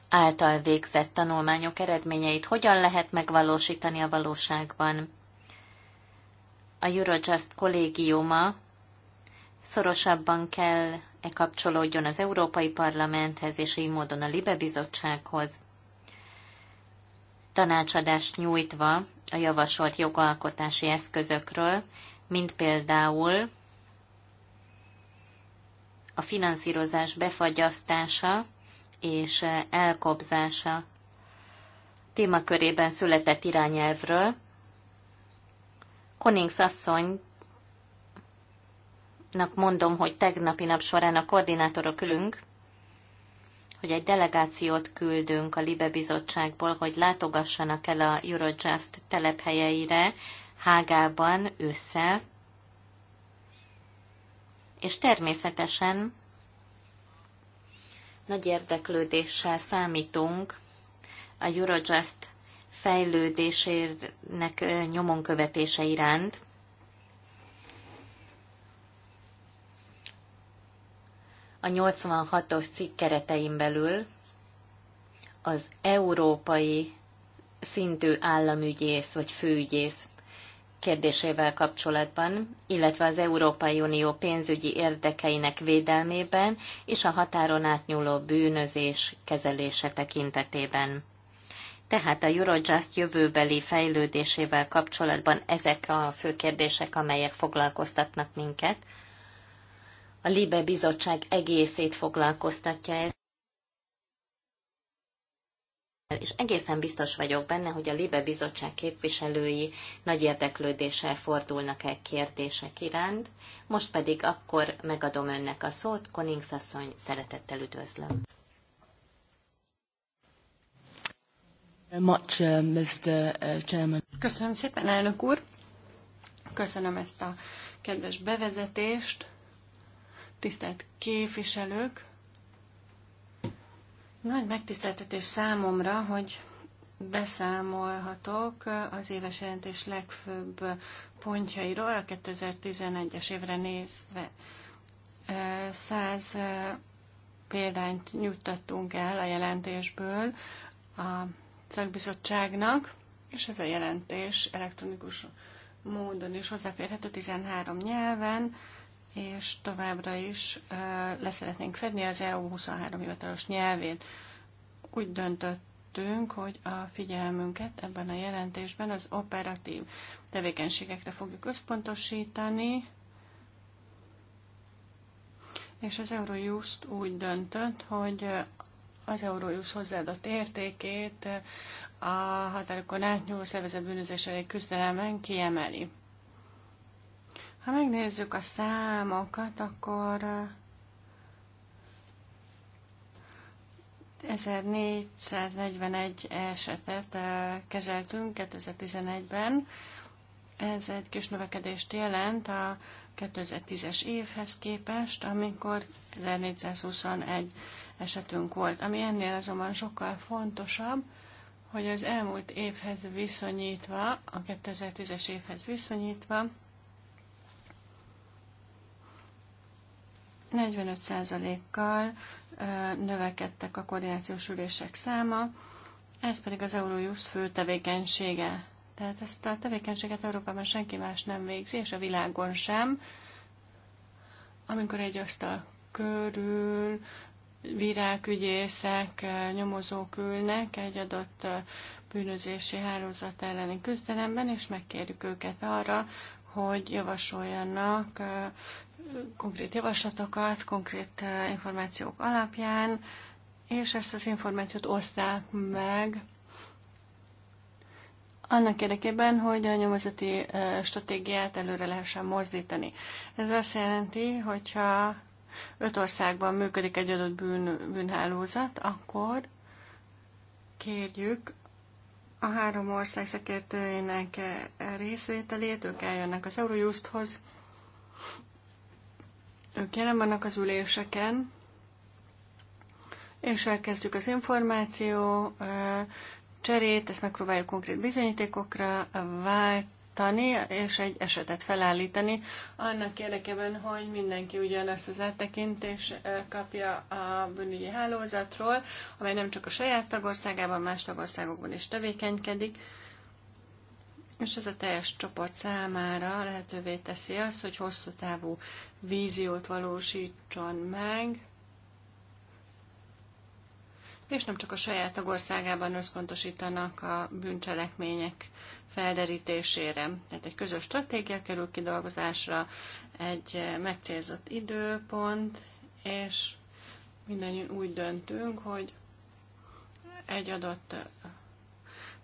által végzett tanulmányok eredményeit hogyan lehet megvalósítani a valóságban. A Eurojust kollégiuma szorosabban kell e kapcsolódjon az Európai Parlamenthez és így módon a Libe Bizottsághoz, tanácsadást nyújtva a javasolt jogalkotási eszközökről, mint például a finanszírozás befagyasztása és elkobzása témakörében született irányelvről. Konings asszony mondom, hogy tegnapi nap során a koordinátorok ülünk, hogy egy delegációt küldünk a Libe Bizottságból, hogy látogassanak el a Eurojust telephelyeire Hágában ősszel, és természetesen nagy érdeklődéssel számítunk a Eurojust fejlődésének nyomon iránt, a 86-os cikk keretein belül az európai szintű államügyész vagy főügyész kérdésével kapcsolatban, illetve az Európai Unió pénzügyi érdekeinek védelmében és a határon átnyúló bűnözés kezelése tekintetében. Tehát a Eurojust jövőbeli fejlődésével kapcsolatban ezek a fő kérdések, amelyek foglalkoztatnak minket – a Libe Bizottság egészét foglalkoztatja ez. És egészen biztos vagyok benne, hogy a Libe Bizottság képviselői nagy érdeklődéssel fordulnak el kérdések iránt. Most pedig akkor megadom önnek a szót, Konings asszony, szeretettel üdvözlöm.
Much, uh, Mr. Uh, Chairman. Köszönöm szépen, elnök úr! Köszönöm ezt a kedves bevezetést tisztelt képviselők! Nagy megtiszteltetés számomra, hogy beszámolhatok az éves jelentés legfőbb pontjairól a 2011-es évre nézve. 100 példányt nyújtattunk el a jelentésből a szakbizottságnak, és ez a jelentés elektronikus módon is hozzáférhető 13 nyelven és továbbra is leszeretnénk fedni az EU 23 hivatalos nyelvét. Úgy döntöttünk, hogy a figyelmünket ebben a jelentésben az operatív tevékenységekre fogjuk összpontosítani, és az Eurojust úgy döntött, hogy az Eurojust hozzáadott értékét a határokon átnyúló szervezet bűnözés küzdelemen kiemeli. Ha megnézzük a számokat, akkor 1441 esetet kezeltünk 2011-ben. Ez egy kis növekedést jelent a 2010-es évhez képest, amikor 1421 esetünk volt. Ami ennél azonban sokkal fontosabb, hogy az elmúlt évhez viszonyítva, a 2010-es évhez viszonyítva, 45%-kal növekedtek a koordinációs ülések száma, ez pedig az Eurojust fő tevékenysége. Tehát ezt a tevékenységet Európában senki más nem végzi, és a világon sem. Amikor egy asztal körül virágügyészek, nyomozók ülnek egy adott bűnözési hálózat elleni küzdelemben, és megkérjük őket arra, hogy javasoljanak konkrét javaslatokat, konkrét eh, információk alapján, és ezt az információt oszták meg annak érdekében, hogy a nyomozati eh, stratégiát előre lehessen mozdítani. Ez azt jelenti, hogyha öt országban működik egy adott bűn, bűnhálózat, akkor kérjük a három ország szakértőjének eh, részvételét, ők eljönnek az Eurojusthoz, ők jelen vannak az üléseken, és elkezdjük az információ cserét, ezt megpróbáljuk konkrét bizonyítékokra váltani, és egy esetet felállítani, annak érdekében, hogy mindenki ugyanazt az áttekintést kapja a bűnügyi hálózatról, amely nem csak a saját tagországában, más tagországokban is tevékenykedik, és ez a teljes csoport számára lehetővé teszi azt, hogy hosszú távú víziót valósítson meg, és nem csak a saját tagországában összpontosítanak a bűncselekmények felderítésére. Tehát egy közös stratégia kerül kidolgozásra, egy megcélzott időpont, és mindannyian úgy döntünk, hogy egy adott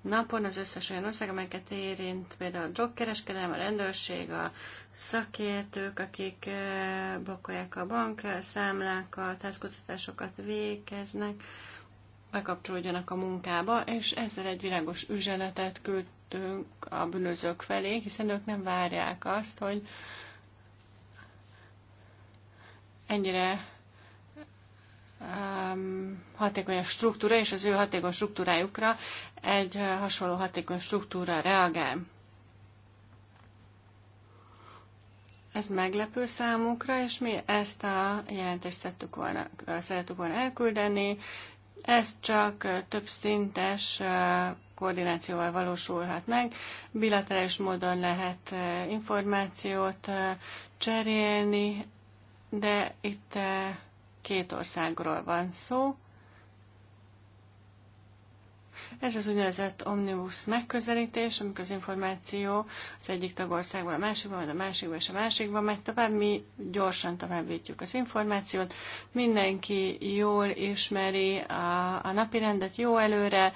napon az összes olyan ország, amelyeket érint, például a drogkereskedelem, a rendőrség, a szakértők, akik eh, blokkolják a bank eh, számlákat, házkutatásokat végeznek, bekapcsolódjanak a munkába, és ezzel egy világos üzenetet küldtünk a bűnözők felé, hiszen ők nem várják azt, hogy ennyire Um, hatékony struktúra, és az ő hatékony struktúrájukra egy uh, hasonló hatékony struktúra reagál. Ez meglepő számukra, és mi ezt a jelentést szerettük volna, uh, szerettük volna elküldeni. Ez csak uh, több szintes koordinációval valósulhat meg. Bilaterális módon lehet információt cserélni, de itt két országról van szó. Ez az úgynevezett omnibus megközelítés, amikor az információ az egyik tagországból a másikba, vagy a másikba és a másikba megy tovább, mi gyorsan továbbítjuk az információt, mindenki jól ismeri a, a napi rendet jó előre,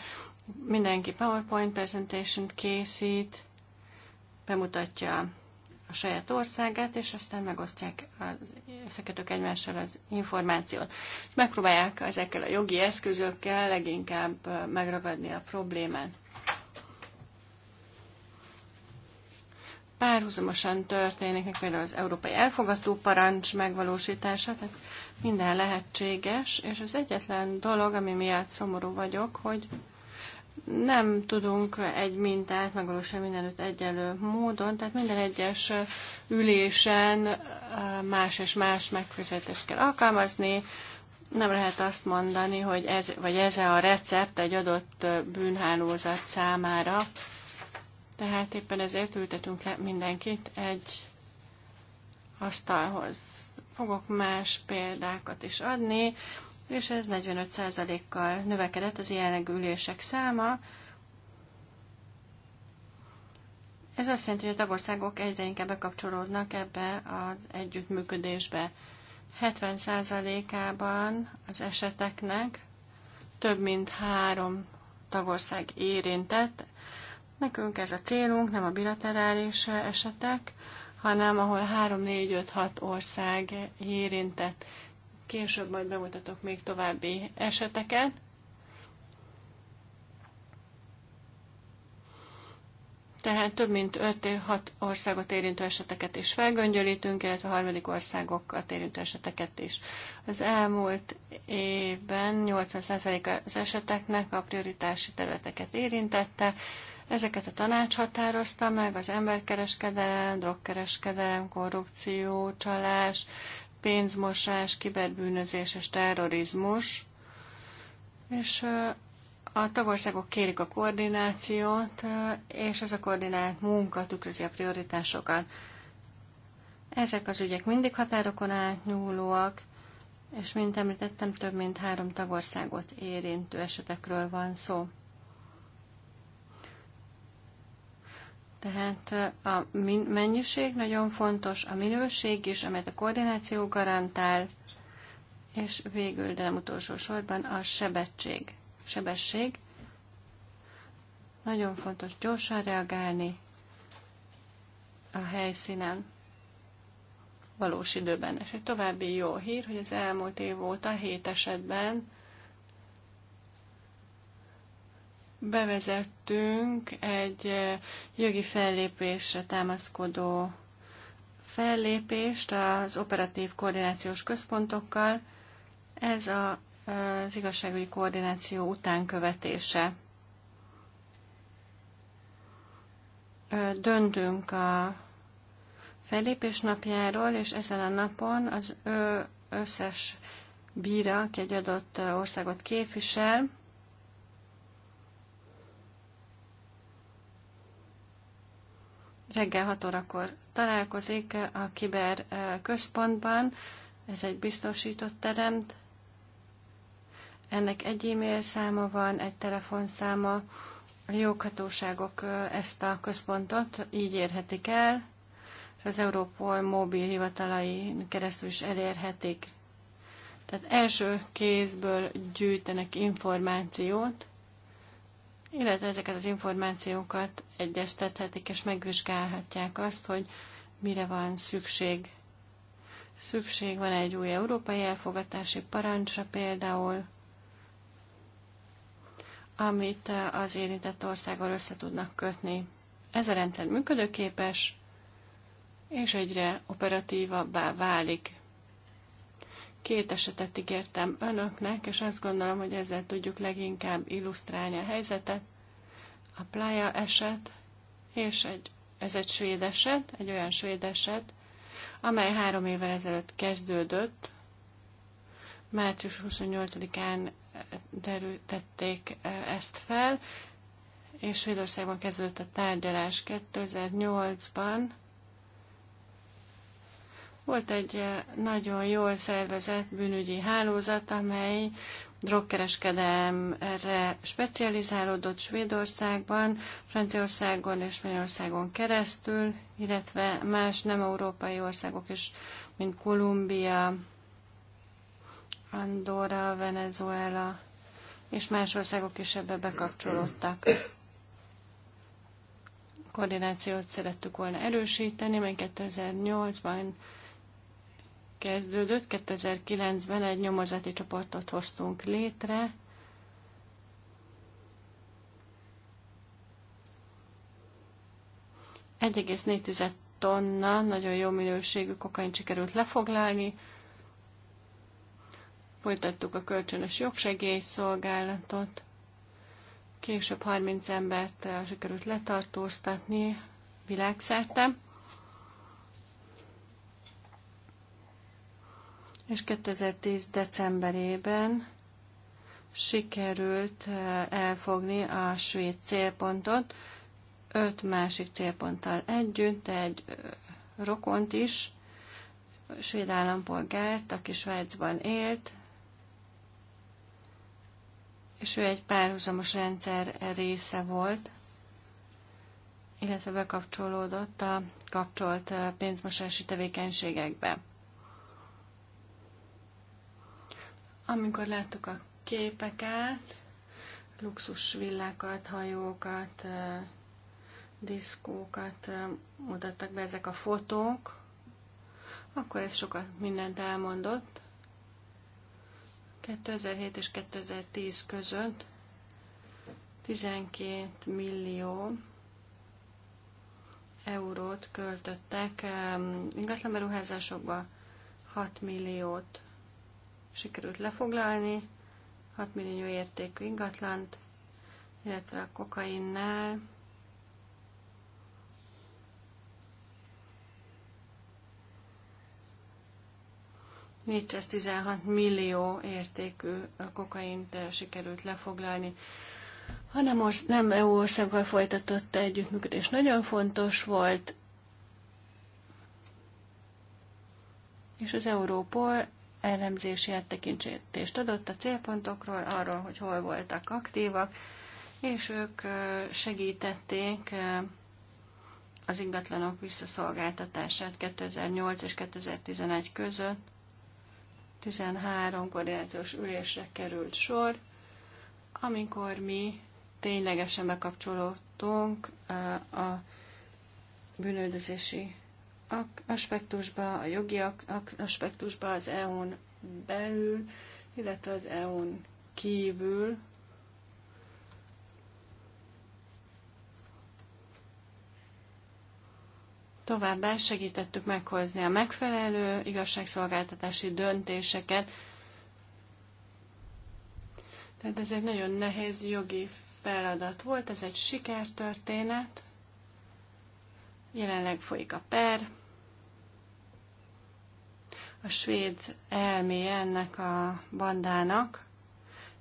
mindenki PowerPoint presentation készít, bemutatja a saját országát, és aztán megosztják az ezeket egymással az információt. Megpróbálják ezekkel a jogi eszközökkel leginkább megragadni a problémát. Párhuzamosan történik például az európai elfogató parancs megvalósítása, tehát minden lehetséges, és az egyetlen dolog, ami miatt szomorú vagyok, hogy nem tudunk egy mintát megvalósítani mindenütt egyenlő módon, tehát minden egyes ülésen más és más megfizetés kell alkalmazni. Nem lehet azt mondani, hogy ez, vagy ez a recept egy adott bűnhálózat számára. Tehát éppen ezért ültetünk le mindenkit egy asztalhoz. Fogok más példákat is adni és ez 45%-kal növekedett az jelenleg ülések száma. Ez azt jelenti, hogy a tagországok egyre inkább bekapcsolódnak ebbe az együttműködésbe. 70%-ában az eseteknek több mint három tagország érintett. Nekünk ez a célunk, nem a bilaterális esetek, hanem ahol 3, 4, 5, 6 ország érintett. Később majd bemutatok még további eseteket. Tehát több mint 5-6 országot érintő eseteket is felgöngyölítünk, illetve harmadik országokat érintő eseteket is. Az elmúlt évben 80% az eseteknek a prioritási területeket érintette. Ezeket a tanács határozta meg, az emberkereskedelem, drogkereskedelem, korrupció, csalás, pénzmosás, kiberbűnözés és terrorizmus, és a tagországok kérik a koordinációt, és ez a koordinált munka tükrözi a prioritásokat. Ezek az ügyek mindig határokon átnyúlóak, és mint említettem, több mint három tagországot érintő esetekről van szó. Tehát eh, a mennyiség nagyon fontos, a minőség is, amelyet a koordináció garantál, és végül, de nem utolsó sorban, a sebesség. Sebesség. Nagyon fontos gyorsan reagálni a helyszínen valós időben. És egy további jó hír, hogy az elmúlt év óta hét esetben bevezettünk egy jogi fellépésre támaszkodó fellépést az operatív koordinációs központokkal. Ez a, az igazságügyi koordináció utánkövetése. Döntünk a fellépés napjáról, és ezen a napon az ő összes bíra, aki egy adott országot képvisel, reggel 6 órakor találkozik a kiber eh, központban, ez egy biztosított terem, ennek egy e-mail száma van, egy telefonszáma, a joghatóságok eh, ezt a központot így érhetik el, és az Európol mobil hivatalai keresztül is elérhetik. Tehát első kézből gyűjtenek információt, illetve ezeket az információkat egyeztethetik és megvizsgálhatják azt, hogy mire van szükség. Szükség van egy új európai elfogadási parancsra például, amit az érintett országgal össze tudnak kötni. Ez a rendszer működőképes, és egyre operatívabbá válik. Két esetet ígértem önöknek, és azt gondolom, hogy ezzel tudjuk leginkább illusztrálni a helyzetet. A Playa eset, és egy, ez egy svéd eset, egy olyan svéd eset, amely három évvel ezelőtt kezdődött, március 28-án eh, derültették eh, ezt fel, és Svédországban kezdődött a tárgyalás 2008-ban. Volt egy eh, nagyon jól szervezett bűnügyi hálózat, amely drogkereskedelemre specializálódott Svédországban, Franciaországon és Magyarországon keresztül, illetve más nem európai országok is, mint Kolumbia, Andorra, Venezuela, és más országok is ebbe bekapcsolódtak. Koordinációt szerettük volna erősíteni, mely 2008-ban kezdődött. 2009-ben egy nyomozati csoportot hoztunk létre, ,4 tonna nagyon jó minőségű kokain sikerült lefoglalni. Folytattuk a kölcsönös jogsegélyszolgálatot. Később 30 embert eh, sikerült letartóztatni világszerte. és 2010. decemberében sikerült eh, elfogni a svéd célpontot, öt másik célponttal együtt, egy eh, rokont is, svéd állampolgárt, aki Svájcban élt, és ő egy párhuzamos rendszer része volt, illetve bekapcsolódott a kapcsolt eh, pénzmosási tevékenységekbe. Amikor láttuk a képeket, luxus villákat, hajókat, diszkókat mutattak be ezek a fotók, akkor ez sokat mindent elmondott. 2007 és 2010 között 12 millió eurót költöttek beruházásokba, 6 milliót sikerült lefoglalni, 6 millió értékű ingatlant, illetve a kokainnál ...416 millió értékű kokaint sikerült lefoglalni. hanem nem, orsz- nem EU országgal folytatott együttműködés nagyon fontos volt, és az Európol elemzési áttekintést adott a célpontokról, arról, hogy hol voltak aktívak, és ők segítették az ingatlanok visszaszolgáltatását 2008 és 2011 között. 13 koordinációs ülésre került sor, amikor mi ténylegesen bekapcsolódtunk a bűnöldözési aspektusba, a jogi aspektusba az EU-n belül, illetve az EU-n kívül. Továbbá segítettük meghozni a megfelelő igazságszolgáltatási döntéseket. Tehát ez egy nagyon nehéz jogi feladat volt, ez egy sikertörténet. Jelenleg folyik a per. A svéd elméje ennek a bandának,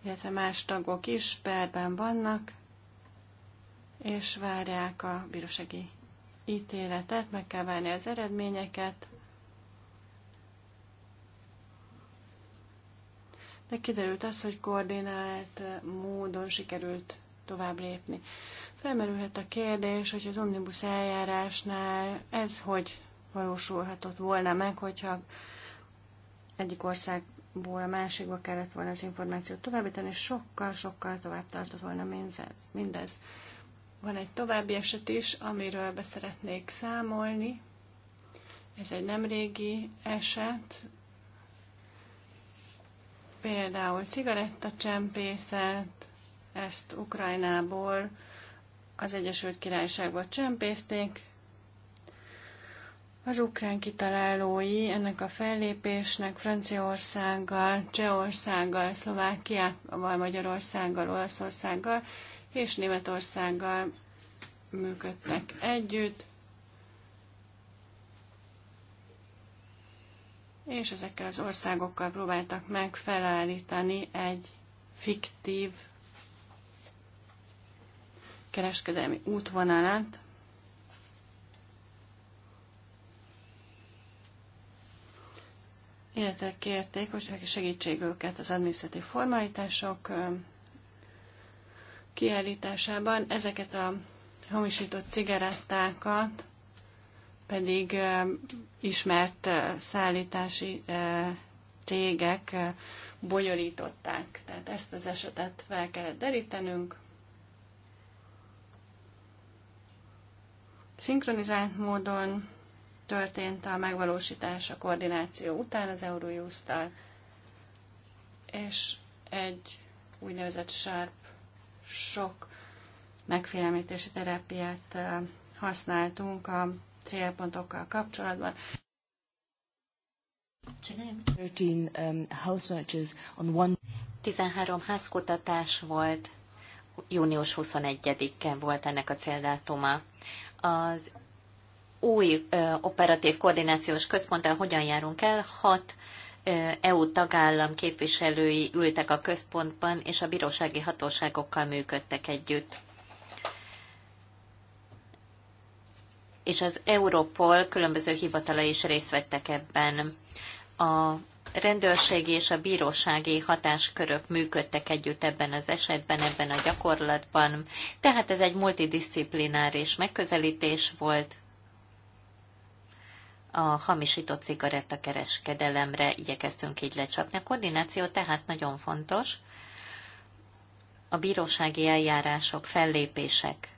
illetve más tagok is perben vannak, és várják a bírósági ítéletet, meg kell várni az eredményeket. De kiderült az, hogy koordinált módon sikerült tovább lépni. Felmerülhet a kérdés, hogy az omnibus eljárásnál ez hogy valósulhatott volna meg, hogyha egyik országból a másikba kellett volna az információt továbbítani, és sokkal-sokkal tovább tartott volna mindez. Van egy további eset is, amiről beszeretnék számolni. Ez egy nem régi eset, például cigarettacsempészet, ezt Ukrajnából az Egyesült Királyságba csempészték. Az ukrán kitalálói ennek a fellépésnek Franciaországgal, Csehországgal, Szlovákiával, Magyarországgal, Olaszországgal és Németországgal működtek együtt. és ezekkel az országokkal próbáltak meg felállítani egy fiktív kereskedelmi útvonalát. illetve kérték, hogy segítség őket az adminisztratív formalitások kiállításában. Ezeket a hamisított cigarettákat pedig ismert szállítási cégek bonyolították. Tehát ezt az esetet fel kellett derítenünk. Szinkronizált módon történt a megvalósítás a koordináció után az eurojust és egy úgynevezett sárp sok megfélemlítési terápiát használtunk a célpontokkal kapcsolatban.
Um, Tizenhárom házkutatás volt, június 21-en volt ennek a céldátuma az új ö, operatív koordinációs központtal hogyan járunk el. Hat ö, EU tagállam képviselői ültek a központban, és a bírósági hatóságokkal működtek együtt. És az Europol különböző hivatala is részt vettek ebben. A rendőrségi és a bírósági hatáskörök működtek együtt ebben az esetben, ebben a gyakorlatban. Tehát ez egy multidisziplináris megközelítés volt, a hamisított kereskedelemre igyekeztünk így lecsapni. A koordináció tehát nagyon fontos. A bírósági eljárások, fellépések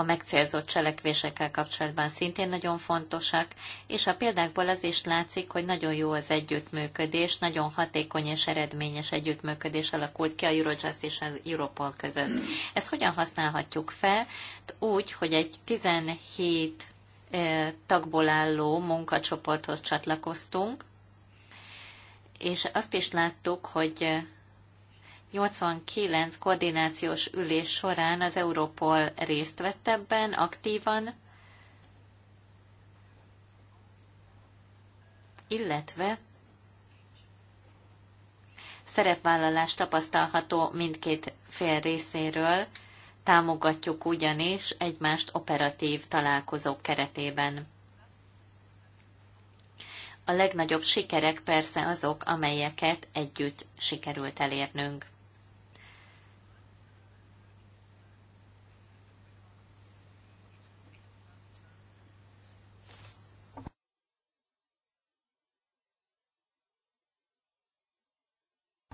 a megcélzott cselekvésekkel kapcsolatban szintén nagyon fontosak, és a példákból az is látszik, hogy nagyon jó az együttműködés, nagyon hatékony és eredményes együttműködés alakult ki a Eurojust és az Europol között. Ezt hogyan használhatjuk fel? Úgy, hogy egy 17 tagból álló munkacsoporthoz csatlakoztunk, és azt is láttuk, hogy 89 koordinációs ülés során az Európol részt vett ebben aktívan, illetve szerepvállalás tapasztalható mindkét fél részéről, támogatjuk ugyanis egymást operatív találkozók keretében. A legnagyobb sikerek persze azok, amelyeket együtt sikerült elérnünk.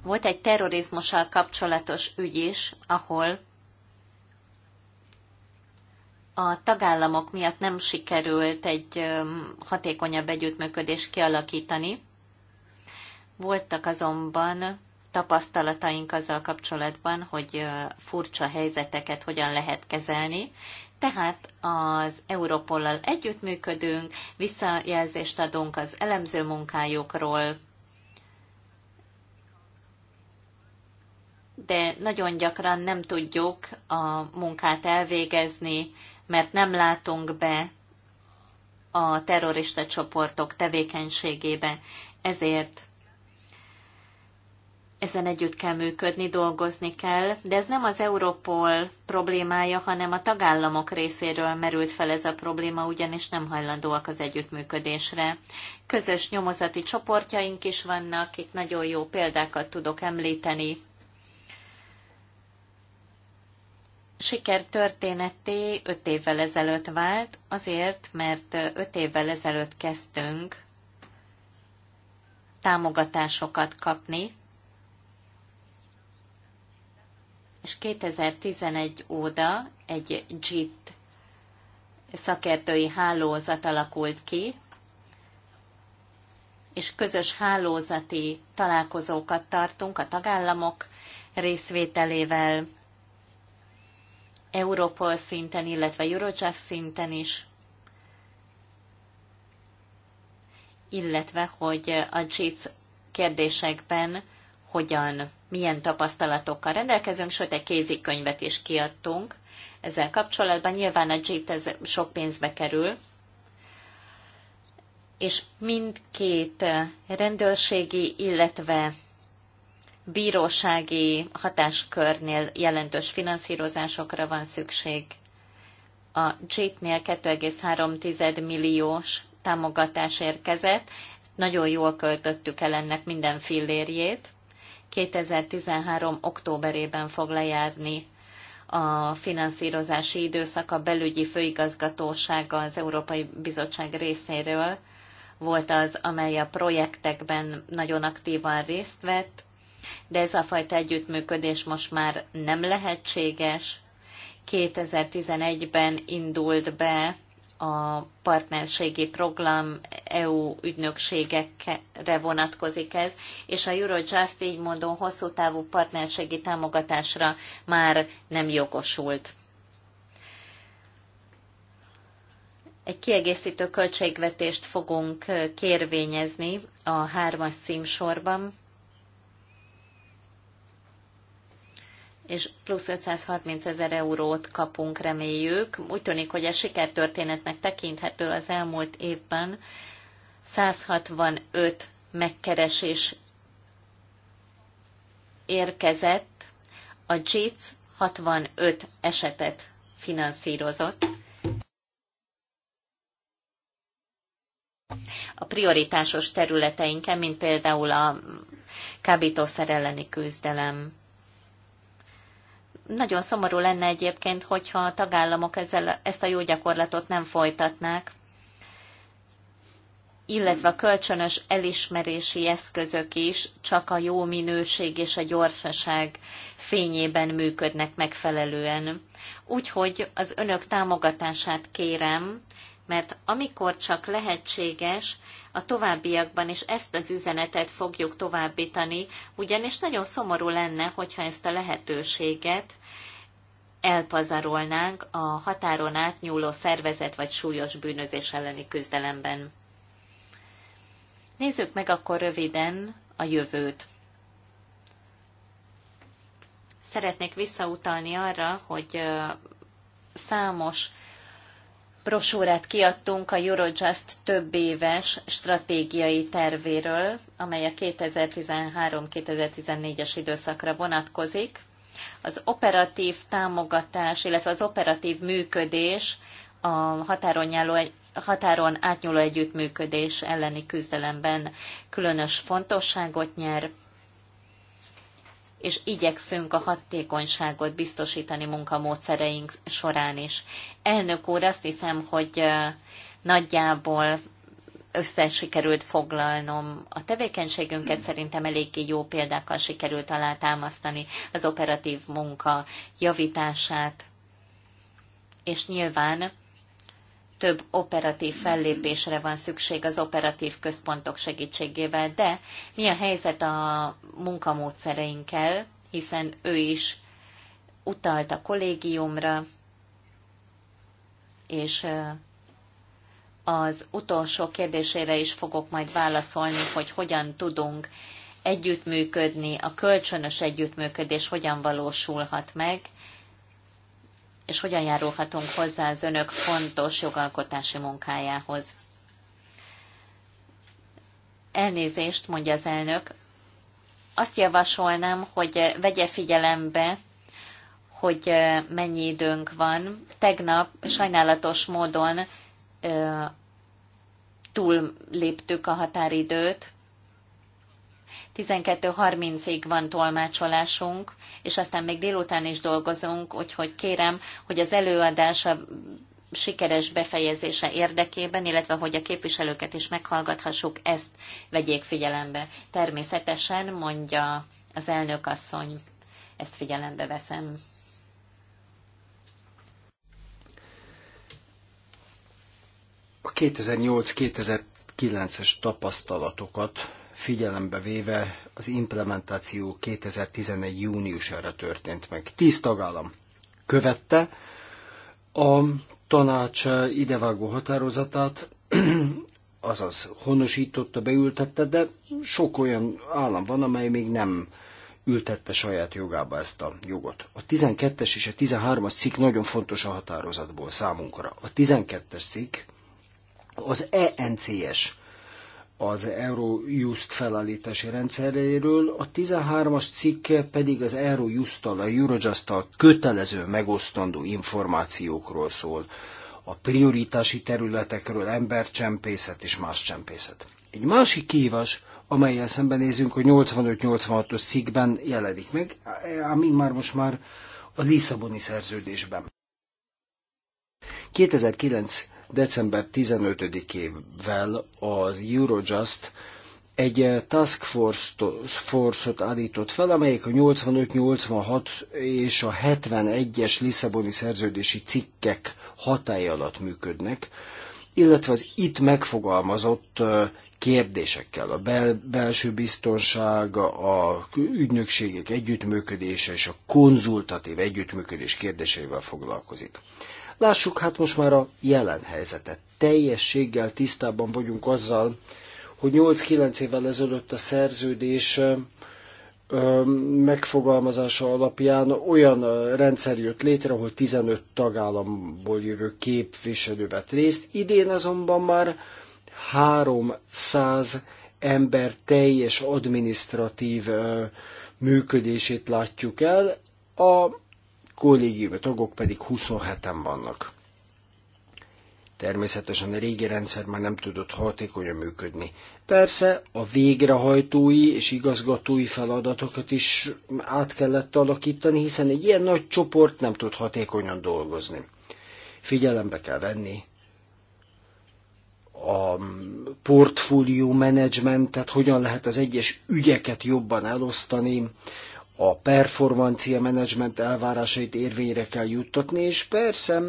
Volt egy terrorizmussal kapcsolatos ügy is, ahol a tagállamok miatt nem sikerült egy hatékonyabb együttműködést kialakítani. Voltak azonban tapasztalataink azzal kapcsolatban, hogy furcsa helyzeteket hogyan lehet kezelni. Tehát az Europollal együttműködünk, visszajelzést adunk az elemző munkájukról, de nagyon gyakran nem tudjuk a munkát elvégezni, mert nem látunk be a terrorista csoportok tevékenységébe. Ezért ezen együtt kell működni, dolgozni kell, de ez nem az Europol problémája, hanem a tagállamok részéről merült fel ez a probléma, ugyanis nem hajlandóak az együttműködésre. Közös nyomozati csoportjaink is vannak, itt nagyon jó példákat tudok említeni sikertörténetté öt évvel ezelőtt vált, azért, mert öt évvel ezelőtt kezdtünk támogatásokat kapni, és 2011 óta egy JIT szakértői hálózat alakult ki, és közös hálózati találkozókat tartunk a tagállamok részvételével, Európol szinten, illetve Eurojust szinten is, illetve hogy a JITS kérdésekben hogyan, milyen tapasztalatokkal rendelkezünk, sőt egy kézikönyvet is kiadtunk ezzel kapcsolatban. Nyilván a JIT ez sok pénzbe kerül, és mindkét rendőrségi, illetve bírósági hatáskörnél jelentős finanszírozásokra van szükség. A JIT-nél 2,3 milliós támogatás érkezett, nagyon jól költöttük el ennek minden fillérjét. 2013. októberében fog lejárni a finanszírozási időszak a belügyi főigazgatósága az Európai Bizottság részéről volt az, amely a projektekben nagyon aktívan részt vett, de ez a fajta együttműködés most már nem lehetséges. 2011-ben indult be a partnerségi program EU ügynökségekre vonatkozik ez, és a Eurojust így mondom hosszú távú partnerségi támogatásra már nem jogosult. Egy kiegészítő költségvetést fogunk kérvényezni a hármas címsorban, és plusz 530 ezer eurót kapunk, reméljük. Úgy tűnik, hogy a sikertörténetnek tekinthető az elmúlt évben 165 megkeresés érkezett, a JITS 65 esetet finanszírozott. A prioritásos területeinken, mint például a kábítószer elleni küzdelem, nagyon szomorú lenne egyébként, hogyha a tagállamok ezzel, ezt a jó gyakorlatot nem folytatnák, illetve a kölcsönös elismerési eszközök is csak a jó minőség és a gyorsaság fényében működnek megfelelően. Úgyhogy az önök támogatását kérem, mert amikor csak lehetséges, a továbbiakban is ezt az üzenetet fogjuk továbbítani, ugyanis nagyon szomorú lenne, hogyha ezt a lehetőséget elpazarolnánk a határon átnyúló szervezet vagy súlyos bűnözés elleni küzdelemben. Nézzük meg akkor röviden a jövőt. Szeretnék visszautalni arra, hogy számos brosúrát kiadtunk a Eurojust több éves stratégiai tervéről, amely a 2013-2014-es időszakra vonatkozik. Az operatív támogatás, illetve az operatív működés a határon, nyáló, határon átnyúló együttműködés elleni küzdelemben különös fontosságot nyer és igyekszünk a hatékonyságot biztosítani munkamódszereink során is. Elnök úr, azt hiszem, hogy nagyjából össze sikerült foglalnom a tevékenységünket, szerintem eléggé jó példákkal sikerült alátámasztani az operatív munka javítását, és nyilván több operatív fellépésre van szükség az operatív központok segítségével, de mi a helyzet a munkamódszereinkkel, hiszen ő is utalt a kollégiumra, és az utolsó kérdésére is fogok majd válaszolni, hogy hogyan tudunk együttműködni, a kölcsönös együttműködés hogyan valósulhat meg, és hogyan járulhatunk hozzá az önök fontos jogalkotási munkájához. Elnézést, mondja az elnök. Azt javasolnám, hogy vegye figyelembe, hogy mennyi időnk van. Tegnap sajnálatos módon túlléptük a határidőt. 12.30-ig van tolmácsolásunk, és aztán még délután is dolgozunk, úgyhogy kérem, hogy az előadása sikeres befejezése érdekében, illetve hogy a képviselőket is meghallgathassuk, ezt vegyék figyelembe. Természetesen, mondja az elnök asszony, ezt figyelembe veszem.
A 2008-2009-es tapasztalatokat figyelembe véve az implementáció 2011. júniusára történt meg. Tíz tagállam követte a tanács idevágó határozatát, *clears throat* azaz honosította, beültette, de sok olyan állam van, amely még nem ültette saját jogába ezt a jogot. A 12-es és a 13-as cikk nagyon fontos a határozatból számunkra. A 12-es cikk az ENCS az Eurojust felállítási rendszeréről, a 13-as cikk pedig az Eurojust-tal, a Eurojust-tal kötelező megosztandó információkról szól, a prioritási területekről, embercsempészet és más csempészet. Egy másik kívás, amelyel szembenézünk, a 85-86-os cikkben jelenik meg, ami már most már a Lisszaboni szerződésben. 2009 december 15-ével az Eurojust egy eh, task force-ot állított fel, amelyik a 85-86 és a 71-es Lisszaboni szerződési cikkek hatája alatt működnek, illetve az itt megfogalmazott eh, kérdésekkel, a bel- belső biztonság, a ügynökségek együttműködése és a konzultatív együttműködés kérdéseivel foglalkozik. Lássuk hát most már a jelen helyzetet. Teljességgel tisztában vagyunk azzal, hogy 8-9 évvel ezelőtt a szerződés megfogalmazása alapján olyan rendszer jött létre, ahol 15 tagállamból jövő képviselő vett részt. Idén azonban már 300 ember teljes adminisztratív működését látjuk el. A kollégiumi tagok pedig 27-en vannak. Természetesen a régi rendszer már nem tudott hatékonyan működni. Persze a végrehajtói és igazgatói feladatokat is át kellett alakítani, hiszen egy ilyen nagy csoport nem tud hatékonyan dolgozni. Figyelembe kell venni a portfólió menedzsmentet, hogyan lehet az egyes ügyeket jobban elosztani, a performancia menedzsment elvárásait érvényre kell juttatni, és persze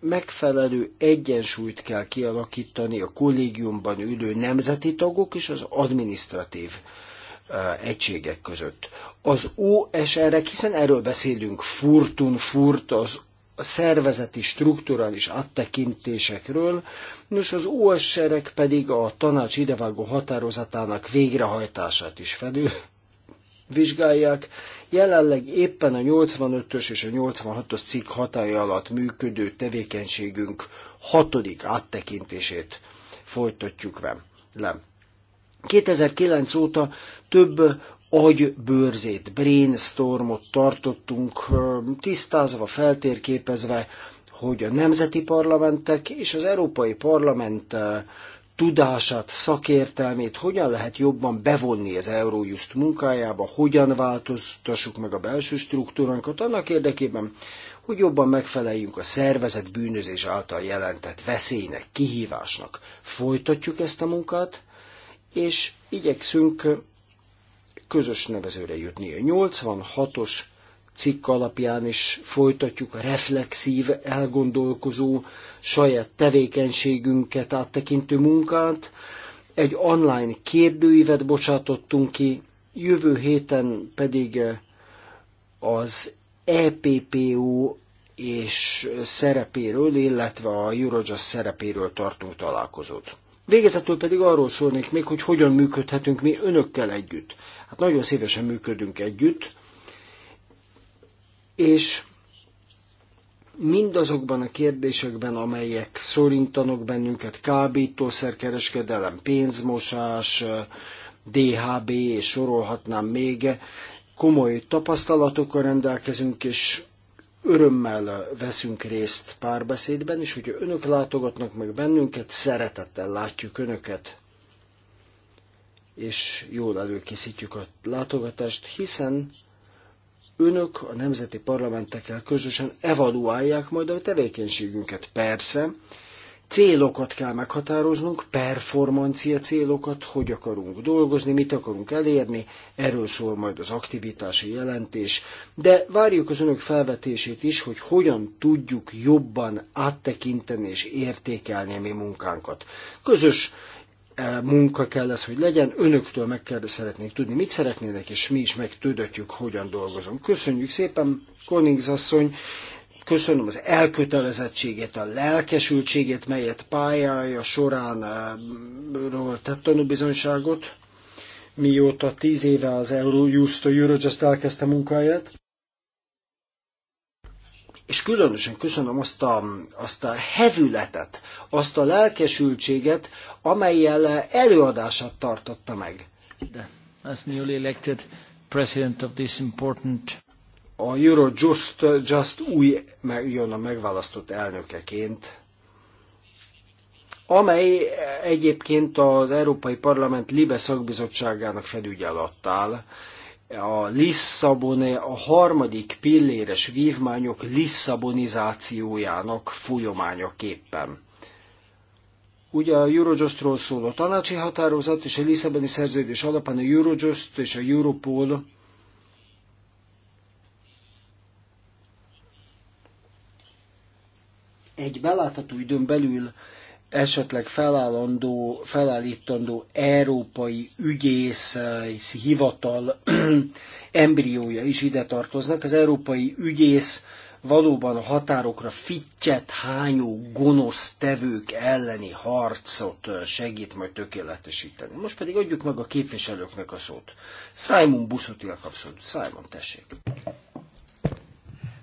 megfelelő egyensúlyt kell kialakítani a kollégiumban ülő nemzeti tagok és az administratív e, egységek között. Az OSR-ek, hiszen erről beszélünk, furtun furt az szervezeti strukturális áttekintésekről, nos az OSR-ek pedig a tanács idevágó határozatának végrehajtását is felül vizsgálják. Jelenleg éppen a 85-ös és a 86-os cikk hatája alatt működő tevékenységünk hatodik áttekintését folytatjuk le. 2009 óta több agybőrzét, brainstormot tartottunk, tisztázva, feltérképezve, hogy a nemzeti parlamentek és az Európai Parlament tudását, szakértelmét hogyan lehet jobban bevonni az Eurojust munkájába, hogyan változtassuk meg a belső struktúránkat annak érdekében, hogy jobban megfeleljünk a szervezet bűnözés által jelentett veszélynek, kihívásnak. Folytatjuk ezt a munkát, és igyekszünk közös nevezőre jutni. A 86-os cikk alapján is folytatjuk a reflexív, elgondolkozó saját tevékenységünket áttekintő munkát. Egy online kérdőívet bocsátottunk ki, jövő héten pedig eh, az EPPO és szerepéről, illetve a Eurojust szerepéről tartunk találkozót. Végezetül pedig arról szólnék még, hogy hogyan működhetünk mi önökkel együtt. Hát nagyon szívesen működünk együtt, és mindazokban a kérdésekben, amelyek szorintanak bennünket, kábítószerkereskedelem, pénzmosás, DHB, és sorolhatnám még, komoly tapasztalatokkal rendelkezünk, és örömmel veszünk részt párbeszédben, és hogyha önök látogatnak meg bennünket, szeretettel látjuk önöket, és jól előkészítjük a látogatást, hiszen önök a nemzeti parlamentekkel közösen evaluálják majd a tevékenységünket. Persze, célokat kell meghatároznunk, performancia célokat, hogy akarunk dolgozni, mit akarunk elérni, erről szól majd az aktivitási jelentés, de várjuk az önök felvetését is, hogy hogyan tudjuk jobban áttekinteni és értékelni a mi munkánkat. Közös E, munka kell ez, hogy legyen. Önöktől kell, szeretnék tudni, mit szeretnének, és mi is megtudatjuk, hogyan dolgozunk. Köszönjük szépen, Konings asszony, köszönöm az elkötelezettséget, a lelkesültséget, melyet pályája során e, ról tett tanúbizonyságot, mióta tíz éve az Eurojust, a Eurojust elkezdte munkáját. És különösen köszönöm azt a, azt a hevületet, azt a lelkesültséget, amelyel előadását tartotta meg. As newly elected president of this important a Eurojust just új jön a megválasztott elnökeként, amely egyébként az Európai Parlament Libe szakbizottságának felügyel áll. A Lisszaboni, a harmadik pilléres vívmányok Lisszabonizációjának folyamányaképpen. Ugye a Eurojustról szóló tanácsi határozat és a Lisszaboni szerződés alapán a Eurojust és a Europol egy belátható időn belül esetleg felállandó, felállítandó európai ügyész hivatal *clears throat* embriója is ide tartoznak. Az európai ügyész valóban a határokra fittyet hányó gonosz tevők elleni harcot segít majd tökéletesíteni. Most pedig adjuk meg a képviselőknek a szót. Simon Buszutil kap Simon, tessék.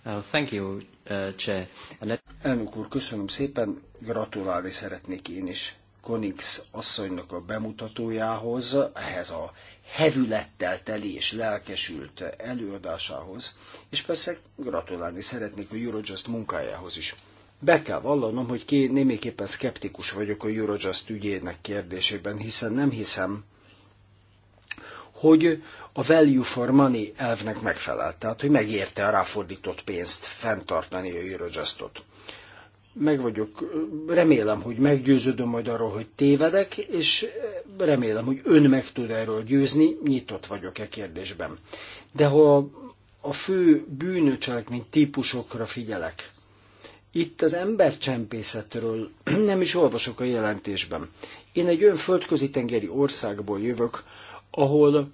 Uh, thank you, uh, Let... Elnök úr, köszönöm szépen. Gratulálni szeretnék én is Konix asszonynak a bemutatójához, ehhez a hevülettel teli és lelkesült előadásához, és persze gratulálni szeretnék a Eurojust munkájához is. Be kell vallanom, hogy ké, némiképpen szkeptikus vagyok a Eurojust ügyének kérdésében, hiszen nem hiszem, hogy a value for money elvnek megfelelt, tehát hogy megérte a ráfordított pénzt fenntartani a Eurojustot meg vagyok, remélem, hogy meggyőződöm majd arról, hogy tévedek, és remélem, hogy ön meg tud erről győzni, nyitott vagyok e kérdésben. De ha a fő bűnöcselekmény típusokra figyelek, itt az embercsempészetről *clears throat* nem is olvasok a jelentésben. Én egy olyan földközi tengeri országból jövök, ahol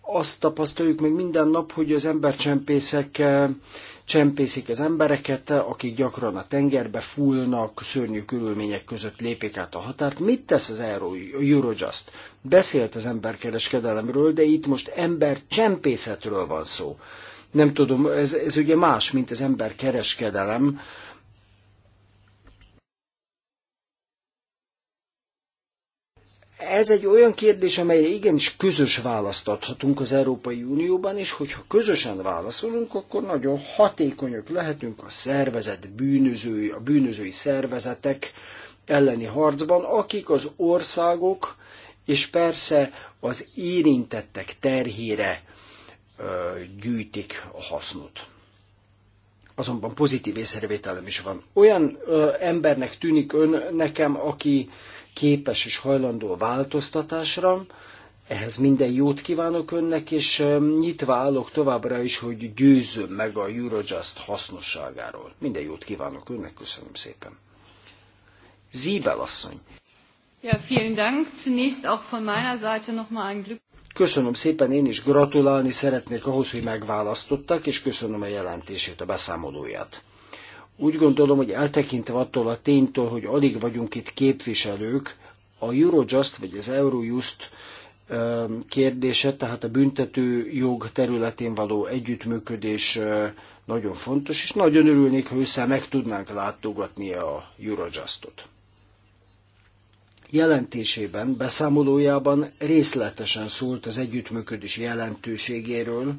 azt tapasztaljuk meg minden nap, hogy az embercsempészek eh, csempészik az embereket, akik gyakran a tengerbe fúlnak, szörnyű körülmények között lépik át a határt. Mit tesz az Euro, Eurojust? Beszélt az emberkereskedelemről, de itt most ember csempészetről van szó. Nem tudom, ez, ez ugye más, mint az emberkereskedelem. kereskedelem ez egy olyan kérdés, amelyre igenis közös választ adhatunk az Európai Unióban, és hogyha közösen válaszolunk, akkor nagyon hatékonyak lehetünk a szervezet bűnözői, a bűnözői szervezetek elleni harcban, akik az országok és persze az érintettek terhére ö, gyűjtik a hasznot. Azonban pozitív észrevételem is van. Olyan ö, embernek tűnik ön nekem, aki ö, képes és hajlandó a változtatásra. Ehhez minden jót kívánok önnek, és nyitva állok továbbra is, hogy győzzön meg a Eurojust hasznosságáról. Minden jót kívánok önnek, köszönöm szépen. Zíbel asszony.
Ja, vielen Dank. Zunächst auch von meiner Seite nochmal ein Glück.
Köszönöm szépen, én is gratulálni szeretnék ahhoz, hogy megválasztottak, és köszönöm a jelentését, a beszámolóját. Úgy gondolom, hogy eltekintve attól a ténytől, hogy alig vagyunk itt képviselők, a Eurojust vagy az Eurojust kérdése, tehát a büntető jog területén való együttműködés nagyon fontos, és nagyon örülnék, ha össze meg tudnánk látogatni a Eurojustot. Jelentésében, beszámolójában részletesen szólt az együttműködés jelentőségéről,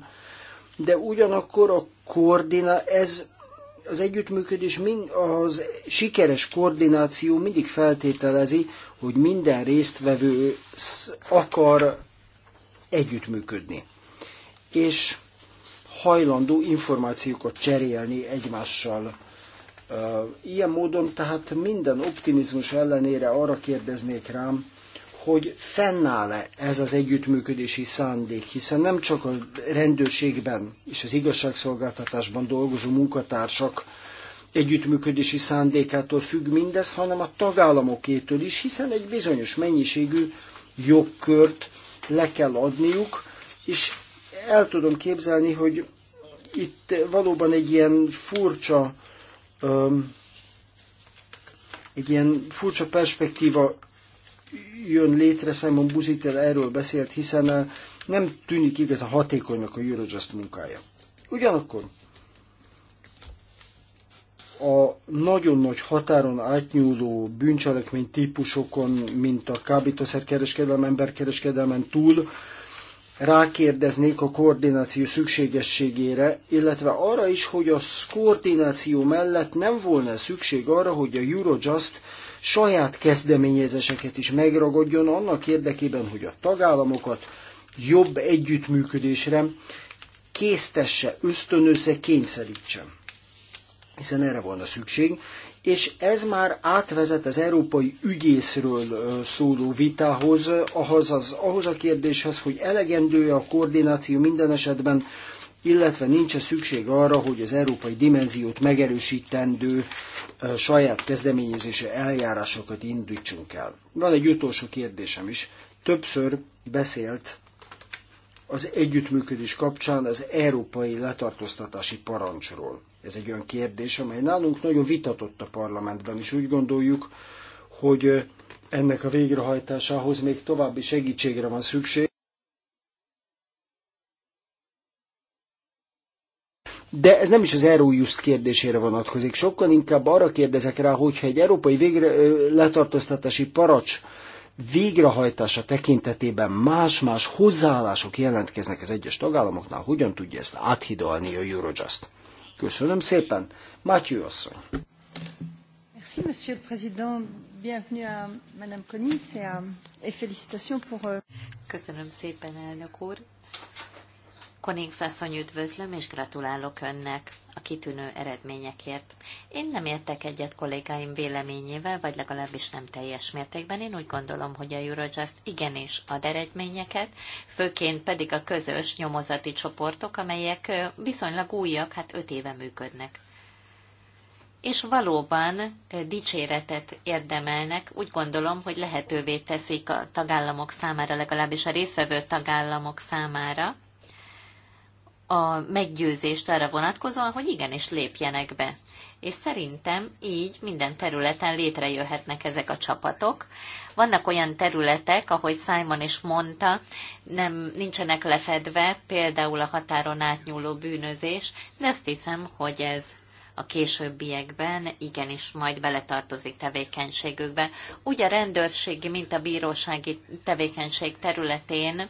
de ugyanakkor a koordina, ez az együttműködés, az sikeres koordináció mindig feltételezi, hogy minden résztvevő akar együttműködni. És hajlandó információkat cserélni egymással. Ilyen módon tehát minden optimizmus ellenére arra kérdeznék rám, hogy fennáll-e ez az együttműködési szándék, hiszen nem csak a rendőrségben és az igazságszolgáltatásban dolgozó munkatársak együttműködési szándékától függ mindez, hanem a tagállamokétől is, hiszen egy bizonyos mennyiségű jogkört le kell adniuk, és el tudom képzelni, hogy itt valóban egy ilyen furcsa, egy ilyen furcsa perspektíva jön létre, Simon Buzitel erről beszélt, hiszen eh, nem tűnik igaz a hatékonynak a Eurojust munkája. Ugyanakkor a nagyon nagy határon átnyúló bűncselekmény típusokon, mint a kereskedelem, emberkereskedelmen túl, rákérdeznék a koordináció szükségességére, illetve arra is, hogy a koordináció mellett nem volna szükség arra, hogy a Eurojust saját kezdeményezéseket is megragadjon annak érdekében, hogy a tagállamokat jobb együttműködésre késztesse, ösztönözze, kényszerítse. Hiszen erre volna szükség, és ez már átvezet az európai ügyészről szóló vitához, ahhoz, az, ahhoz a kérdéshez, hogy elegendő-e a koordináció minden esetben illetve nincs -e szükség arra, hogy az európai dimenziót megerősítendő saját kezdeményezése eljárásokat indítsunk el. Van egy utolsó kérdésem is. Többször beszélt az együttműködés kapcsán az európai letartóztatási parancsról. Ez egy olyan kérdés, amely nálunk nagyon vitatott a parlamentben, és úgy gondoljuk, hogy ennek a végrehajtásához még további segítségre van szükség. De ez nem is az Eurojust kérdésére vonatkozik. Sokkal inkább arra kérdezek rá, hogyha egy európai végre, letartóztatási paracs végrehajtása tekintetében más-más hozzáállások jelentkeznek az egyes tagállamoknál, hogyan tudja ezt áthidalni a Eurojust? Köszönöm szépen. Mátyú asszony.
Merci, monsieur le président. Bienvenue à madame Conis et, à, et félicitations
pour... Euh- Köszönöm szépen, elnök úr. Konings asszony üdvözlöm, és gratulálok önnek a kitűnő eredményekért. Én nem értek egyet kollégáim véleményével, vagy legalábbis nem teljes mértékben. Én úgy gondolom, hogy a Eurojust igenis ad eredményeket, főként pedig a közös nyomozati csoportok, amelyek viszonylag újak, hát öt éve működnek. És valóban dicséretet érdemelnek, úgy gondolom, hogy lehetővé teszik a tagállamok számára, legalábbis a részvevő tagállamok számára, a meggyőzést arra vonatkozóan, hogy igenis lépjenek be. És szerintem így minden területen létrejöhetnek ezek a csapatok. Vannak olyan területek, ahogy Simon is mondta, nem, nincsenek lefedve, például a határon átnyúló bűnözés, de azt hiszem, hogy ez a későbbiekben igenis majd beletartozik tevékenységükbe. Úgy a rendőrségi, mint a bírósági tevékenység területén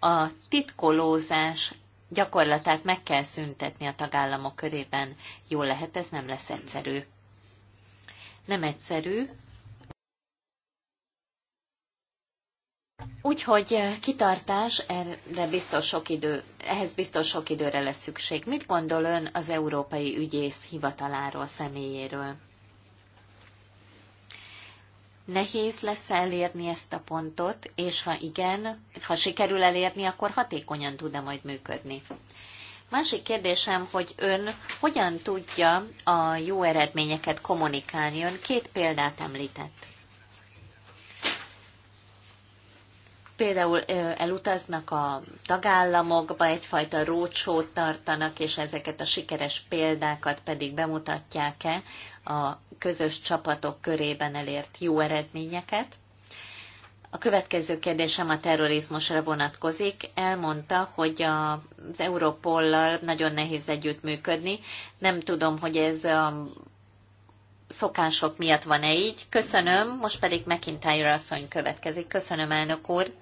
a titkolózás gyakorlatát meg kell szüntetni a tagállamok körében. Jó lehet, ez nem lesz egyszerű. Nem egyszerű. Úgyhogy kitartás, erre biztos sok idő, ehhez biztos sok időre lesz szükség. Mit gondol ön az Európai Ügyész hivataláról, személyéről? Nehéz lesz elérni ezt a pontot, és ha igen, ha sikerül elérni, akkor hatékonyan tud-e majd működni? Másik kérdésem, hogy ön hogyan tudja a jó eredményeket kommunikálni? Ön két példát említett. Például elutaznak a tagállamokba, egyfajta rócsót tartanak, és ezeket a sikeres példákat pedig bemutatják-e, a közös csapatok körében elért jó eredményeket. A következő kérdésem a terrorizmusra vonatkozik. Elmondta, hogy az Európollal nagyon nehéz együttműködni. Nem tudom, hogy ez a szokások miatt van-e így. Köszönöm, most pedig McIntyre asszony következik. Köszönöm, elnök úr.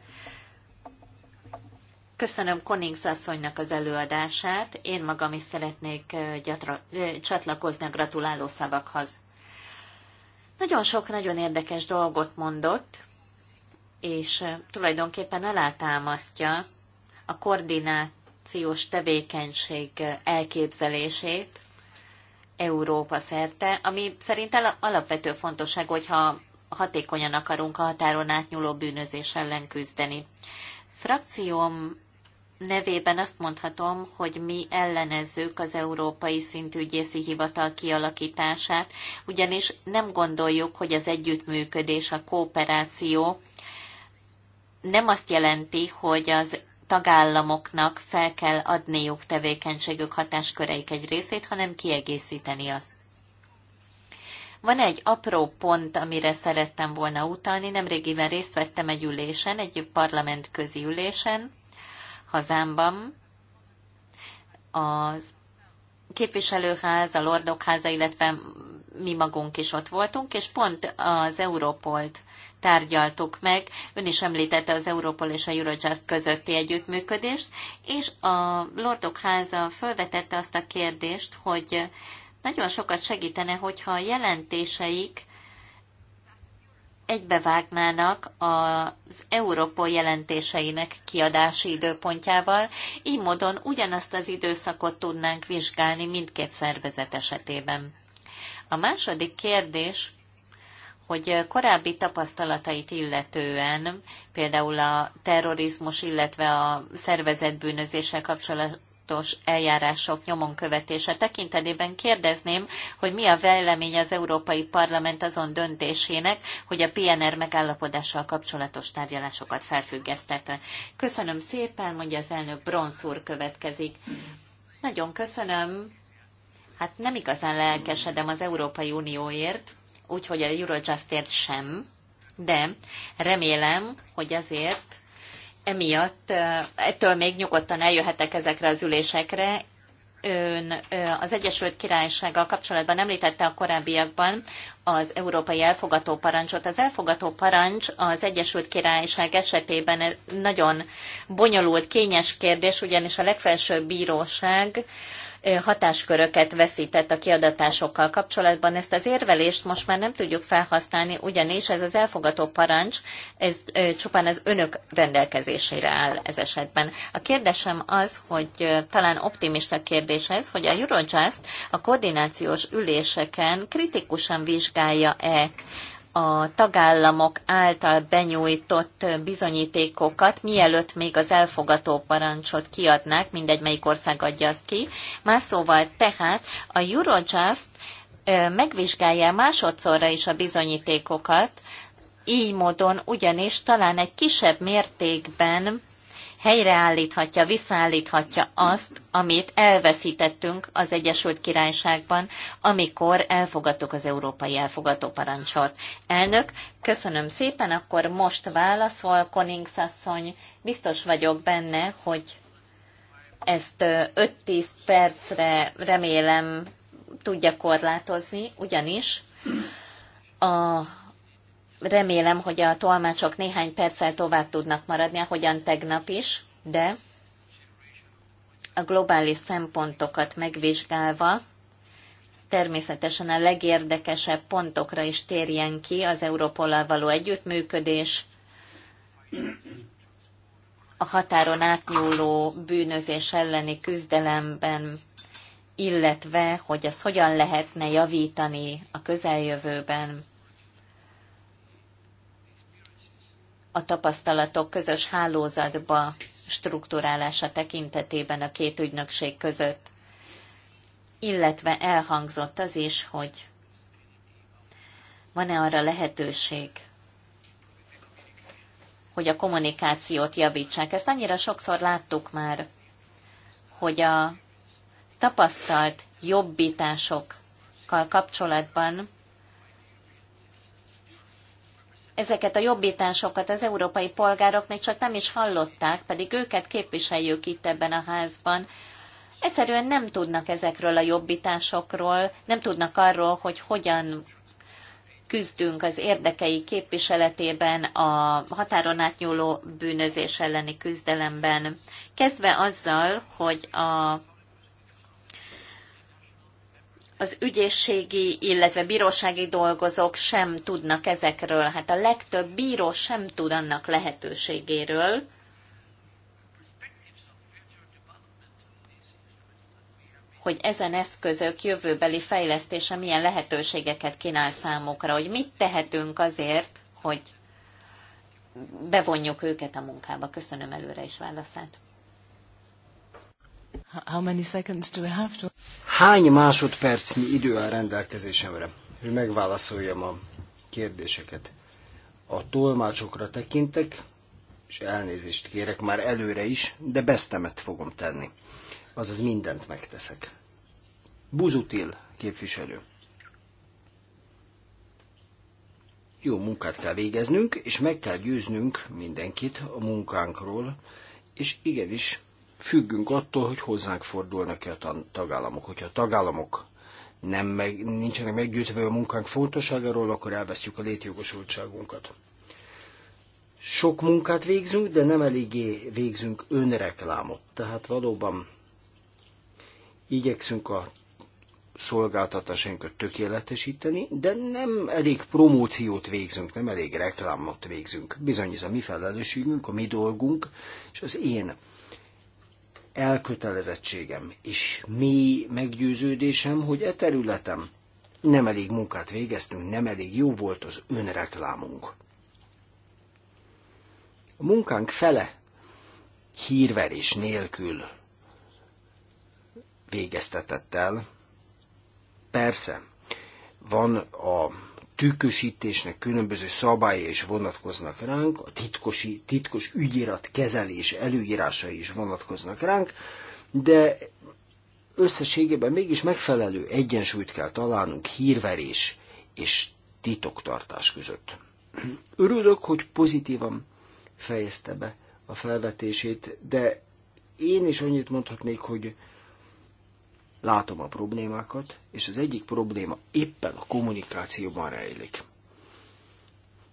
Köszönöm Konings asszonynak az előadását. Én magam is szeretnék gyatra, csatlakozni a gratuláló szavakhoz. Nagyon sok nagyon érdekes dolgot mondott, és tulajdonképpen alátámasztja a koordinációs tevékenység elképzelését Európa szerte, ami szerint alapvető fontosság, hogyha hatékonyan akarunk a határon átnyúló bűnözés ellen küzdeni. Frakcióm nevében azt mondhatom, hogy mi ellenezzük az Európai Szintű Ügyészi Hivatal kialakítását, ugyanis nem gondoljuk, hogy az együttműködés, a kooperáció nem azt jelenti, hogy az tagállamoknak fel kell adniuk tevékenységük hatásköreik egy részét, hanem kiegészíteni azt. Van egy apró pont, amire szerettem volna utalni. Nemrégiben részt vettem egy ülésen, egy parlamentközi ülésen, hazámban az képviselőház, a lordok háza, illetve mi magunk is ott voltunk, és pont az Európolt tárgyaltuk meg. Ön is említette az Európol és a Eurojust közötti együttműködést, és a Lordok háza felvetette azt a kérdést, hogy nagyon sokat segítene, hogyha a jelentéseik egybevágnának az Európa jelentéseinek kiadási időpontjával, így módon ugyanazt az időszakot tudnánk vizsgálni mindkét szervezet esetében. A második kérdés, hogy korábbi tapasztalatait illetően, például a terrorizmus, illetve a szervezetbűnözéssel bűnözéssel kapcsolatos kapcsolatos eljárások nyomon követése tekintetében kérdezném, hogy mi a vélemény az Európai Parlament azon döntésének, hogy a PNR megállapodással kapcsolatos tárgyalásokat felfüggesztette. Köszönöm szépen, mondja az elnök Bronszúr következik. Nagyon köszönöm. Hát nem igazán lelkesedem az Európai Unióért, úgyhogy a Eurojustért sem, de remélem, hogy azért emiatt ettől még nyugodtan eljöhetek ezekre az ülésekre. Ön az Egyesült Királysággal kapcsolatban említette a korábbiakban az európai elfogató parancsot. Az elfogató parancs az Egyesült Királyság esetében nagyon bonyolult, kényes kérdés, ugyanis a legfelsőbb bíróság hatásköröket veszített a kiadatásokkal kapcsolatban. Ezt az érvelést most már nem tudjuk felhasználni, ugyanis ez az elfogató parancs, ez csupán az önök rendelkezésére áll ez esetben. A kérdésem az, hogy talán optimista kérdés ez, hogy a Eurojust a koordinációs üléseken kritikusan vizsgálja-e a tagállamok által benyújtott bizonyítékokat, mielőtt még az elfogató parancsot kiadnák, mindegy melyik ország adja azt ki. Más szóval tehát a Eurojust megvizsgálja másodszorra is a bizonyítékokat, így módon ugyanis talán egy kisebb mértékben helyreállíthatja, visszaállíthatja azt, amit elveszítettünk az Egyesült Királyságban, amikor elfogadtuk az európai elfogadó parancsot. Elnök, köszönöm szépen, akkor most válaszol, Konings asszony, biztos vagyok benne, hogy ezt 5-10 percre remélem tudja korlátozni, ugyanis a Remélem, hogy a tolmácsok néhány perccel tovább tudnak maradni, ahogyan tegnap is, de a globális szempontokat megvizsgálva természetesen a legérdekesebb pontokra is térjen ki az Európollal való együttműködés, a határon átnyúló bűnözés elleni küzdelemben, illetve hogy azt hogyan lehetne javítani a közeljövőben a tapasztalatok közös hálózatba strukturálása tekintetében a két ügynökség között, illetve elhangzott az is, hogy van-e arra lehetőség, hogy a kommunikációt javítsák. Ezt annyira sokszor láttuk már, hogy a tapasztalt jobbításokkal kapcsolatban ezeket a jobbításokat az európai polgárok még csak nem is hallották, pedig őket képviseljük itt ebben a házban. Egyszerűen nem tudnak ezekről a jobbításokról, nem tudnak arról, hogy hogyan küzdünk az érdekei képviseletében, a határon átnyúló bűnözés elleni küzdelemben. Kezdve azzal, hogy a az ügyészségi, illetve bírósági dolgozók sem tudnak ezekről. Hát a legtöbb bíró sem tud annak lehetőségéről, hogy ezen eszközök jövőbeli fejlesztése milyen lehetőségeket kínál számukra, hogy mit tehetünk azért, hogy bevonjuk őket a munkába. Köszönöm előre is válaszát. How many
seconds do I have to...
Hány másodpercnyi idő áll rendelkezésemre, hogy megválaszoljam a kérdéseket? A tolmácsokra tekintek, és elnézést kérek már előre is, de besztemet fogom tenni. Azaz mindent megteszek. Buzutil képviselő. Jó munkát kell végeznünk, és meg kell győznünk mindenkit a munkánkról, és igenis függünk attól, hogy hozzánk fordulnak-e a tagállamok. Hogyha a tagállamok nem meg, nincsenek meggyőzve a munkánk fontosságáról, akkor elvesztjük a létjogosultságunkat. Sok munkát végzünk, de nem eléggé végzünk önreklámot. Tehát valóban igyekszünk a szolgáltatásainkat tökéletesíteni, de nem elég promóciót végzünk, nem elég reklámot végzünk. Bizony ez a mi felelősségünk, a mi dolgunk, és az én elkötelezettségem és mély meggyőződésem, hogy e területem nem elég munkát végeztünk, nem elég jó volt az önreklámunk. A munkánk fele hírverés nélkül végeztetett el. Persze, van a tükösítésnek különböző szabályai is vonatkoznak ránk, a titkosi, titkos ügyirat kezelés előírásai is vonatkoznak ránk, de összességében mégis megfelelő egyensúlyt kell találnunk hírverés és titoktartás között. Örülök, hogy pozitívan fejezte be a felvetését, de én is annyit mondhatnék, hogy látom a problémákat, és az egyik probléma éppen a kommunikációban rejlik.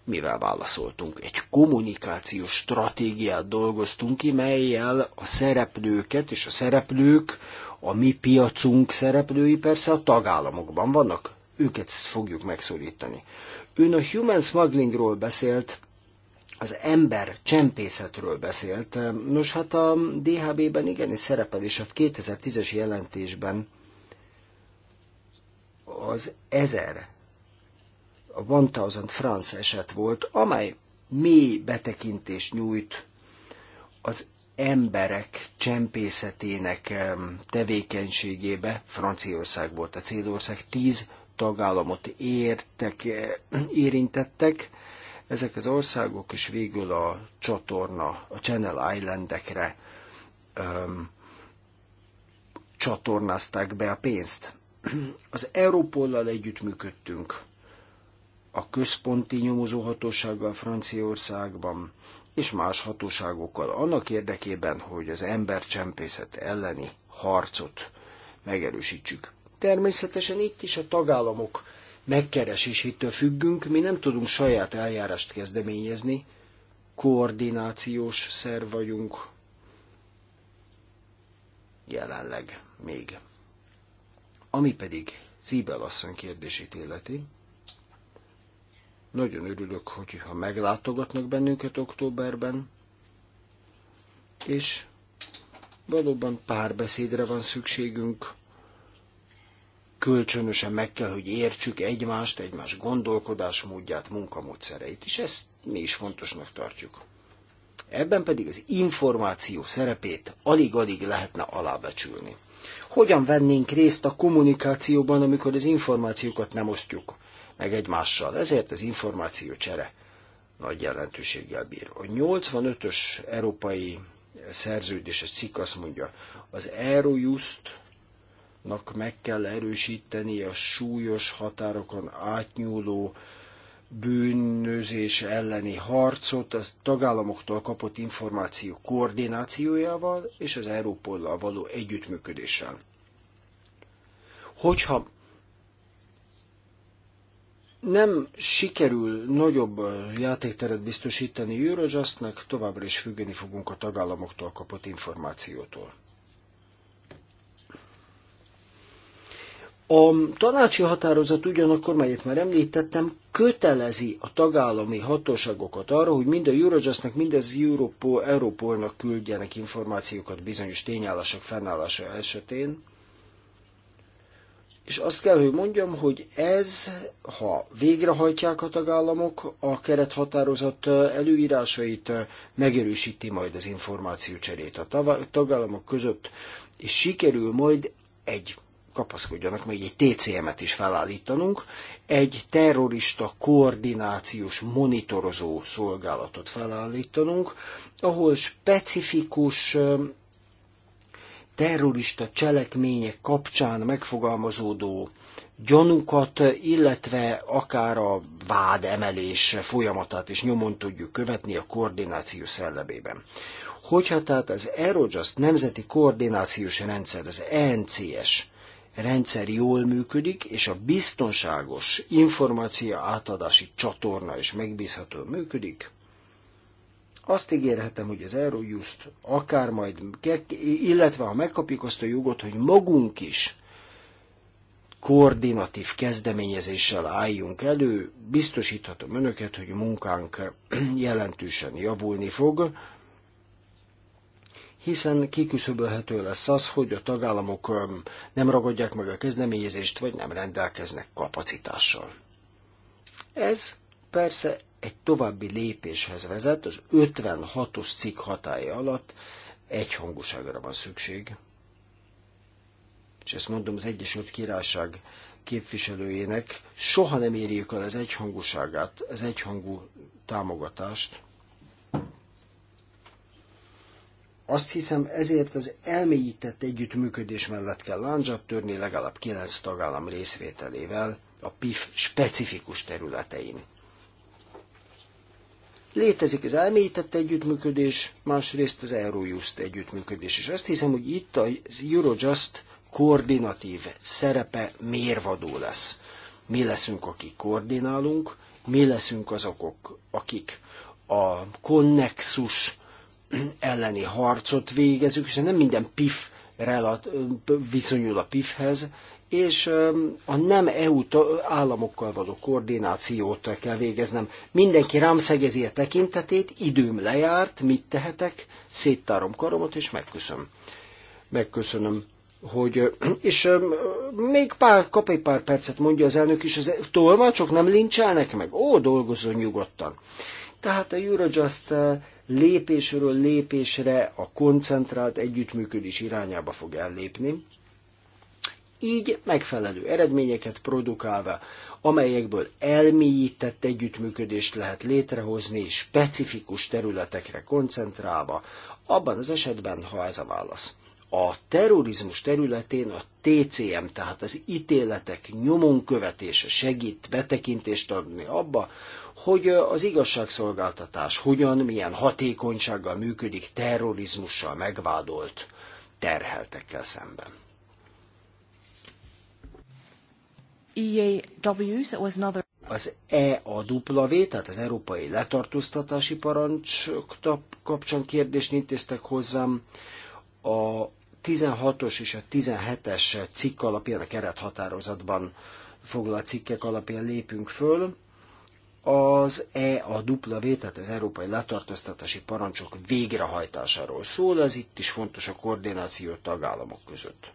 Mivel válaszoltunk? Egy kommunikációs stratégiát dolgoztunk ki, melyel a szereplőket és a szereplők, a mi piacunk szereplői persze a tagállamokban vannak, őket fogjuk megszólítani. Ön a human smugglingról beszélt, az ember csempészetről beszélt. Nos, hát a DHB-ben igenis szerepel, és a 2010-es jelentésben az 1000, a 1000 franc eset volt, amely mély betekintést nyújt az emberek csempészetének tevékenységébe, Franciaország volt a célország, tíz tagállamot értek, eh, érintettek, ezek az országok, és végül a csatorna, a Channel Islandekre um, csatornázták be a pénzt. Az Európollal együttműködtünk, a központi nyomozóhatósággal Franciaországban, és más hatóságokkal annak érdekében, hogy az embercsempészet elleni harcot megerősítsük. Természetesen itt is a tagállamok megkeresésétől függünk, mi nem tudunk saját eljárást kezdeményezni, koordinációs szerv vagyunk jelenleg még. Ami pedig Cíbel asszony kérdését illeti, nagyon örülök, hogy ha meglátogatnak bennünket októberben, és valóban párbeszédre van szükségünk kölcsönösen meg kell, hogy értsük egymást, egymás gondolkodásmódját, munkamódszereit, és ezt mi is fontosnak tartjuk. Ebben pedig az információ szerepét alig-alig lehetne alábecsülni. Hogyan vennénk részt a kommunikációban, amikor az információkat nem osztjuk meg egymással? Ezért az információ csere nagy jelentőséggel bír. A 85-ös európai szerződéses cikk azt mondja, az Eurojust nak meg kell erősíteni a súlyos határokon átnyúló bűnözés elleni harcot az tagállamoktól kapott információ koordinációjával és az Európollal való együttműködéssel. Hogyha nem sikerül nagyobb játékteret biztosítani Eurojustnak, továbbra is függeni fogunk a tagállamoktól kapott információtól. A tanácsi határozat ugyanakkor, melyet már említettem, kötelezi a tagállami hatóságokat arra, hogy mind a Eurojustnak, mind az Europol, Europolnak küldjenek információkat bizonyos tényállások fennállása esetén. És azt kell, hogy mondjam, hogy ez, ha végrehajtják a tagállamok, a kerethatározat előírásait megerősíti majd az információcserét a tagállamok között, és sikerül majd egy kapaszkodjanak, még egy TCM-et is felállítanunk, egy terrorista koordinációs monitorozó szolgálatot felállítanunk, ahol specifikus terrorista cselekmények kapcsán megfogalmazódó gyanúkat, illetve akár a vád emelés folyamatát is nyomon tudjuk követni a koordináció szellemében. Hogyha tehát az Aerojust Nemzeti Koordinációs Rendszer, az ENCS rendszer jól működik, és a biztonságos információ átadási csatorna is megbízható működik, azt ígérhetem, hogy az Eurojust akár majd, illetve ha megkapjuk azt a jogot, hogy magunk is koordinatív kezdeményezéssel álljunk elő, biztosíthatom önöket, hogy munkánk jelentősen javulni fog, hiszen kiküszöbölhető lesz az, hogy a tagállamok nem ragadják meg a kezdeményezést, vagy nem rendelkeznek kapacitással. Ez persze egy további lépéshez vezet, az 56-os cikk hatája alatt egyhangúságra van szükség. És ezt mondom az Egyesült Királyság képviselőjének, soha nem érjük el az egyhangúságát, az egyhangú támogatást, Azt hiszem ezért az elmélyített együttműködés mellett kell láncsat törni legalább 9 tagállam részvételével a PIF specifikus területein. Létezik az elmélyített együttműködés, másrészt az Eurojust együttműködés, és azt hiszem, hogy itt az Eurojust koordinatív szerepe mérvadó lesz. Mi leszünk, akik koordinálunk, mi leszünk azok, akik a konnexus elleni harcot végezünk, hiszen nem minden PIF relat, viszonyul a PIF-hez, és a nem EU államokkal való koordinációt kell végeznem. Mindenki rám szegezi a tekintetét, időm lejárt, mit tehetek, széttárom karomat, és megköszönöm. Megköszönöm hogy, és még pár, kap egy pár percet, mondja az elnök is, az tolmácsok nem lincselnek meg? Ó, dolgozzon nyugodtan. Tehát a Eurojust lépésről lépésre a koncentrált együttműködés irányába fog ellépni, így megfelelő eredményeket produkálva, amelyekből elmélyített együttműködést lehet létrehozni, specifikus területekre koncentrálva, abban az esetben, ha ez a válasz. A terrorizmus területén a TCM, tehát az ítéletek nyomon követése segít betekintést adni abba, hogy az igazságszolgáltatás hogyan, milyen hatékonysággal működik terrorizmussal megvádolt terheltekkel szemben.
E
az EAW, tehát az Európai Letartóztatási Parancs kapcsán kérdést intéztek hozzám. A 16-os és a 17-es cikk alapján, a kerethatározatban foglalt cikkek alapján lépünk föl az e a dupla tehát az Európai Letartóztatási Parancsok végrehajtásáról szól, ez itt is fontos a koordináció tagállamok között.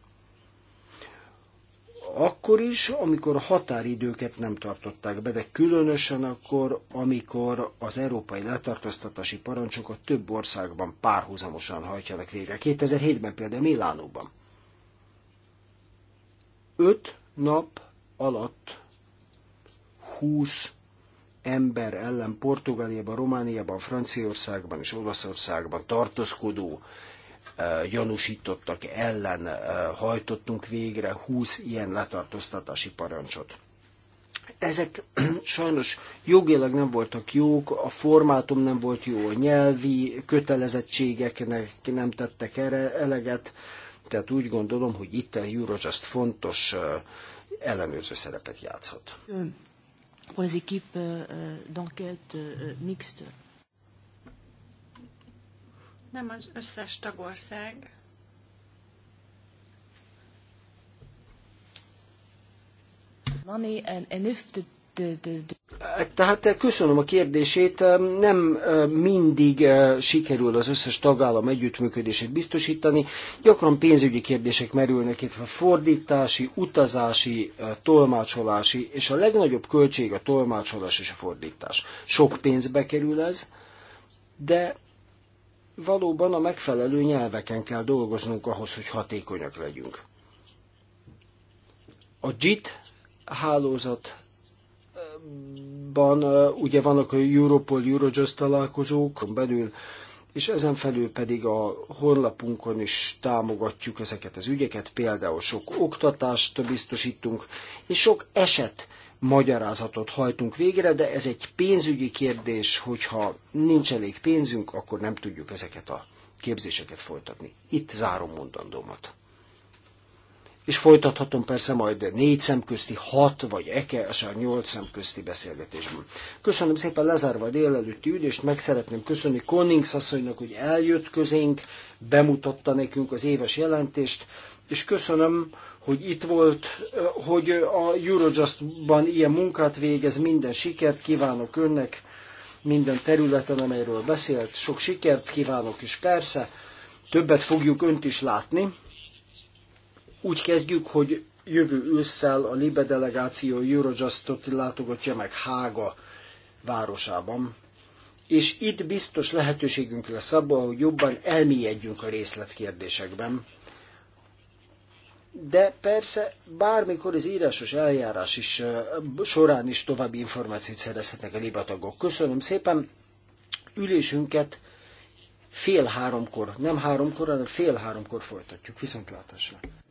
Akkor is, amikor a határidőket nem tartották be, de különösen akkor, amikor az európai letartóztatási parancsokat több országban párhuzamosan hajtjanak végre. 2007-ben például Milánóban. Öt nap alatt 20 ember ellen Portugáliában, Romániában, Franciaországban és Olaszországban tartózkodó eh, gyanúsítottak ellen eh, hajtottunk végre 20 ilyen letartóztatási parancsot. Ezek *clears throat* sajnos jogilag nem voltak jók, a formátum nem volt jó, a nyelvi kötelezettségeknek nem tettek erre eleget, tehát úgy gondolom, hogy itt a Eurojust fontos eh, ellenőrző szerepet játszhat
pour les équipes euh, euh, d'enquête euh, mixte. Nem az összes tagország money and, and if the
tehát eh, köszönöm a kérdését. Eh, nem eh, mindig sikerül az összes tagállam együttműködését biztosítani. Gyakran pénzügyi kérdések merülnek itt, fordítási, utazási, tolmácsolási, és a legnagyobb költség a tolmácsolás és a fordítás. Sok pénzbe kerül ez, de valóban a megfelelő nyelveken kell dolgoznunk ahhoz, hogy hatékonyak legyünk. A JIT hálózat Ban, ugye vannak a Europol, Eurojust találkozók belül, és ezen felül pedig a honlapunkon is támogatjuk ezeket az ügyeket, például sok oktatást biztosítunk, és sok eset magyarázatot hajtunk végre, de ez egy pénzügyi kérdés, hogyha nincs elég pénzünk, akkor nem tudjuk ezeket a képzéseket folytatni. Itt zárom mondandómat és folytathatom persze majd négy szemközti hat, vagy ekesár nyolc szemközti beszélgetésben. Köszönöm szépen lezárva a délelőtti ülést, meg szeretném köszönni Konings asszonynak, hogy eljött közénk, bemutatta nekünk az éves jelentést, és köszönöm, hogy itt volt, hogy a Eurojust-ban ilyen munkát végez, minden sikert kívánok önnek, minden területen, amelyről beszélt, sok sikert kívánok, és persze többet fogjuk önt is látni, úgy kezdjük, hogy jövő ősszel a Libe delegáció Eurojustot látogatja meg Hága városában, és itt biztos lehetőségünk lesz abban, hogy jobban elmélyedjünk a részletkérdésekben. De persze bármikor az írásos eljárás is során is további információt szerezhetnek a libatagok. Köszönöm szépen! Ülésünket fél háromkor, nem háromkor, hanem fél háromkor folytatjuk. Viszontlátásra!